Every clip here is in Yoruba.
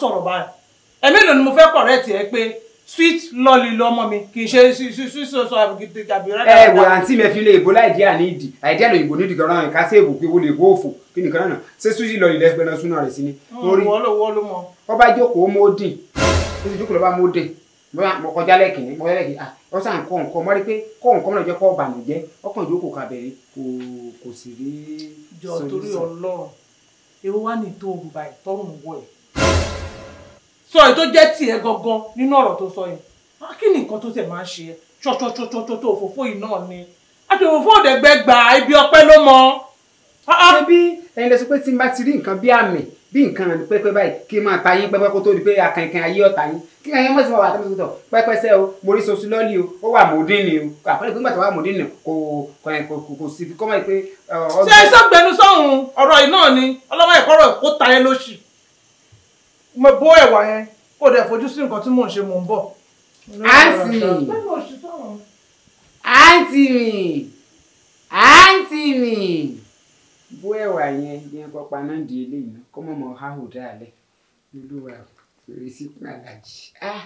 sọ̀rọ̀ báyìí ẹ̀mí lòun ni mo fẹ́ kọ̀rẹ́ tiẹ̀ pé sweet lọ́ọ̀lì lọ́mọ mi kì í ṣe sweet so so àbùkìtì tàbí rárá. ẹ wò àǹtí mi fi lè èbó láìdí àní ìdì àìdí àlọ́ ìbò nídìí gan-an nǹkan sí èbò pé wo lè bó òfò kí nìkan náà ṣé sweet lọ́ọ̀lì lẹ́gbẹ́ náà súná rẹ̀ sí ni. Mm, wọ́n ló wọ́n ló mọ. ọba jókòó mọ́ ó dìn ó ti jókòó lọ́ba mọ́ ó dìn mo kọjá lẹ́kìnní mo kọjá lẹ́kìnní ah wọ́n sàn kọ́ nǹkan mọ́rí pé kọ́ nǹkan mọ́rí jẹ́ kọ́ bànújẹ́ ọkàn ìjókòó kàbẹ̀rẹ̀ kò kò sì rí. jọ torí Ọlọ́run ewu wá ní tó òrùba ìtọrùn wọ ẹ sọ èyí tó jẹ́ tiẹ̀ gangan nínú ọ̀rọ̀ tó sọ yẹn kí ni nǹkan tó tẹ̀ máa ń ṣe ẹ́ tó òfófó yìí náà ni àti òfófó gbà ibi ọpẹ́ ló mọ. ṣé ẹyin lè pé tí n bá ti rí nǹkan bí àmì bí nǹkan àmì pẹ́pẹ́ báyìí kí n máa ta yín pẹ́pẹ́ kó tó di pé akànkàn ayé ọ̀tá yín kí ẹyin mọ̀ sí wàhálà tó ń sọ̀tọ̀ pẹ́pẹ́sẹ́ o mo rí sosu lọ́ọ̀lì o ó wà mòdín ni o àpẹẹrẹ pé gbàtà wà mòdín ni kò kò kò sì fi kọ́mọ́ yìí pé. ṣé sọ́gbẹ́nu sọ́hun ọ̀rọ̀ yìí náà ni ọlọ́mọ ẹ̀kọ́rọ̀ kó ta ẹ lóṣì mo bó ẹ̀wà yẹn kó dẹ̀ fojú sí nǹkan tí mò ń ṣe mò ń bọ̀. àǹtí mi àǹtí mi àǹtí mi bó ẹ̀wà yẹn ní ẹ̀kọ́ paná di eléyìí náà kó mọ̀ mọ́ háhù dáalẹ̀ olúwa fèrèsé fún aláàjì. Ah.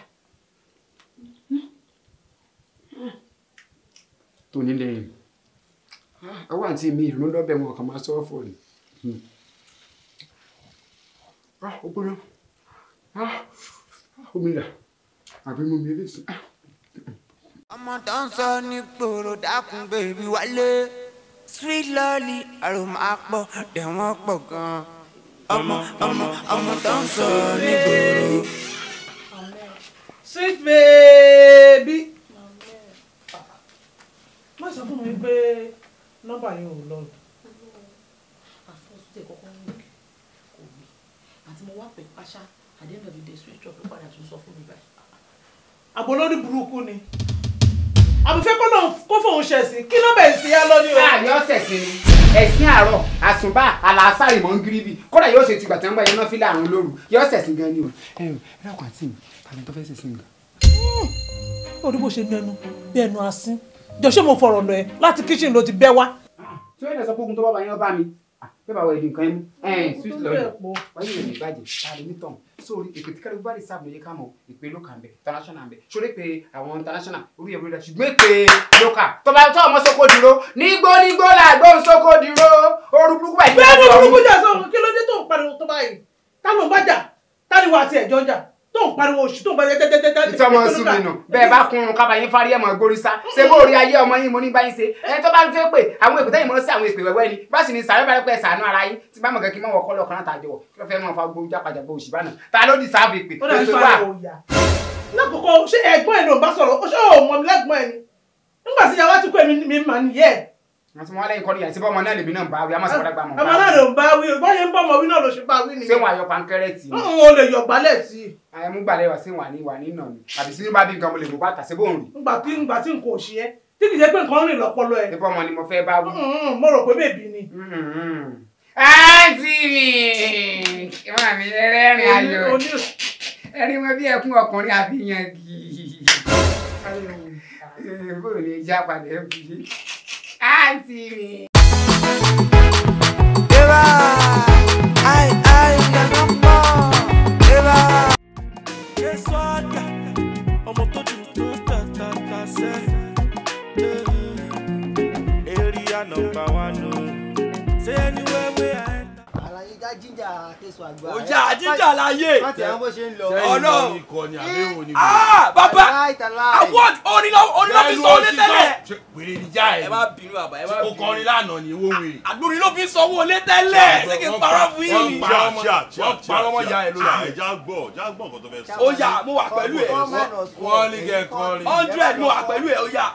tòní lẹ́yìn àwọn ah, àǹtí mi ìrún lọ́bẹ̀ wọn kàn máa sọ́ọ́fọ̀ ni. Hmm. Ah, ó gbóná omi rà àbí mo mi lè sùn. ọmọ tó ń sọ ní gbòòrò dákun bèbí wálé sweet lolly aroma pọ̀ dẹ̀wọ̀n pọ̀ gan-an ọmọ ọmọ ọmọ tó ń sọ ní gbòòrò. sweet baby má sọ fún mi pé nọ́mbà yẹn ò lọ. àfọ̀sùn tẹ̀ kọ́kọ́ ń wò kò gbé àti mo wá pẹ̀ pàṣá at the end of the day switch off ló padà tún sọ fún mi báyìí. àbò lórí burúkú ni àbùfẹ́ kó lóun kó fóun ṣẹ̀sìn kí ló bẹ̀ sí á lọ́ní o. àyọ̀ ṣẹ̀sìn ni ẹ̀sìn àárọ̀ àsùnbà àlàáfàì mọ̀ ń gíríbì kódà yóò ṣe tìgbà tí wọ́n bá yẹn náà fi láàrún lóru yóò ṣẹ̀sìn gan ni o. ẹ ẹ ẹ dákun àti mi tàbí tó fẹ́ ṣẹ̀sìn gan. Hmm, orí bó ṣe nẹnu bí ẹnu asín jọ ṣé mo fọ̀rọ̀ lọ ẹ láti kíṣìn ló ti bẹ́ wá. tí ó yẹ bẹ́ẹ̀ ah, bá wọ ẹ̀dùn kan ẹ̀mú sweet lọ́dọ̀ wáyé rẹ̀ ní ìbàjẹ́ láàrin nítàn sórí ètò tí kálukú bá lè sáàbù lóye káàmọ̀ ìpè lókà ńbẹ international ńbẹ sórí pé àwọn international orí ẹ̀rọ ìdá ṣùgbọ́n èpè lókà tọ́ba tó ọmọ sóko dúró nígbó nígbó làgbó sóko dúró orú burúkú báyìí. bẹ́ẹ̀ ni burúkú jà sọ̀rọ̀ kí ló dé tó ń pariwo tó báyìí tá ló ń bá jà tá ni wàá ti ẹ̀jọ́ jà tó ń pariwo oṣù tó ń pariwo tẹ́tẹ́tẹ́tẹ́. nítorí ọmọ sùn mi nù bẹ́ẹ̀ bá kun un kábàáyé fárí ẹ̀mọ́ gorisa ṣé bó rí ayé ọmọ yín mo ní bá yín ṣe ẹni tó bá ń fẹ́ pé àwọn èpè tẹ́yìn mọ́ sí àwọn èpè wẹ́wẹ́ ni bá sì ní sàrẹ́ bá rẹ́ pẹ́ sàánú ara yín tí bá mọ̀ kẹ́kí mọ́ wọ́kọ́ lọ́kàn láta jọ kí fẹ́ mọ́ fa gbogbo jápàjà bó oṣù bánà ta ló di sáàbì pè lákòókò ṣé ẹ̀gbọ́n ẹ̀ ló ń bá sọ̀rọ̀ ó ṣe òun mọ̀ mi lẹ́gbọ́n ẹ̀ ni nígbà tí yàrá ti kó èmi mi mà nìyẹn wọ́n ti wọ́n lẹ́yìn kọ́ni yàtí bọ́mọ náà lèmi náà ń bá wí amọ̀sí ọ̀dàgbà mọ̀. ọmọ náà ló ń bá wí o báyẹn ń bọ́mọ wí náà ló ṣe bá wí nìyẹn. ṣé wọn àyọ pankẹ́rẹ́ tì í. n ò lè yọ gbalẹ̀ tì í. àyẹ̀mú gbalẹ̀ wà sí wà ní wà nínà ni àbí sí bá bí nǹkan mo lè mú bá tà sí bóun rì. ngbà tí ngbà tí nǹkan ò ṣe é tí kì í ṣe pé nǹkan rìn lọ́pọlọ ẹ̀. ṣébọ́mọ ni mo fẹ́ Active. ọjà àdíjà láyé ọlọ́run bàbá award onílọ́fíìsì olétẹ́lẹ̀ wèrè níjà ẹ̀ o kọrin lánàá ni owó wèrè àgbórin ló fi sanwó olétẹ́lẹ̀ ṣé kí parọ́ fún yìí wọ́n parọ́ mọ́ ya ẹ̀ lórí ẹ̀ jágbọ́ jágbọ́ nǹkan tó fẹ́ sọ. ó yà mo wà pẹ̀lú ẹ̀ wọ́n ní kẹ́ kọrin hundred mo wà pẹ̀lú ẹ̀ ó yà.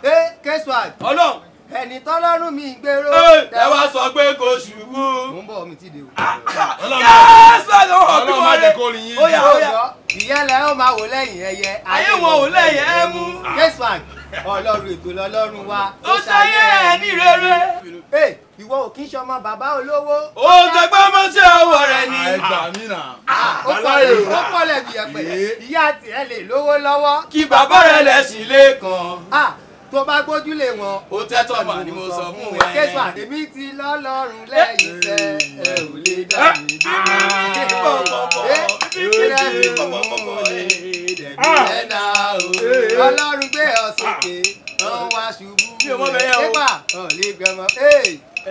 ọlọ́run ẹni tọ́lọ́run mi gbèrò. ẹ wá sọ pé kò ṣubú. mo ń bọ̀ mi ti dé o. yẹ́sẹ̀ ló hàn bí wọ́n rẹ̀ ó yà ó ó máa wò lẹ́yìn ẹyẹ. ayé wọn ò lẹ́yìn ẹ mú. Ah. yes man ọlọ́run ètò lọ́lọ́run wa. ó ṣayé ẹ ní rere. ìwọ ò kí ń ṣọmọ bàbá olówó. ó tẹgbẹ́ mọ́ṣẹ́ ọwọ́ rẹ ni. Ah, ẹgbà mí nà. Ah, ó pọ̀lẹ̀ bìyẹ̀pẹ̀ ìyá tiẹ̀ lè lówó lọ́wọ́. kí bàbá rẹ̀ lẹ̀ sí lẹ́ẹ̀kan tó bá gbójúlé wọn. ó tẹ́tọ̀ mà ni mo sọ fún ẹ. késà èmi ti lọ́lọ́run lẹ́yìn iṣẹ́ ẹ ò lè dá mi dúró. ìpínlẹ̀ mi ò lè dá o. Ah! ọlọ́run gbé ọ sókè wọ́n ah! wá ṣubú. nípa ò lè gbẹmọ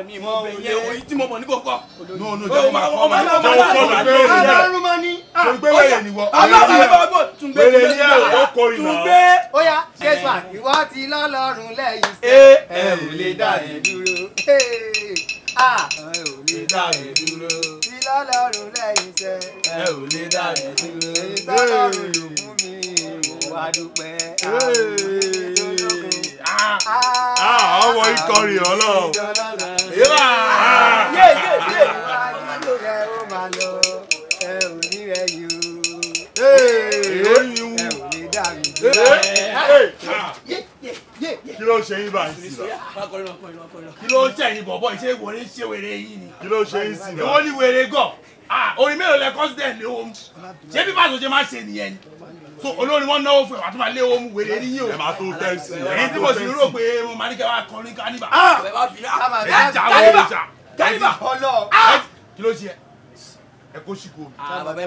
èmi mọ òye oyin tí mo mọ̀ ní kókó. n'o n'o jẹ́ ma kọ́ ma ní kókó ma ní kókó ma ní kókó. tùgbẹ́ wẹ̀rẹ̀ ni wọ́. wẹ̀rẹ̀ ni yà ó kórì náà. tùgbẹ́. ó yá jésù ìwọ ti lọ́lọ́run lẹ́yìn sẹ́. ẹ ò lè dá ẹ dúró. ẹ ò lè dá ẹ dúró. ti lọ́lọ́run lẹ́yìn sẹ́. ẹ ò lè dá ẹ dúró. ìtọ́lọ́run ló mú mi ìwà dúpẹ́. àwọn ìwé tó Ah, ikọ̀ rè ọ́ lọ. kí ló ń ṣe yín báyìí sí la. kí ló ń ṣe yín bọ̀bọ̀ ìṣe wèrè ṣe wèrè yín ni. kí ló ń ṣe yín sí la. ìwọ ni wèrè gọ̀ orin mélòó lẹ kọ́sídẹ̀ẹ́ lé o ṣé bí bàtò ṣe máa ṣe nìyẹn ni so olórin wọn náwó fún ẹ wà tó máa lé owó wèrè ní yìí o ẹ máa tó tẹ́sí èyí tí mo sì rò pé mo máa ní kí ẹ wá kọrin káníbà ah! ẹ jà wọ ìjà káníbà ọlọ kí ló ṣe ẹ kó sí kúrò ah, ẹ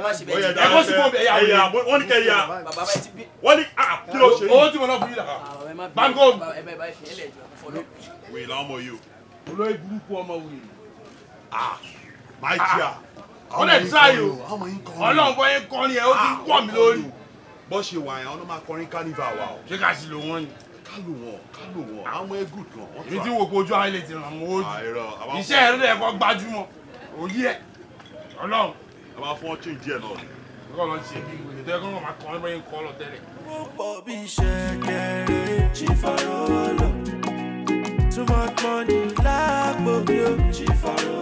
kó sí kúrò ẹ yà wọ́n ní kẹ́ yà wọ́n ní ah, kí ló ṣe owó tí mo lọ fún yìí la bango wèé làwọn ọmọ yìí o olóyè burúkú ọmọ wèé máa jí à ọlọ́ọ̀ tí a yò ọlọ́ọ̀ bọ́ yẹn kọ́ ni ẹ ó ti ń kọ́ mi lórí bọ́ ṣe wà yẹn wọn ló máa kọrin carnival wa o. ṣé ká sì lò wọ́n ni. ká lò wọ́n ká lò wọ́n àwọn ọmọ ẹgùn gan. èmi tí wò pé ayé lè ti ràn mọ́ ojú ah, iṣẹ́ ẹ̀rọ ẹ̀kọ́ gbajúmọ̀ òye ẹ̀ ọlọ́run. a máa fún ọ change díẹ̀ náà. ọkọ lọ ṣe bí ìwé tó yẹ máa kọrin bẹ́ẹ̀ kọ́ lọ tẹ́lẹ̀. púpọ̀ bí iṣẹ́ kẹrin ṣì farò too much money lápò mi ò ṣì farò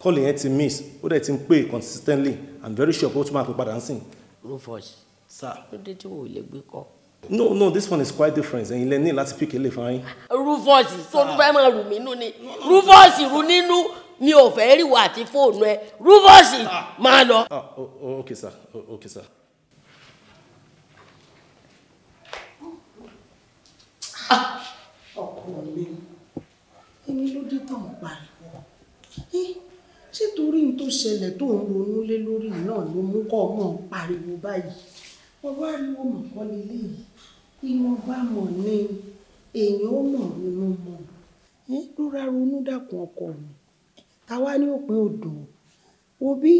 kọ́ọ̀lì yẹn ti miss ó dẹ̀ ti ń pè consistently and very sure pé ó tún máa pè padà ń sìn. Rufus sir ló dé tí wò ó lè gbé kọ́. no no this one is quite different ẹ̀yin lẹ ní láti pick ele fún yín. Rufus tó fẹ́ máa rù mí nú ni Rufus rù nínú mi ò fẹ́ rí wa àti fóònù ẹ Rufus ah. máa lọ. Ah, oh, oh, okay sir oh, okay sir. Ah, ọkọ mi ẹni ló dé tán pariwo. Eh? ṣé torí n tó ṣẹlẹ̀ tó ń ronú lé lórí náà ló mú kọ́ ọmọ pariwo báyìí ọwọ́ ariwo mọ̀kọ́ lélẹ̀ yìí ìwọ̀nba mọ̀ ni èèyàn ó mọ̀ ronú mọ̀ rúra ronú dàkún ọkọ mi táwa ní òpin odò òbí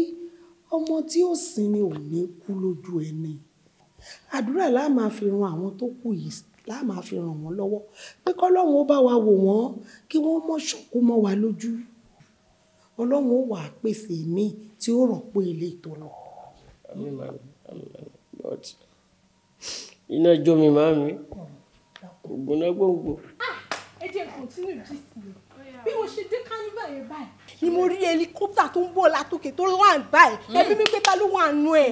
ọmọ tí ó sin ni ò ní kú lójú ẹni àdúrà láà máa fi ran àwọn tó kù yìí láà máa fi ràn wọ́n lọ́wọ́ pé kọ́lọ́run ó bá wa wò wọ́n kí wọ́n mọ̀ ṣòkú mọ́ wa lójú ọlọ́run ó wà á pèsè mí tí ó rọ̀pò ilé tó lọ. iná jó mi máa mi ògbóná gbòǹgbò. Ah! ẹ jẹ́ kò tí mi jí sí i bí mo ṣe dé kánífà yẹn báyìí ni mo rí ẹlikópítà tó ń bọ̀ látòkè tó land báyìí hmm. ẹbí mi pé ta ló wà nù ẹ̀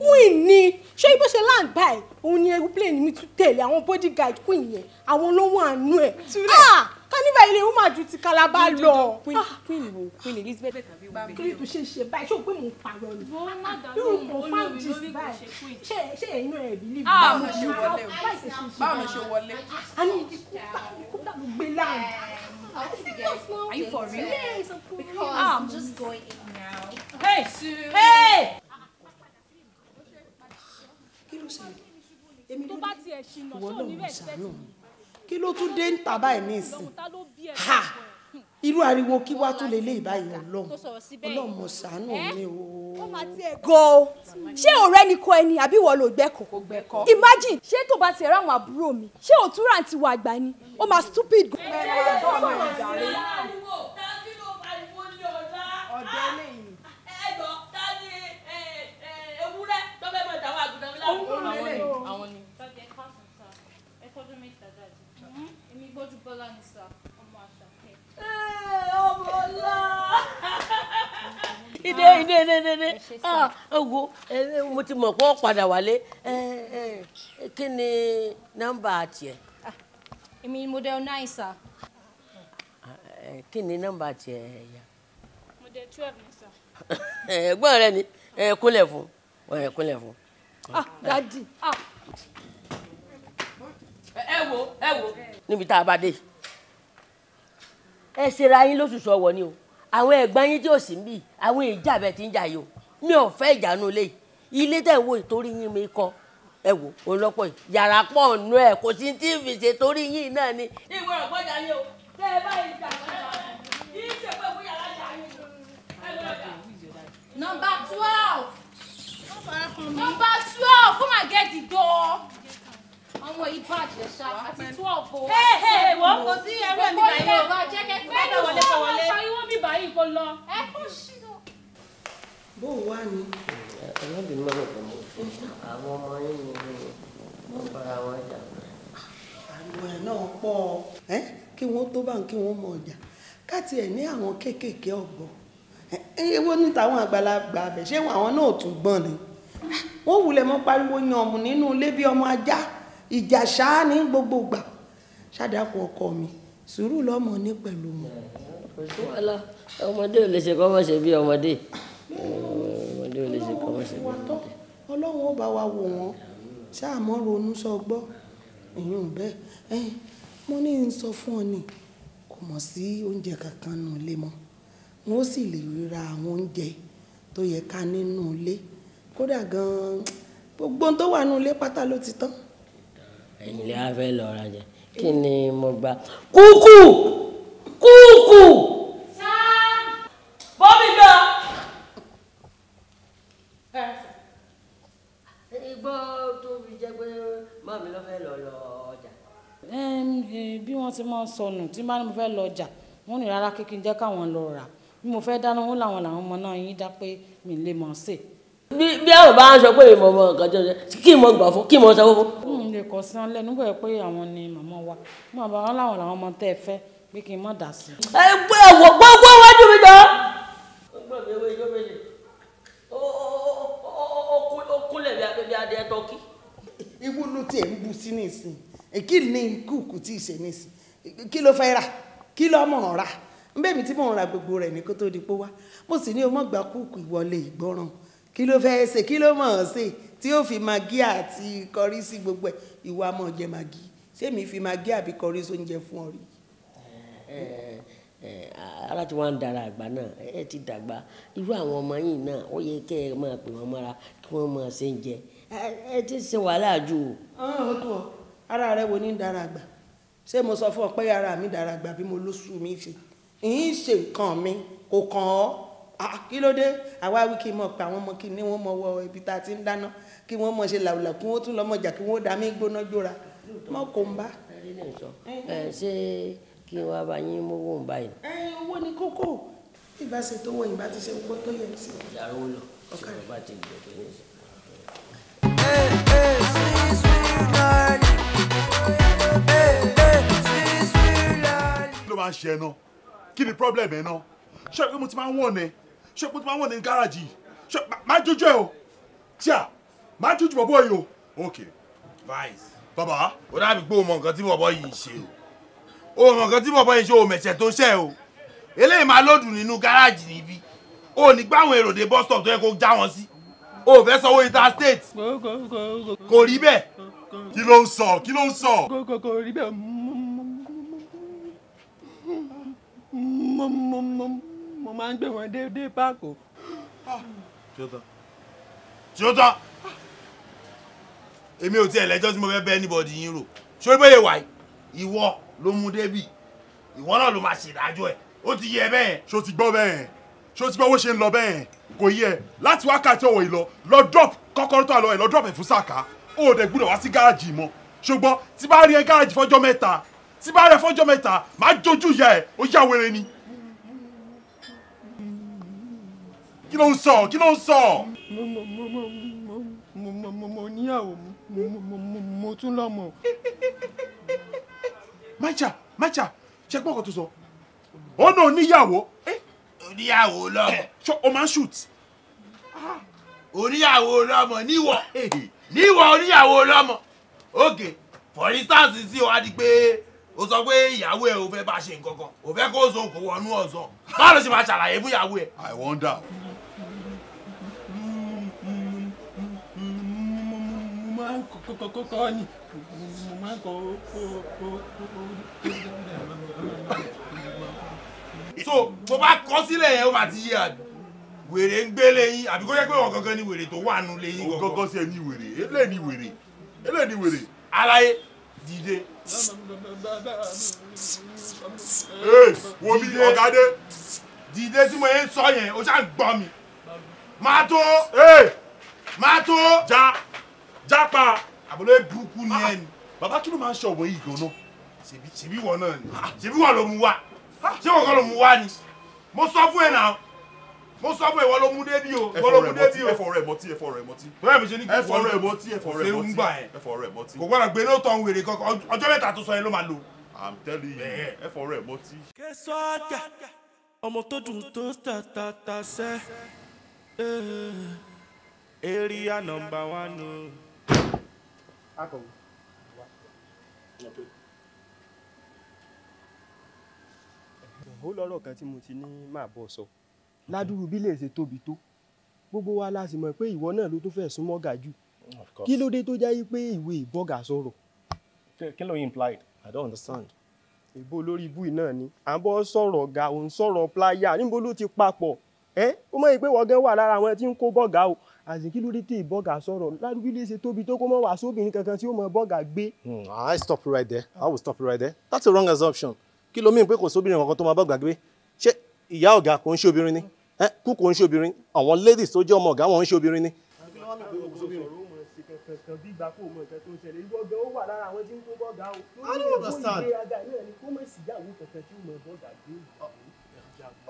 queen ni ṣé ibo ṣe land báyìí òun ni aeroplane mi tún tẹ̀lé àwọn bodyguard queen yẹn àwọn ló wà nù ẹ̀ ah a nígbà ilé ti kalaba lọ. queen wo ah. queen elizabeth tàbí wo bẹ́ẹ̀. kí ló ṣe ṣe báyìí ṣé o pé mò ń parọ́ ni. irú ah, kò fáǹtì báyìí ṣé ṣé inú ẹ̀ bí lè bá mi ṣe wọlé o bá mi ṣe wọlé. a ní ikú bá mi gbé láàrin. Ah, Are you for real? Yes, Because I'm just going in now. Hey, Sue. Hey! Kí ló ṣe? Èmi ló ní. Tó bá tiẹ̀ ṣìnà, ṣé ò kí ló tún dé ń tà báyìí ní ha irú ariwo kí wàá tún lè lé ìbáyìí ọlọ́run ọlọ́run mo ṣàánú mi o. go ṣé ọ̀rẹ́ ni kọ ẹni àbí ìwọ ló gbẹ́kọ̀ imagine ṣé tó bá ti ẹ̀rọ àwọn àbúrò mi ṣé òtúrà àti ìwà àgbà ó máa stupid. Gbójú Bọ́lá ni sá, ọmọ àṣàkẹ́. Ọmọ ọlá. Ìdè ìdè ìdè ìdè ọ̀gbọ́n mo ti mọ̀ pé ó padà wálé. Kí ni nọ́mbà tiẹ̀? Ah, èmi ni model nine sá. Kí ni nọ́mbà tiẹ̀ yá? Model twelve ni sá. Ẹ̀gbọ́n rẹ ni kúnlẹ̀ fún kúnlẹ̀ fún. Ah, Dadi. Ah, ẹ wo ẹ wo. níbi tá a bá dé ẹ ṣera yín lóṣooṣù ọwọ ni o àwọn ẹ̀gbọ́n yín tí ò sí ń àwọn ìjà bẹ́ẹ̀ ti ń jà yìí o mi ò fẹ́ ìjànú ilé ilé tẹ̀ wo ìtorí yín mi kọ́ ẹ wò yìí yàrá pọ̀ nù ẹ̀ kò sí tí fi ṣe torí yín náà ni. ìwé ọ̀gbọ́n jà yín o tẹ́ ẹ bá ìjà lọ́wọ́ yìí ṣe pé bóyá lájà yín ẹ lọ́jà. twelve nọ́mbà twelve come and get the door àwọn yìí bàjẹ́ ṣá àti twelve o. ẹ ẹ wọ́n kò sí ẹrú ẹ̀mí báyìí o bá jẹ́ kẹ́kẹ́ bá dà wọlé kọ wọlé. bẹ́ẹ̀ ni wọ́n pariwo mi báyìí kò lọ. ẹ kò sí lọ. bó o wá ni. ẹlẹ́dìí mọ́rọ̀ pẹ̀lú àwọn ọmọ yín ni wọ́n bára wọn jà. àwọn ẹ̀ náà pọ̀ ẹ́ kí wọ́n tó bá ń kí wọ́n mọ̀ ọjà ká tiẹ̀ ní àwọn kéékèèké ọ̀gbọ́n ewé ní tàwọn àgbàlagbà abẹ̀ ṣé àwọn náà tún gbọ́n ni wọ́n wulẹ̀ mọ́ pariwo yan ọ̀mù nínú ilé bí ọmọ ajá ìjà ṣáá ní gbogbo gbà ṣàdàpọ̀ ọkọ mi sùúrù lọ́mọ ní pẹ̀lú mi. ọmọdé ò lè ṣe kọ́ mọ̀ ṣe bí ọmọdé ọmọdé ò lè ṣe kọ́ bí ọmọdé. ọlọ́run ó bá wa wò wọ́n ṣáàmọ́ ronú sọ gbọ́ ìyún bẹ́ẹ̀ mo ní n sọ fún ọ ni kò mọ̀ sí oúnjẹ kankan nù lé mọ́ wọ́n sì lè ra àwọn oúnjẹ tó yẹ ká nínú ilé kódà gan-an gbogbo ohun tó wà nínú ilé pátá ló ti tán ẹ̀yin lè wá fẹ́ lọ rajà kí ni mo gba kúkú kúkú. bọ́mí náà. igbó tó fi jẹ́ pé mọ́mí ló fẹ́ lọ lọ ọjà. E, bí wọ́n ti máa ń sọnù tí máa ń fẹ́ lọ ọjà wọ́n ní rárá kékeré jẹ́ káwọn lọ rà bí mo fẹ́ dáná wọn làwọn làwọn ọmọ náà yín dá pé mi lè mọ̀ ọ́n sè é bí bí àwọn bá ń sọ pé ìmọ̀ ọmọ nǹkan tó ṣe kí ìmọ̀ gbà fún kí ìmọ̀ sanwó fún. n lè kọ sí wọn lẹ́nu pé pé àwọn ni màmá wa mọ àbá wọn làwọn làwọn ọmọ tẹ ẹ fẹ́ pé kí n má dà sí. ẹ gbọ́ ẹ̀wọ̀ gbọ́gbọ́ wájú mi jọ. ó gbọ́ mi ewé ijó méjì ó kúnlẹ̀ bí adìẹ tọ́kì. ibú ló tiẹ̀ ń bu sí nísìn kí ni kúkú tí ì ṣe nísìn kí ló fẹ́ rà kí ló mọ̀ rà bẹ́ẹ̀ mi tí mò ń ra gbogbo rẹ̀ ní kó kí ló fẹ́ ṣe kí ló mọ̀ ọ́n ṣe tí ó fi magi àti kọrí sí gbogbo ẹ̀ ìwà mọ̀ jẹ magi sẹ́mi fi magi àbí kọrí sóúnjẹ fún ọ rí. ara tí wọ́n ń dara àgbà náà ẹ ti dàgbà irú àwọn ọmọ yìí náà ó yẹ kẹ́ ẹ máa pè wọ́n mọ́ra kí wọ́n máa ṣe ń jẹ ẹ ti ṣe wàhálà jù. ó tó ọ ara rẹ wo ní dara àgbà ṣé mo sọ fún ọ pé ara mi dara àgbà bí mo lóṣù mi ṣe ń ṣe nǹkan mi kò kàn ọ́. Ah, ah, kí ló dé àwa wí kí n mọ̀ pé àwọn ọmọ kí ni wọ́n mọ wọ ibi tá a ti ń dáná kí wọ́n mọ̀ ṣe làwùlà kí wọ́n tún lọ́mọ jà kí wọ́n dá mí gbóná jóra mọ́ kò ń bá. ṣé kí wàá bá yín mówó ń báyìí. ẹyin owó ni kókó ìbá tó wọ ìbá ti ṣe gbogbo tó yẹ sí. Hey, hey, sweet, darling. Hey, hey, sweet, darling. kí ló máa ń ṣe ẹ náà kí ni problem ẹ náà ṣé ẹ mo ti máa ń wọ̀n ẹ ṣé kó tó máa wọ̀ ní gáràjì ṣé máa jójú ẹ o tíà máa jójú bọ̀bọ̀ yìí o. ok vice. bàbá o dàbí pé o mọ nǹkan tí bọ̀bọ̀ yìí ń ṣe o o mọ nǹkan tí bọ̀bọ̀ yìí ń ṣe o mẹ̀sẹ̀ tó ṣẹ̀ o eléyìí máa lòdù nínú gáràjì níbí o ní gbáwọn èrò dé bus stop tó yẹ kó já wọn sí o fẹ́ sanwó interstate kò rí bẹ́ẹ̀ kí ló ń sọ kí ló ń sọ. kò rí bẹ́ẹ̀ mo mo máa ń gbé wọn déédéé páàkó. tí ó tán tí ó tán èmi ò tiẹ̀ lẹ́jọ́ tí mo fẹ́ bẹ́ anybody yín rò ṣé ó bẹ́yẹ̀ wáyé ìwọ ló mú débì ìwọ náà ló máa ṣèdájọ́ ẹ̀ ó ti yẹ bẹ́ẹ̀. ṣó ti gbọ́ bẹ́ẹ̀ ṣó ti gbọ́ bó ṣe ń lọ bẹ́ẹ̀ kò yẹ láti wákàtí ọ̀wọ̀ ìlọ lọ drop kọ́kọ́rọ́ tó àlọ́ ẹ̀ lọ drop ẹ̀ fún sàkà ó dẹ̀ gbúdọ̀ wá sí gáràjì mọ́ ṣùgbọ́n tí bá rí ẹ gáràjì fọ́jọ́ mẹ́ta tí bá rí ẹ fọ́jọ́ mẹ́ta máa jójú ìyá ẹ̀ ó yá ni. kí ló ń sọ kí ló ń sọ. mo mo mo mo mo mo mo mo níyàwó mo mo mo mo tún lọ́mọ. macha macha ṣe gbọ́kàn tó sọ ó náà níyàwó. oníyàwó lọ́mọ. ṣọ o máa ń shoot. oníyàwó lọ́mọ níwọ̀ níwọ̀ oníyàwó lọ́mọ okay for instance sí o wá di pé o sọ pé ìyàwó ẹ ò fẹ́ bá ṣe nǹkan kan ò fẹ́ kó o sọ kò wọnú ọ̀sán báwo ló ṣe máa ṣàlàyé fún ìyàwó ẹ. i wonder. máa ń kọ́ kọ́ ni mo máa ń kọ́ so tó bá kọ́ sílẹ̀ yẹn ó máa ti yé àbí wèrè ń gbélé yín àbí kó yẹ pé wọn gangan ni wèrè tó wà nù lé yín gangan. gangan sí ẹ ní wèrè elé ní wèrè elé ní wèrè. aláyé dìde. wo mi ọ̀gá dé. dìde tí mo yẹ ń sọ yẹn o ṣáà ń gbọ́ mi. máa tó. máa tó. já jápa. àbúrò burúkú ni ẹ ni. bàbá kí ló máa ń ṣe ọ̀bọ̀ gan-an. ṣèbí wọ náà ni ah, ṣèbí wọ ló mú wá ah. ṣé wọn kọ́ ló mú wá ni. mo sọ fún ẹ náà mo sọ fún ẹ wọ́n ló mú débi o wọ́n ló mú ẹfọ rẹ mọtí ẹfọ rẹ mọtí. bẹ́ẹ̀ mi ṣe ní ẹfọ rẹ mọtí ẹfọ rẹ mọtí ẹfọ rẹ mọtí. kò gbọ́dọ̀ gbé lóòótọ́ ń wèrè kankan ọjọ́ mẹ́ta tó sọ yẹn ló máa lò. I'm telling you ẹfọ rẹ mọtí. kẹsàn-án ọmọ tó dùn tó tàtàtà sẹ́ eh, area number one. Oh. Akọ̀wé. Ó lọ́rọ̀ kan tí mo ti ní máa bọ̀ sọ. Mm-hmm. Ládùúrú bí lè ṣe tóbi tó. Gbogbo wa la sì mọ̀ pé ìwọ náà ló tó fẹ́ súnmọ́ gà jù. Kí ló dé tó jáyé pé ìwé ìbọ́gà sọ̀rọ̀? Kí ló implied? I don't understand. Ìbò lórí ibú náà ni. À ń bọ́ sọ̀rọ̀ ga, òun sọ̀rọ̀ pláyà, níbo ló ti papọ̀? Ẹ́ ó mọ̀ pé wọ́n gan wà lára àwọn tí ń kó bọ́gà o àti ló dé tè bọ́gà sọ̀rọ̀ ládùúgbò ṣe tóbi tó kó mọ́ wàá sóbìnrin kankan tí ó mọ bọ́gà gbé. Hmm, I stop right there I will stop right there that's a wrong assumption kí ló mìíràn pé kò sóbìnrin kankan tó máa bọ́gà gbé ṣé ìyá ọ̀gá kò ń ṣe obìnrin ni kú kò ń ṣe obìnrin àwọn ladies tó jẹ́ ọmọ ọ̀gá wọn ń ṣe obìnrin ni.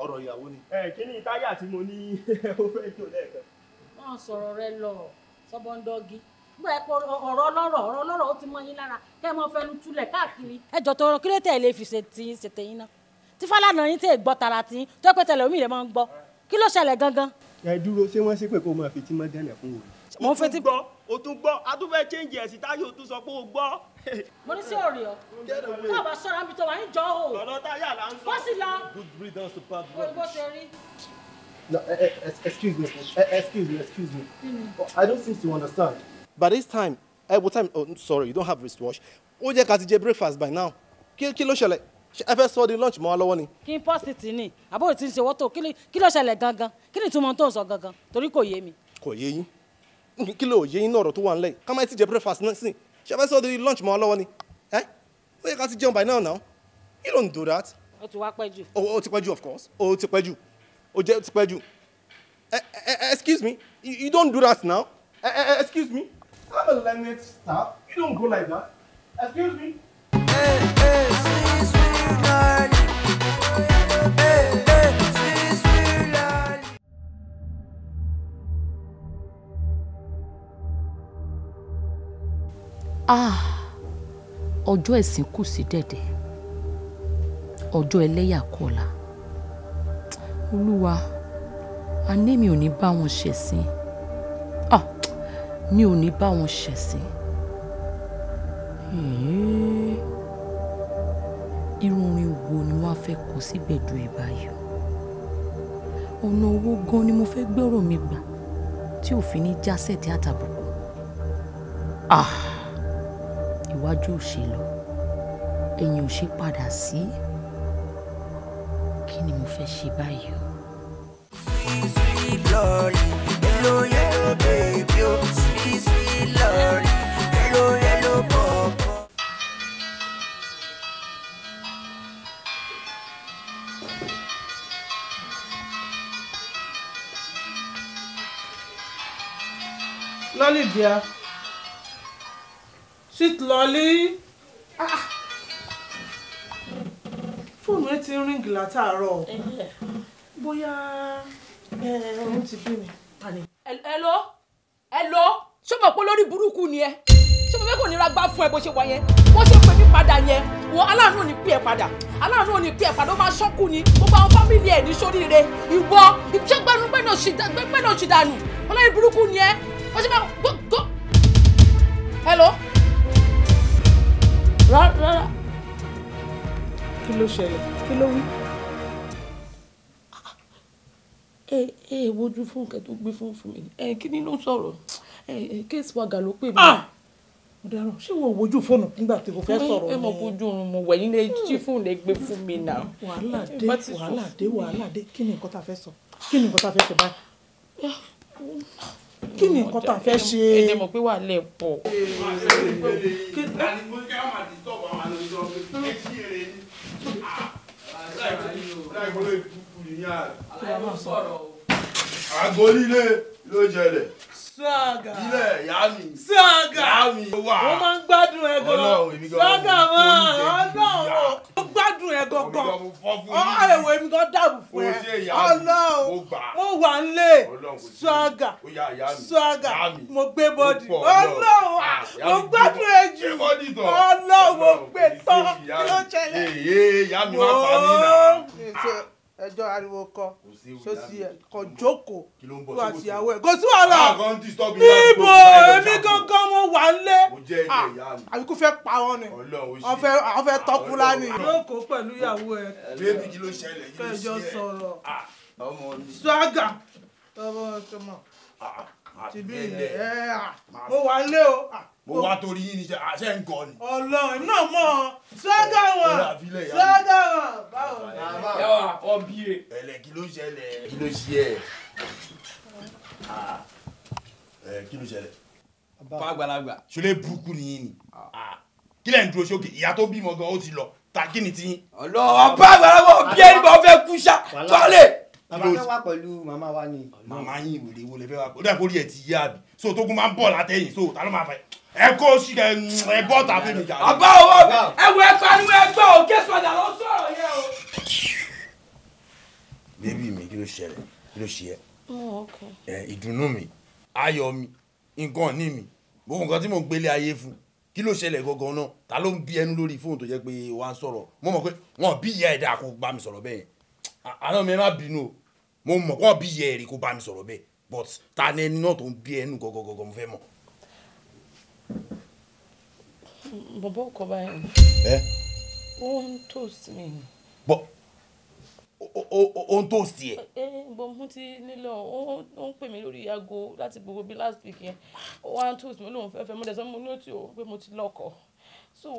ọ̀rọ̀ ìyàwó ni. ẹ kí ni táyà tí mo ní ó fẹ́ jò lẹ́ẹ̀kan máa sọ̀rọ̀ rẹ lọ sọ́bọ̀ndọ́gí nígbà yẹn pé ọ̀rọ̀ ọlọ́rọ̀ ọ̀rọ̀ ọlọ́rọ̀ ó ti mọ yín lára kẹ́ ẹ mọ fẹnu túlẹ̀ káàkiri. ẹ jọ tọrọ kílẹ̀ tẹ̀ lè fi ṣètè yín náà tí fàlànà yín tẹ̀ gbọ́ tara tí tó pé tẹ̀lé omi rẹ̀ máa ń gbọ́ kí ló ṣẹlẹ̀ gangan. ẹ dúró ṣé wọ́n ṣépè kó máa fi tí máa dẹ́nà fún wọn. mo ń fetí. o tún gbọ́ a tún fẹ́ change ẹ̀sìn táyọ̀ tún sọ pé o gbọ́. mo ní sí òrì ọ káà bá sọ̀rọ̀ àbí tó wà ń jọ o. ọ̀rọ̀ táyà là ń sọ. bọ́sì lọ. good breeders to part brothers. bó No, e, e, e, excuse me, excuse me, excuse mm-hmm. me. I don't seem to understand. By this time, eh, what time? Oh, sorry, you don't have wristwatch. Ó yẹ ká ti breakfast by now. Kí kí ló ṣẹlẹ̀? Ẹ fẹ́ sọ lunch Mo wa lọ́wọ́ ni. Kí n pọ́sìtì ni, àbúrò tí ń ṣe wọ́tò, kí ló ṣẹlẹ̀ gangan? Kí ni ìtumọ̀ tó ń gangan? Torí kò yé mi. Ko ye yín. Kí ye yé oro ní ọ̀rọ̀ tó wà nílẹ̀? ti jẹ breakfast náà sìn. Ṣé ẹ fẹ́ sọ lunch Mo wa lọ́wọ́ ni? Ẹ́ ó yẹ jump by now now. You don't do that. Ó ti wá pẹ́ jù. Oh, ti pẹ́ of course. Ó ti pẹ́ ó jẹ́ ti pẹ́ eh, eh, eh, excuse me you, you don't do that now uh, uh, excuse me I'm a learned star. you don't go like that excuse me. Ah, ọjọ́ ẹ̀sìn kù sí dẹ̀dẹ̀ ọjọ́ ẹlẹ́yà kọ̀ọ̀la olúwa a ní mi ò ní bá wọn ṣẹ̀sín ah mi ò ní bá wọn ṣẹ̀sín irú wo ni wọ́n á fẹ́ kọ sí gbẹ̀du ẹ̀ báyìí ọ̀nà owó gan ni mo fẹ́ gbọ́rọ̀ mi gbà tí òfin ní jásẹ̀ tí àtàbùkù ah iwájú ò ṣe lọ ẹ̀yìn ò sí. Si kí ni mo fẹ́ ṣe báyìí o. sweet lolly hello yellow baby o sweet sweet lolly hello yellow pọpọ. lolly dear sweet lolly. Ah fóònù ẹ ti ríngì látàárọ̀ o bóyá ọ̀hún ti bí mi. hello hello ṣé mo pé lórí burúkú ni ẹ ṣé mo fẹ́ kò nira gbá fún ẹ bó ṣe wà yẹn bó ṣe pè mí padà yẹn wọn aláàánú ni pè é padà aláàánú ò ní pé ẹ̀pà ló máa ṣọ́kù ni gbogbo àwọn fámìlì ẹ̀ ní sóríire ìwọ ìṣègbẹ́nu gbẹ́nà ṣìdánù olórí burúkú ni ẹ ó ṣe máa gbó gbó. hello rárá kí ló ṣẹlẹ̀ kí ló wí. ẹ ẹ wojú fúnkẹ́ tó gbé fún fún mi ẹ kí ni ló ń sọ̀rọ̀ ẹ ẹ kéésì wàgà ló pè mí ọ̀daràn ṣé wọ́n wojú fóònù nígbà tí kò fẹ́ sọ̀rọ̀ ni. ẹ mọ bójú oorun mo wẹ̀yìn lè jí fóònù lè gbé fún mi náà. wàhálà dé wàhálà dé wàhálà dé kí ni nǹkan tá a fẹ́ sọ kí ni nǹkan tá a fẹ́ ṣe báyìí. kí ni nǹkan tá a fẹ́ ṣe. ẹ dẹ̀ mọ̀ pé wà á lẹ̀ pọ̀. kí ni agoli ilé ló jẹlẹ. swaga ilé ìyá mi. swaga ìyá mi. wà ó máa ń gbádùn ẹ gan. swaga ọlọ́run gbádùn ẹ gangan ọ ah, èwo èmi dàbò fún ẹ Ọlọ́run mo wà nílé swaga swaga mo gbé bọ́dì Ọlọ́run ah, mo gbádùn ẹ jù Ọlọ́run mo gbé tán kí ló ṣẹlẹ̀ mo ẹjọ́ ariwo kọ sosi ẹ kọ jókòó tó àtìyàwó ẹ kò sí wàhálà ah, ibo èmi gangan mo wà nílé ah, àbíkú fẹ́ pa wọn ni wọ́n fẹ́ tọ́kùlá ni. jókòó pẹ̀lú ìyàwó ẹ kẹjọ sọ̀rọ̀ swaga ah, ọmọ ọmọ ti bí ilẹ̀ ẹ mo wà lé o. mo wá torí yín ni ṣe àṣẹ ń gọ ni. Ọlọ́run náà mọ ṣága wọn ṣága wọn báwo ni. yàrá ọbí rẹ. E. ẹlẹ kí ló ṣẹlẹ̀ kí ló ṣe ẹ kí ló ṣẹlẹ̀. fa àgbàlagbà. ṣọlẹ burúkú ni yín ni kí lẹ́yìn dúró sókè ìyá tó bímọ gan ó ti lọ ta kí ni ti yín. ọlọ́wọ́ bá àgbàlagbà òbí ẹni bá ọ fẹ́ kú ṣá wálé bàbá fẹ́ wá pẹ̀lú màmá wa ni. màmá yín ìwèrè wo lè fẹ́ wá pẹ̀lú ó dà kó rí ẹ̀ ti yé àbí so tó kún máa ń bọ̀ látẹ̀yìn so ta ló máa fẹ́ ẹ kó sí ẹ ẹ bọ́ ta fún mi jà. àbá owó ẹ wọ ẹ pariwo ẹ gbọ́ ò lọ sọ̀rọ̀ yẹ o. bébì mi kí ló ṣẹlẹ̀ kí ló ṣe ẹ́. Oh, ẹ ìdùnnú mi ayọ̀ mi nǹkan ní mi gbogbo nǹkan tí mò ń gbélé ayé fún kí ló ṣẹlẹ̀ gangan ta ló ń bí ẹnu lórí fóònù tó jẹ́ pé wàá sọ̀rọ̀ mo mọ̀ pé wọn bí ìyá ẹ̀dá kó bá mi sọ̀rọ̀ bẹ́ẹ̀ àná mi má bínú o mo mọ̀ kó bí yẹ ẹ̀rí kó bá mi sọ̀rọ̀ bẹ́ẹ̀ but ta ni ẹni náà tó ń bí ẹnu gọ́gọ́gọ́gọ́ mo fẹ́ mọ̀. bọ̀bọ̀ kọ báyìí. ẹ. ó ń toast mi. bọ́ ó ń ẹ bọ mo ti nílò ó ń pè mí lórí aago láti gbogbo bí last week yẹn ó wá ń toast mi lóun fẹ́fẹ́ mo dẹ̀ sọ mo lóòótọ́ pé mo ti lọ́kọ̀ọ́ so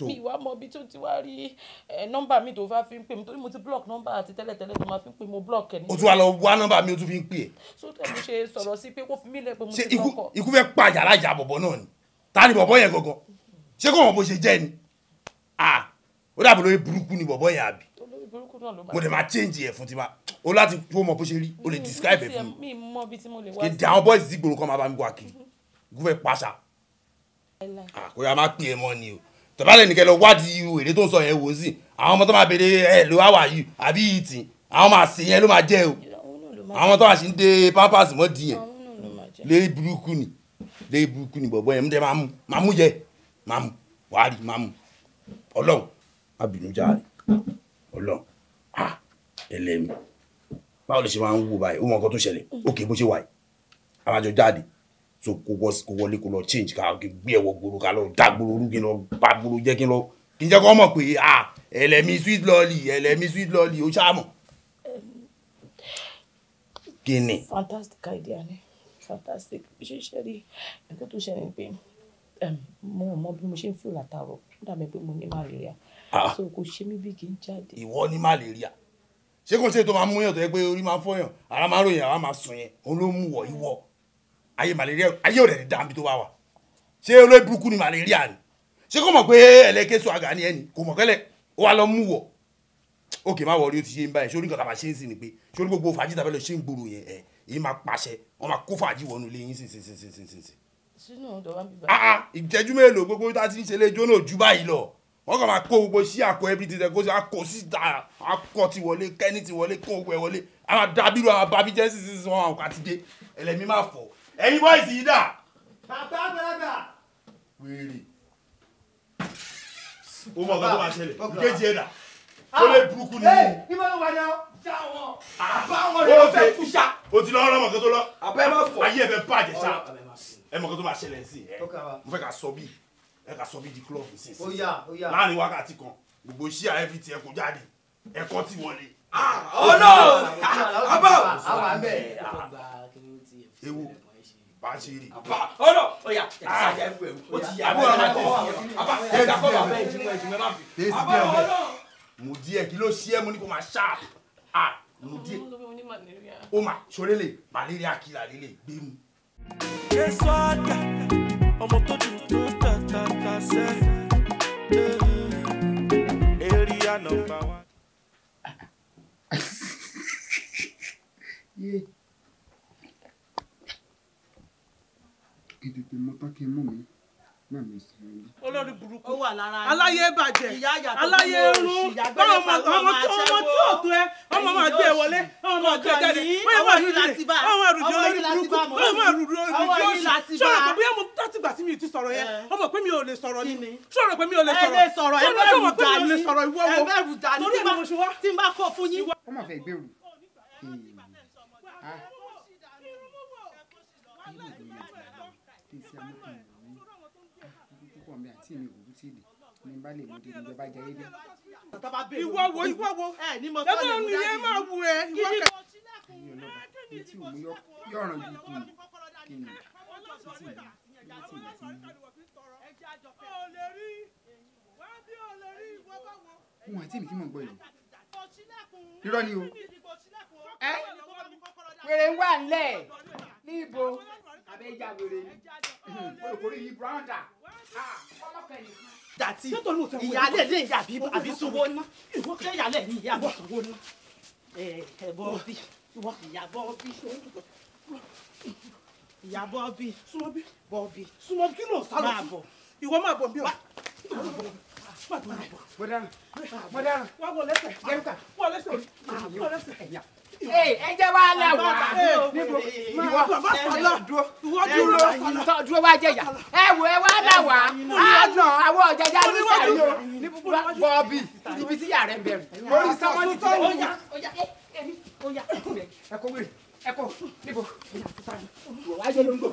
mi ìwà mọ ibi tó ti wá rí nọ́mbà mi tó fà fi ń pè mí torí mo ti block nọ́mbà àti tẹ́lẹ̀tẹ́lẹ̀ tó máa fi ń pè mo block ẹ̀ ní. o tún wà lọ wá nọ́mbà mi o tún fi ń pè ẹ́. sótẹ́ mo ṣe sọ̀rọ̀ sí pé kó fi mí lẹ pé mo ti lọ́kọ̀. ṣé ikú fẹ́ pa yàrá ìyá bọ̀bọ̀ náà ni ta ni bọ̀bọ̀ yẹn gangan ṣé kò mọ̀ bó ṣe jẹ́ ni ah ó dàbí lórí burúkú ni bọ̀bọ̀ yẹn àbí mo dẹ̀ máa change ẹ̀ fún ti ma o láti tó mọ bó ṣe rí o lè describe ẹ̀ fún mi ìdí àwọn boys ìgboro kan máa bá mi wá kiri ikú fẹ́ pàṣà àkóyá má pín ẹ mọ́ ni o tọ́balẹ̀ nìkẹ́ lọ wádìí wèrè tó ń sọ yẹn wò sí àwọn ọmọ tó máa béèrè ẹ ló wá wà yìí àbí yìí tì àwọn máa sè yẹn ló máa jẹ́ o àwọn tó máa sì ń de pampers mọ́ di yẹn lé burúkú ni lé burúkú ni bọ̀bọ̀ yẹn ń tẹ́ máa mú máa mú yẹ máa mú wàá rí máa mú ọlọ́run má bínú járe ọlọ́run à ẹlẹ́mi báwo lè ṣe máa ń wú báyìí ó mọ nǹkan tó ṣẹlẹ̀ ó kì í bó ṣe wà yìí àbájọ jáde so kò wọ kò wọlé kò lọ change ká gbé ẹwọ gbòòrò ká lọ dá gbòòrò rú lọ bá gbòòrò jẹ kí n lọ kí n jẹ kó mọ̀ pé ah ẹlẹ́mi sweet lolly ẹlẹ́mi sweet lolly ó ṣàmọ̀. kí ni. fantastic idea ni fantastic ṣe ṣe rí ẹ̀kọ́ tó ṣẹlẹ̀ pé mo mọ bí mo ṣe ń fìlà tààrọ̀ kódà mi pé mo ní malaria so kò ṣe mí bí kì í jáde. ìwọ ní malaria ṣé kò ṣe tó máa mú yàn tó yẹ pé orí máa fọyàn ara máa ròyìn àwa máa sùn yẹn òun ló mú wọ ìwọ ayé malaria ayé ò dẹ̀ dàbí tó wá wa ṣé olóyè burúkú ni malaria ni ṣé kò mọ̀ pé ẹlẹ́kẹ́ sọ àgà ni ẹni kò mọ̀ kẹ́lẹ̀ ó wá lọ mú wọ̀ òkè má wọrí ó ti ṣe ń báyìí sórí nǹkan tàbá ṣe ń sìn ni pé sórí gbogbo fàájì tàbí lọ ṣe ń gbòòrò yẹn ẹ èyí máa pàṣẹ wọn máa kó fàájì wọnú ilé yín sínsìnsìnsìnsìn. sínú ọ̀dọ̀ wa ń bí báyìí. ìjẹ́jú mélòó gbogbo tá a ti ń ṣe lẹ́jọ́ náà ju báyìí lọ wọ́n kàn máa kó gbogbo sí àkọ everything tẹ kó sí àkọ síta àkọ ti wọlé kẹ́ni ti wọlé kó gbẹ wọlé àwọn adábírò àwọn abábíjẹ́ sísìn wọn àwọn kàtidé ẹlẹ́mí máa fọ̀ ẹ̀yin bọ́ìsì yìí dà. bàbá àgbàlagbà. wèrè o mọ̀ ọ̀gá tó máa ṣẹlẹ̀ ìkejì ẹ̀dà ó lé burúkú ni. ee níbo ló wà ní ọ. wọn. àbá wọn ni fẹ́ kú sa. o ti lọ ọ̀rọ̀ mọ̀kẹ́ lọ. àbá ẹ fọ. ayé ẹ fẹ́ bàjẹ́ sa ẹ mọ̀kẹ́ tó máa ṣẹlẹ̀ sí ẹ mo fẹ́ ka sọ bí ẹ ka sọ bí di club sí sí láàrin wákàtí kan gbogbo iṣẹ́ àyẹ̀fi tiẹ̀ kó jáde ẹ̀kọ́ ti wọlé. ọlọ́ọ̀ abá. ewu bá ṣe rí. àbá ọ̀rọ̀ ọ̀yà ẹ̀ka ẹ̀fù ẹ̀wù ó ti yà á bọ̀ àbá ẹ̀ka kọ́ bàbá ẹ̀ jùmọ̀ ẹ̀jùmọ̀ ẹ̀ má fi. ọ̀rọ̀ mo díẹ̀ kí ló ṣí ẹ mo ní kó máa ṣá a mo díẹ̀ ó mà ṣoré lè malaria kìlà lélẹ̀ gbé mu. yéṣu àgbà ọmọ tó dùn tó tà. olórí burúkú aláyé bàjẹ́ aláyé irun báwo ọmọ ọmọ tí ò tó ẹ ọmọ máa gbé ẹ wọlé ọmọ máa gbé ẹ jáde wọ́n wà nílé ọmọ àrùjọ olórí burúkú ọmọ àrùjọ olórí burúkú sọ̀rọ̀ pé bóyá mo láti gbà tí mi ti sọ̀rọ̀ yẹn ọmọ pé mi ò lè sọ̀rọ̀ ni sọ̀rọ̀ pé mi ò lè sọ̀rọ̀ sọ̀rọ̀ pé mi ò lè sọ̀rọ̀ ìwọ́wọ́ torí ẹ̀ bá kọ fún yín. ọmọ fẹ́ gbèrú tí mi kò tí ì dé ní bá lè mú ní bá jẹ ayé ìwọ wo ìwọ wo lọ́nà òun yẹn máa wù ẹ́ ìwọ kẹ. ẹyin etí òun yọ̀ràn bí kù kí títí mi títí mi ti ń bí. wọn àti mi kí mọ̀ ń gbọ́ yìí irọ́ ni o. ẹ wèrè ń wà nílẹ̀ ní ibo àbẹ́jà wèrè ni olùkórè yìí brown dà dàtí ìyálẹ̀ lè yà àbí sunwó ná ìwọ kẹ́ ìyálẹ̀ ní ìyá àbí sunwó ná ẹ̀bọ bí ìyàbọ̀ bí ìyàbọ̀ bí súnmọ́ bí bọ̀ bí súnmọ́ kí ló sá lọ fún ìwọ o máa bọ̀ mọ̀dáràn mọ̀dáràn wà wọlé sẹ̀ ẹ jẹ́ wá láwọ̀ ìwọ tó dúró wá jẹ̀yà ẹ wò ẹ wá láwọ̀ àánà àwọn ọ̀jàjà ní sàlẹ̀ bọ́ọ̀bì ibi tí yàrá ń bẹ̀rù orí sọ́wọ́n ti tẹ̀lé ẹ̀kọ́ wíìrì ẹ̀kọ́ níbo wàá jẹ́ ló ń gbọ́.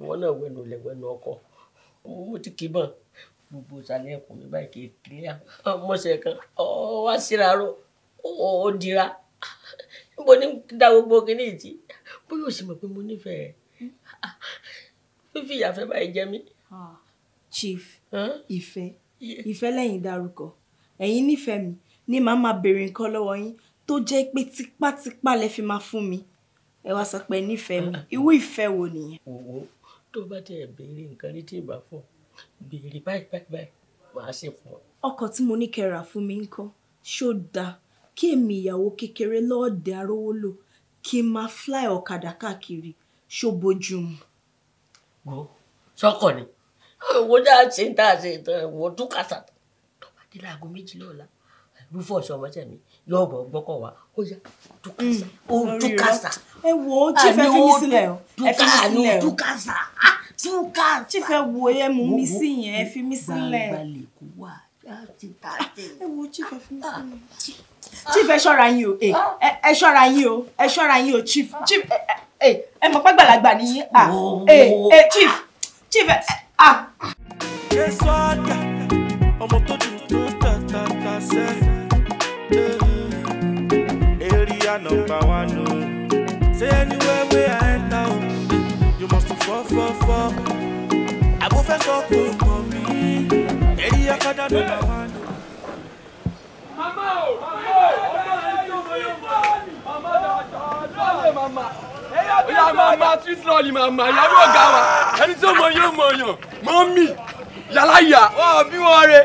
wọn náà wẹnu lẹ wẹnu ọkọ mo ti kì í bọ̀ gbogbo ìsàlẹ̀ ẹkùn mi báyìí kì í kílíà ọmọọṣẹ kan ọ wá síra ró ó dira níbo ní da gbogbo kínní ìtì bóyá o sì mọ̀ pé mo nífẹ̀ẹ́ fífi ìyàfẹ́ báyìí jẹ mí. Ah, chief ìfẹ́ ìfẹ́ lẹ́yìn dárúkọ ẹ̀yin nífẹ̀ẹ́ mi ni màá máa béèrè nǹkan lọ́wọ́ yín tó jẹ́ pé tipátipá lẹ fi máa fún mi ẹ wá sọ pé nífẹ̀ẹ́ mi irú ìfẹ́ wo nìyẹn. wò ó tó bá tiẹ̀ béèrè nǹkan létí ìbá fọ béèrè báyìí báyìí báyìí màá ṣe fún ọ. ọkọ̀ tí mo ní kẹrà fún mi ń kọ́ ṣó dáa kí èmi ìyàwó kékeré lọ́ọ̀dẹ arówó lò kí n máa fly ọ̀kadà káàkiri ṣó bójú mu. wo sọkọ ni owó dáa ṣe ń dáa ṣe ìtàn ìwọ dúkàtà tó bá dé láago méjìlá Rufus Ọmọtẹ̀mí lọ́ọ̀bọ̀ gbọ́kọ̀ wá ó yá dúkàsà ó mm. dúkàsà. ẹ wo chief ẹ fi mí sílẹ̀ o ẹ fi mí sílẹ̀ o dúkàsà dúkàsà. chief ẹ wo ẹ mú mi sí yẹn ẹ fi mí sílẹ̀. balẹ̀ kó wà láti tàdé. ẹ wo chief ẹ fi mí ah, sílẹ̀. chief ẹ ṣọ́ra yín o eh, ah. ẹ ṣọ́ra yín o ẹ ṣọ́ra yín o chief chief ẹ ẹ eh, mọ̀ pé gbàlagbà ni yín ẹ ah, eh, chief chief ẹ ah. Yes, I'm a put you through that, Area number one, Say anywhere where I enter, you must fall, fall, fall. I will first talk to me. Area number one. Mama, mama, mama, mama, mama treat lọ́ọ̀lì mama mama, ọ̀gá wa ẹni tí ó mọ yóò mọ yàn mọ́ Mama, yàrá yà ọ́ bí wọ́n rẹ̀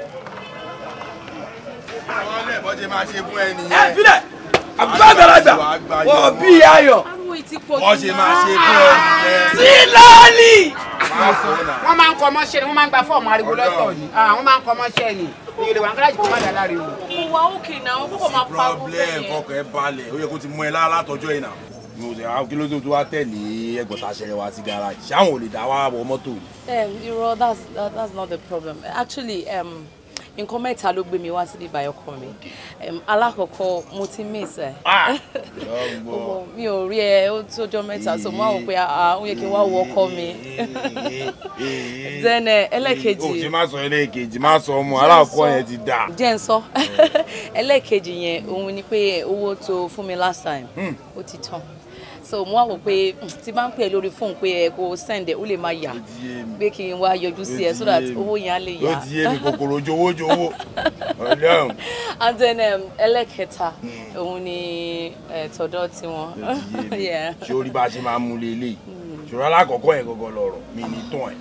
àwọn ẹlẹ́bọ̀ ṣe máa ṣe fún ẹ nìyẹn. ẹ filẹ̀ àgbàgbàlagbà wọ bí ayọ̀ wọ́n ṣe máa ṣe fún ẹ nìyẹn. sílọ́ọ̀lì. wọ́n máa ń kọ́ ọmọṣẹ́ ni wọ́n máa ń gba fọ́ọ̀mù ariwo lọ́tọ̀ ni ah, wọ́n máa ń kọ́ ọmọṣẹ́ ni ìrè wà ń kára jùlọ máa dà láre o. mo wà òkè náà ó kò máa pa owó bẹ́ẹ̀. problem fọkàn ẹ balẹ̀ ó yẹ kó ti mú ẹ lára tọjọ́ yìí náà mi ò sẹ́wà kí ló dé tó wá tẹ̀lé ẹgbọ̀ta ṣẹlẹ̀ wá sí garage ṣáwọn ò lè dá wá wọ mọ́tò. irọ́ that's that's not the problem actually. Um, nǹkan mẹ́ta ló gbé mi wá sí níbàyà ọkọ mi alákọ̀ọ́kọ́ mo ti miss ẹ ah! mi ò rí ẹ ó tójọ́ mẹ́ta so mo àwọn pé ah, ó yẹ kí n wá wọ ọkọ mi then eh, ẹlẹ́kejì o oh, ṣe má sọ ẹlẹ́kejì má sọ ọmọ alákọ̀ọ́ yẹn ti dà jẹ́ ń sọ ẹlẹ́kejì yẹn òun ni pé owó tó fún mi last time hmm. ó ti tán so mo wá wò pé mm, tí bá ń pè lórí fóun pé ẹ kò send ẹ ó lè máa yà pé kí n wá yọjú sí ẹ so that owó yẹn á lè yà. ó ti yé mi kòkòrò jowó jowó ọlọ́run. and then um, ẹlẹ́kẹta hmm. òun ni tọ̀dọ̀ tiwọn. ṣé orí bá a ṣe máa mú lélẹ̀ hmm. ṣòro alákọ̀ọ́kọ́ yẹn gọ́gọ́ lọ̀rọ̀ mi ní tán ẹ̀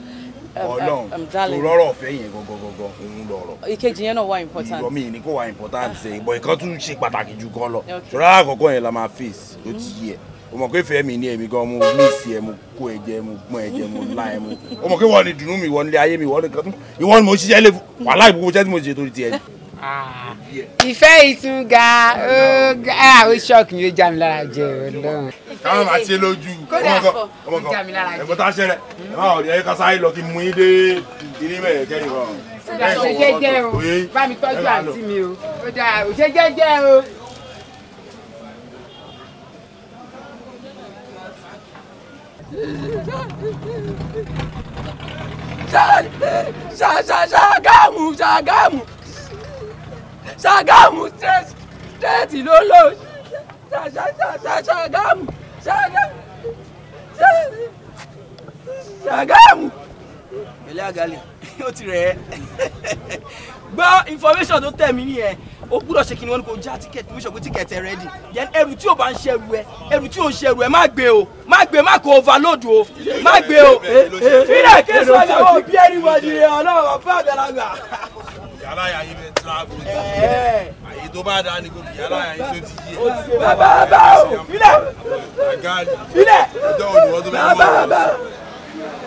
um, um, ọlọ́run òrọrọ ọ̀fẹ́ yẹn gọgọgọgọ òun lọ́rọ̀. ìkejì yẹn náà wà important. ìrọ̀mí ni kò wà important ah. ṣe ìbọn ìkan tún ṣe pàtàkì jù kan lọ. ṣọlá àkọ́kọ́ yẹn la máa face ló hmm. ti yí o mọ̀ pé fẹ́ mi ní ẹ̀mí gan mo mí sí ẹ mo kó ẹ̀jẹ̀ mo gbọ́n ẹ̀jẹ̀ mo lá ẹ mo o mọ̀ pé wọ́n ni dùnú mi wọ́n nílé ayé mi wọ́n nìkan tún ìwọ́n ni mo ṣiṣẹ́ lé wàhálà ìbúkú jẹ́ tí mo ṣe torí tiẹ̀. Ah, ìfẹ́ ìtunga ó ṣọ́ọ̀kì ah, yóò já mi lára jẹ ọlọ́run. káwọn máa ṣe lójú ọmọ kan ẹ̀gbọ́n tá a ṣẹlẹ̀ ẹ̀ máa ọ̀rẹ́ ẹ̀ka sáré lọ kí mú yín dé ilé mẹ́rin kẹ́rin kan. ó o bá mi tọ́jú àǹtí mi o. ṣàgámù ṣàgámù ṣàgámù tẹ́tì ló lò ṣàgámù ṣàgámù pẹ̀lẹ́ àgàlẹ̀ ó ti rẹ̀ ẹ́ gbọ́ information tó tẹ̀ mí nìyẹn o gbúdọ̀ ṣe kí ni wọ́n ní kó já ticket wíṣọ̀ pé ticket ẹ ready then ẹrù tí o bá ń ṣẹrù ẹ ẹrù tí o ń ṣẹrù ẹ má gbé o má gbé má kó overload o má gbé o eh, eh, fílẹ̀ kí sọ ni àwọn òbí ẹni wọ̀ ni ọlọ́run bàbá àgbàlagbà. yàrá yà yí bẹ tíráàbù ní àyè tó bá dáa ni kò kì yàrá yà yí tó ti yé. bàbá bàbá o fílẹ̀ fílẹ̀ bàbá bàbá.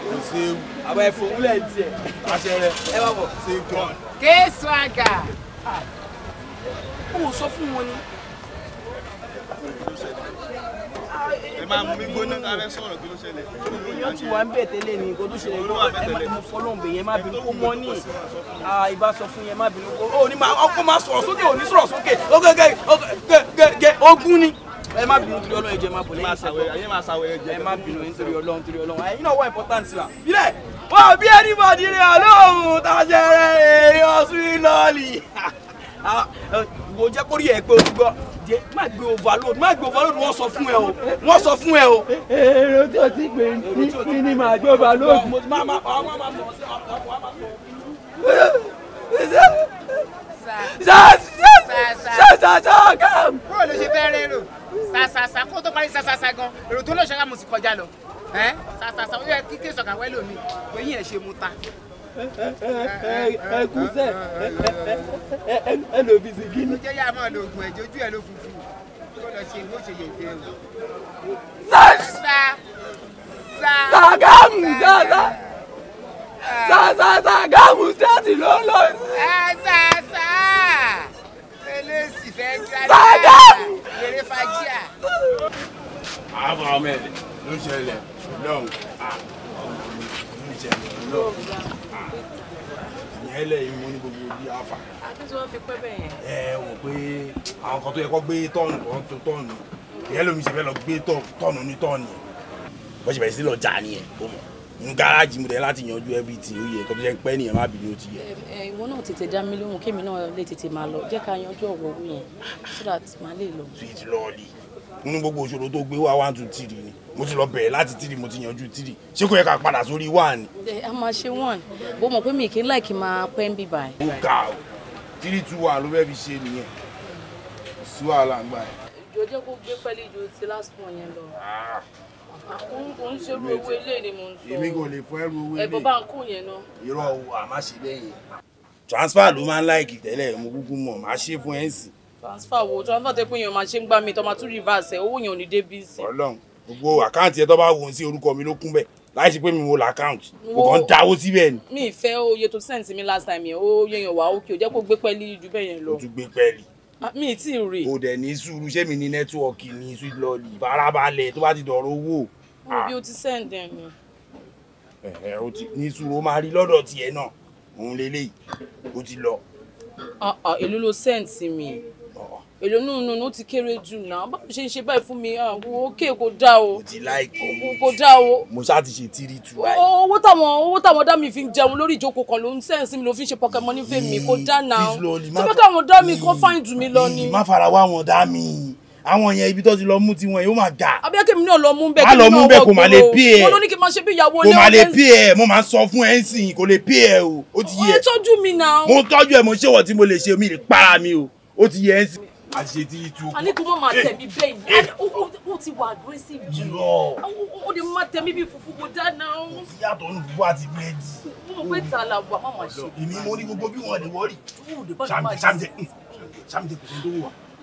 kò séwu àwọn ẹ̀fọ́ wúlẹ̀ tiẹ̀. àṣẹ rẹ ẹ wá bọ̀. ṣe gbọ́. kéésù àgà. ó sọ fún wọn ni. ẹ máa mú mi gbóná kárẹ́ sọ̀rọ̀ kí ló ṣẹlẹ̀. yóò ti wá ń bẹ̀ tẹ́lẹ̀ ní nǹkan tó ṣẹlẹ̀ lọ́wọ́ ẹ mọ fọlọ́ǹbẹ̀ yẹn má bínú kó mọ́ ní ìbá sọ fún yẹn má bínú kó. ó ní ọkọ máa sọ̀rọ̀ sókè ò ní sọ̀rọ̀ sókè ó gẹ́gẹ́ gẹ́gẹ́ ogún ni ẹ má bínú torí ọlọ́run ẹ̀jẹ̀ má bọ̀ lẹ́yìn ìṣẹ́gbọ́ ayé má sàwẹ̀ ẹ̀jẹ̀ ẹ má bínú nítorí ọlọ́run torí ọlọ́run ẹ̀yin náà wà important wa. bílẹ̀ wà bí ẹni bá di rẹ̀ lóhùn tá a ṣe rẹ̀ èèyàn sún lọ́ọ̀lì. wo jẹ́ kórìí ẹ̀ pé o gbọ́ jẹ́ má gbé overload má gbé overload wọ́n sọ fún ẹ o wọ́n sọ fún ẹ o. èrò tí o ti gbé ní ni màá gbé overload. ṣàṣàṣà kàm. bó ló ṣe fẹ́ rẹ́ rò ṣàṣàṣà kó tó parí ṣàṣàṣà gan èrò tó lọ́ọ́ ṣọ́ra mo sì kọjá lọ ṣàṣàṣà ó yẹ kí kí sọ̀kà wẹ́lò mi pé yín ẹ̀ ṣe mu ta. ẹ kú sẹ ẹ lò bí sí kíni. ìjẹ́ yà máa lo oògùn ẹ̀jẹ̀ ojú ẹ̀ ló funfun kó lọ ṣe bó ṣe yẹ ìfẹ́ o. ṣàṣà ṣàṣà kàm ṣàṣà sàṣàṣà gáàmù stéètì ló ń lọ sí. sàṣàṣà eléyìí fẹ́ jáde. sàgáàmù. lèrè fàjíà. àbọ̀ ọmọ ẹ̀ ló ń ṣẹlẹ̀ lọ́hùn-ún ló ń ṣẹlẹ̀ lọ́hùn-ún ìyẹn lẹ ìmọ̀ ní gbogbo bí afa. àtúntò wọn fi pẹ́ bẹ́ẹ̀ yẹn. ẹ wò pé àwọn kan tó yẹ kó gbé tọ́ọ̀nù kan tó tọ́ọ̀nù ìyẹn lómi ṣe fẹ́ lọ gbé tọ́ọ̀nù ní tọ́ọ̀nù yẹn. bọ́sibẹ̀sì lọ jà nìyẹn ó mọ̀ n garaji mo dẹ láti yanjú everything ó yẹ kó jẹ pé ènìyàn má bínú ó ti yẹ. ìwọ náà tètè dá mi lóhùn kémi náà lè tètè máa lọ jẹ́ ká yanjú ọ̀rọ̀ owó yẹn so that màá lè lọ. sweet lọ́ọ̀lì nínú gbogbo òṣòro tó gbé wá one two three ni mo ti lọ bẹ̀rẹ̀ láti three mo ti yanjú three ṣé kò yẹ ká padà sórí one. ẹ a máa ṣe one bó mọ̀ pé mi kì í láì kí n máa pẹ́ ń bì báyìí. ó ga o three two one ló fẹ́ẹ́ fi ṣe nìyẹn sí wàhálà ń gbà yẹn. ìjọ jẹ́ kó gbé pẹ́lí ju ti last one yẹn lọ. Ah èmi kò lè fọ ẹrù owó ilé. irọ́ o àmà ṣe bẹ́ẹ̀ transfer ló máa ń láìkì tẹ́lẹ̀ mo kúkú mọ̀ máa ṣe fún ẹ̀sìn. transfer wo transfer tẹ pé èèyàn máa ṣe ń gbá mi tó máa tún reverse ẹ̀ owó yẹn ò ní dé bí ìsìn. Ọlọ́run gbogbo àkáǹtì ẹ tó bá wò sí orúkọ mi ló kún bẹ́ẹ̀ láì sí pé mi wo làkáǹtì mo kàn ń dáwó síbẹ̀ ni. mi ì fẹ́ oye tó sẹ́ǹtì mi last time yẹn ó yẹn wà ókè ò jẹ́ kó gbé pẹ́ẹ́lí ju bẹ́ẹ̀ yẹn lọ. ó tún gbé pẹ́ẹ́lí Ah, mi ti rè. o dẹ̀ ní sùúrù ṣé mi ní nẹ́tíwọ̀kì ní sweet lolly farabalẹ̀ tó bá ti dọ̀rọ̀ owó. mo bí ah. o ti sẹ́ǹdẹ̀ mi. ẹ ẹ o ti ní sùúrù o máa rí lọ́dọ̀ tiẹ̀ náà òun lélẹ́yìí o ti lọ. Ah, èló ló sẹ́ǹd mi èlò nínú nínú ó ti kéré jù náà báwo ṣe ń ṣe báyìí fún mi òkè kò dá o kò dá o. mo ṣáà ti ṣe tírí tu báyìí. owó táwọn owó táwọn dá mi fi ń jẹun lórí ìjókòó kan ló ń sẹ́ǹsì mi ló fi ń ṣe pocket money fẹ́ kò dá náà tí káwọn dá mi kó fáìn jù mí lọ ni. má fara wá wọn dá mi àwọn yẹn ibi tó ti lọ mú tiwọn yìí ó máa ga. abẹ́kẹ́ mi náà lọ mú bẹ́ẹ̀ kí ló máa wọ kó máa lè pí ẹ̀ mo ló kí n máa ṣe bí ìyàwó lẹ́wọ̀n kó máa lè pí ẹ̀ mo máa sọ fún ẹ̀ ń sìn kó lè pí ẹ̀ o ó ti yẹ. o tọ́jú mi náà. mo tọ́jú ẹ̀ mo ṣèwọ̀ tí mo lè ṣe mi lè para mi o ó ti yẹ ẹ̀ ń sìn àṣetí ìtú. a ní kó má máa eh, tẹ̀mí eh, bẹ́ẹ̀ ni eh, ó ti wà aggressive jù. irọ́ ó lè má tẹ̀mí bí fufu kò dáná. kò sí yàtọ̀ nù bú àti búrẹ́dì. mo mọ̀ pé ta la wà má máa ṣe. èmi mo ní gbogbo bí wọn lè wọ́ọ̀rì. sàmìtẹ sàmìtẹ sàmìtẹ kò sí tó wù wá.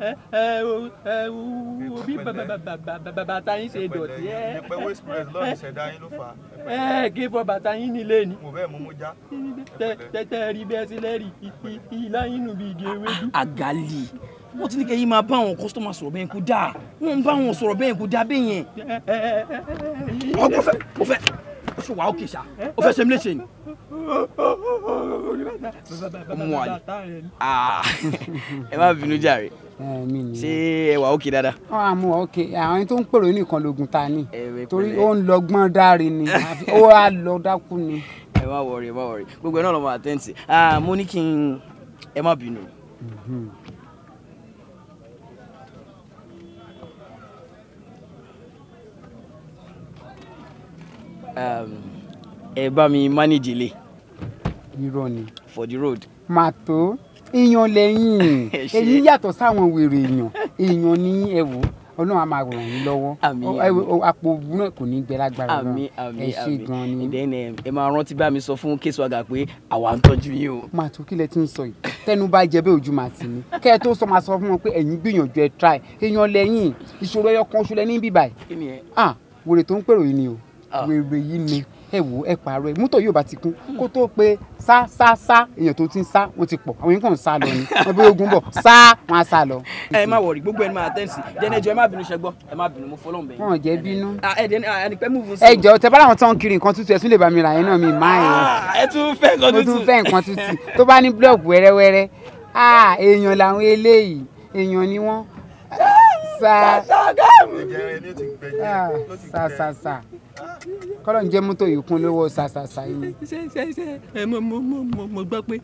ẹ ẹ ẹ òbí bàtà yín ṣe dọ̀tí ẹ. ẹpẹ waste press lọ́ọ̀rì ṣẹ̀dá yín ló fà ẹ gé fọ bàtà yín nílé ni. mo bẹ́ẹ̀ mú mú já. tẹ́tẹ́ rí bẹ́ẹ̀ sílẹ̀ rí ìlà yín nù bí igi ewédú. àgàlì wọ́n ti ní kẹ́ yín máa bá àwọn kọ́sítọ́mà sọ̀rọ̀ bẹ́ẹ̀ kú dáa wọ́n bá àwọn sọ̀rọ̀ bẹ́ẹ̀ kú dáa bẹ́ẹ̀ yẹn. ọgbọ́n fẹ́ mo fẹ́ ṣe wà ókè ṣá o fẹ́ ṣe mí léṣe ni. ọmọ àlè ah, ẹ má bínú jàre ṣé ẹ wà òkè dáadáa. àmú òkè àwọn ẹni tó ń pèrò nìkan lóògùn ta ni torí ó ń lọgbọ́n dáre ni ó wá lọ dákú ni. ẹ má wọrí ẹ má wọrí gbogbo ẹ náà lọ mọ àtẹ́ǹtì mo ní kí n ẹ má bínú. Mhm. ẹ bá mi manage ilé. irọ́ ni. for the road. màtó èèyàn lẹ́yìn èyí yàtọ̀ sáwọn wèrè èèyàn èèyàn ní ẹ̀wò ọlọ́run a máa ràn yín lọ́wọ́ àpò náà kò ní gbẹ lágbára náà ẹ ṣe gan ni. ìdẹ́nẹ eh, ẹ máa rántí bá mi sọ fún kéésù àgà pé àwa ń tọ́jú yín o. màá tó kílẹ̀ tí ń sọ yìí tẹnu bá jẹ bẹ́ẹ̀ ojú màá sì ní kẹ́ ẹ tó sọ máa sọ fún wọn pé ẹ̀yin gbìyànjú ẹ try èèyàn lẹ́yìn ìṣòro ẹyọ kan oṣù lẹ́ni bíbáyìí. ah wèrè tó ń pèrò yìí ni o ah. wèrè yìí ni ẹ wò ẹ pààrọ̀ ẹ mọ́tò yóò bá ti kún kó tó pé sá sá sá èèyàn tó ti ń sá wọ́n ti pọ̀ àwọn yẹn kàn ń sá lọ ni wọ́n bí ogun bọ̀ sá wọn á sá lọ. ẹ má wọrí gbogbo ẹni máa tẹ́ǹsì jẹ́nẹ́jọ ẹ má bínú ṣẹgbọ́ ẹ má bínú mo fọlọ́n bẹ̀yìn. wọn jẹ bínú. ẹ jọ tẹ bára tán kiri nǹkan tútù ẹ tún lè bá mi rà yẹn náà mi má ẹ. Ah, ẹ tún fẹ́ nǹkan tútù. mo tún fẹ́ nǹkan tútù tó bá ní búlọ̀ọ̀gù wẹ́rẹ́wẹ́rẹ́ ah èèyàn làwọn eléyìí èèyàn ni wọ́n sa sa sa sa kọ́lọ́ ń jẹ́ mọ́tò yìí kún lówó ṣàṣàṣà yìí. ṣe mo mo mo mo mo gbọ́ pé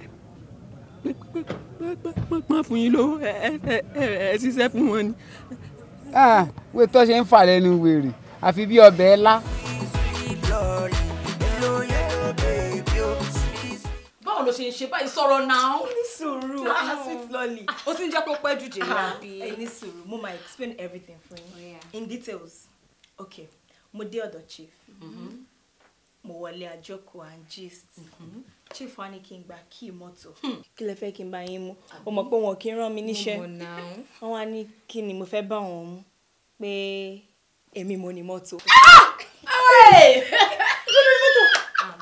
pọ́n fún yín lówó ẹ ẹ ẹ ṣiṣẹ́ fún wọn ni. wétọ́ ṣe ń fà lẹ́nu wèrè àfi bí ọbẹ̀ ẹ báwo ló ṣe ń ṣe báyìí sọ̀rọ̀ náà. ó ní sùúrù ah sweet lolly ó sì ń jẹ́ kó pẹ́ jù jẹ́ náà. ẹ ní sùúrù mo máa explain everything fún yín oh, in details. okay mo dé ọ̀dọ̀ chief mm-hmm. mo wọlé àjọkò and gist mm-hmm. chief wa ni kí n gba kí mọ́tò hmm. kí lẹ fẹ́ kí n bá yín mú o mọ̀ pé wọn kì í rán mi níṣẹ́ wọn wá ní kí ni mo fẹ́ bá wọn mú pé èmi mo ní mọ́tò. Ah!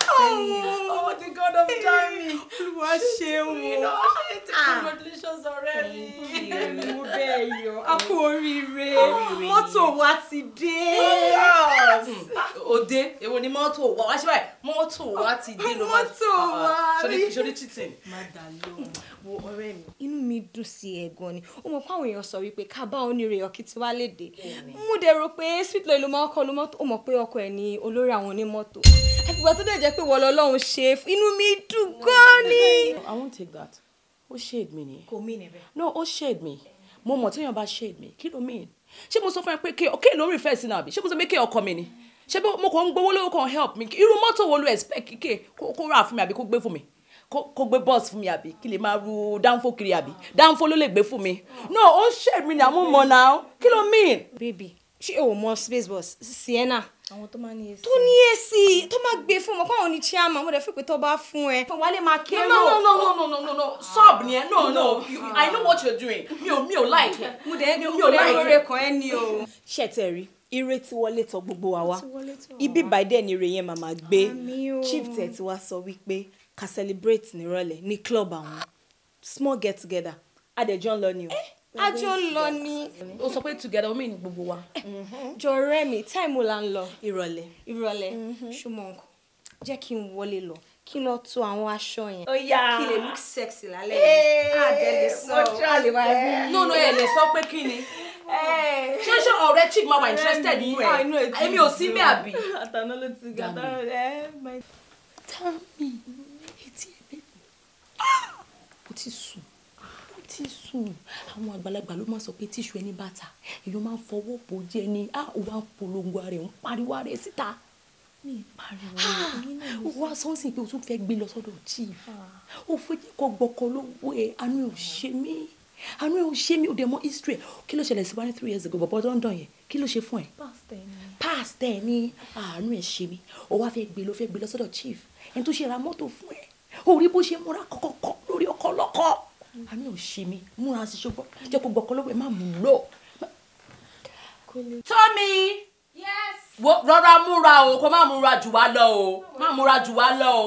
Ah! God of Jami. Olúwa ṣeun. You know, she did congratulations already. Mo bẹ̀ yọ. A kú oríire. Mọ́tò wa ti dé. Hmm. Òde, èwo ni mọ́tò wa? Wá ṣe báyìí, mọ́tò wa ti dé ló máa. Mọ́tò ah, wa rí. Ah. Ṣorí cheating. Má dà lóhùn. Hmm. Wo ọ̀rẹ́ mi, inú mi dùn sí ẹ gan ni. Ó mọ̀ pé àwọn èèyàn sọ wípé ká bá onírè ọkì tí wá léde. Mo dẹ̀ rò pé sweet lóye ló máa kọ́ ló mọ́tò. Ó mọ̀ pé ọkọ ẹ̀ ni olórí àwọn onímọ́tò àfìgbà tó dẹ̀ jẹ́ pé wọ́n lọ́lọ́run ṣe inú mi dùn gan ni. I won't take that ó shade me? nìyẹn. kò mean bẹ́ẹ̀. no ó shade mi mo mọ̀ téèyàn bá shade mi kí ló mean ṣé mo sọ fún ẹ pé kí ló ń refer sí náà àbí ṣé mo sọ pé kí ọkọ mi ni ṣé mo kàn ń gbowó lówó kan help mi irú mọ́tò wo ló expect kíkẹ́ kó rà fún mi àbí kó gbé fún mi kó gbé bọ́ọ̀sì fún mi àbí kí lè máa ru dánfó kiri àbí dánfó ló lè gbé fún mi no ó shade me? mí ni àmú mọ náà kí ló mean. baby ṣé o mọ space bus sienna àwọn tó máa ní èsì tó ní èsì tó máa gbé fún ọmọ káwọn ní chairman mo dẹ̀ fi pé tó bá fún ẹ. wọ́n lè máa kérò. no no no no no no no sub ni ẹ no no i know what you're doing mi ò mi ò like ẹ mo dẹ̀ mi ò like ẹ lóore kan ẹ ní o. ṣe tẹ rí ire tí wọlé tọ gbogbo wa wá ibi bàdẹ ni ire yẹn màmá gbé chief tẹ ti wá sọ wípé ká celebrate nírọ̀lẹ́ ní club àwọn small get together adẹjọ́ ń lọ ni o. Eh? a jọ ń lọ ni. o sọ pé together omi mean, gbogbo wa. Mm-hmm. jọ rẹ mi táìmù la ń lọ. ìrọ̀lẹ́. ìrọ̀lẹ́ mm-hmm. ṣùgbọ́n jẹ́ kí n wọlé lọ kí lọ to àwọn aṣọ yẹn. ó yá kí lè look sexy lálẹ́ yìí. àdé ah, sọ ọ́ lè máa no no ẹ lè sọ pé kí ni. ṣé ṣé ọ̀rẹ́ chick ma. wà interested nínú ẹ̀ ah, èmi ò sí bẹ́ẹ̀ àbí. àtàná ló ti gà tán ẹ máa. tami etí ẹ bẹ́ẹ̀ o ti sùn tí sùn àwọn àgbàlagbà ló máa sọ pé tíṣù ẹni bàtà èèyàn máa fọwọ́ bò jẹ ni a ò wá polongo ara ẹ̀ ń pariwo ara ẹ̀ síta. mi pariwo ẹ̀yin wá sọ́nsìn pé o tún fẹ́ gbé lọ sọ́dọ̀ chief ó fẹ́ jẹ́ kó gbọ́kọ lówó ẹ̀ àánú ẹ̀ ò ṣe mí àánú ẹ̀ ò ṣe mí ò dẹ̀ mọ́ kí ló ṣẹlẹ̀ sí wa three years ago bọ̀bọ̀ London yẹn kí ló ṣe fún ẹ. past ẹ àánú ẹ̀ ṣe mí ó wá fẹ́ gbé lọ sọ́dọ̀ chief ẹni tó ṣe ra mọ́tò fún ẹ orí bó ṣe múra kọ́kọ́kọ́ lórí ọkọ̀ lọ́kọ̀ọ́ àmì ò ṣe mí múra sí ṣogbọ́ jẹ́ kó gbọ́kọ́ ẹ má mú lò. Tómi rọra múra o kó má múra jù wá lọ o má múra jù wá lọ o.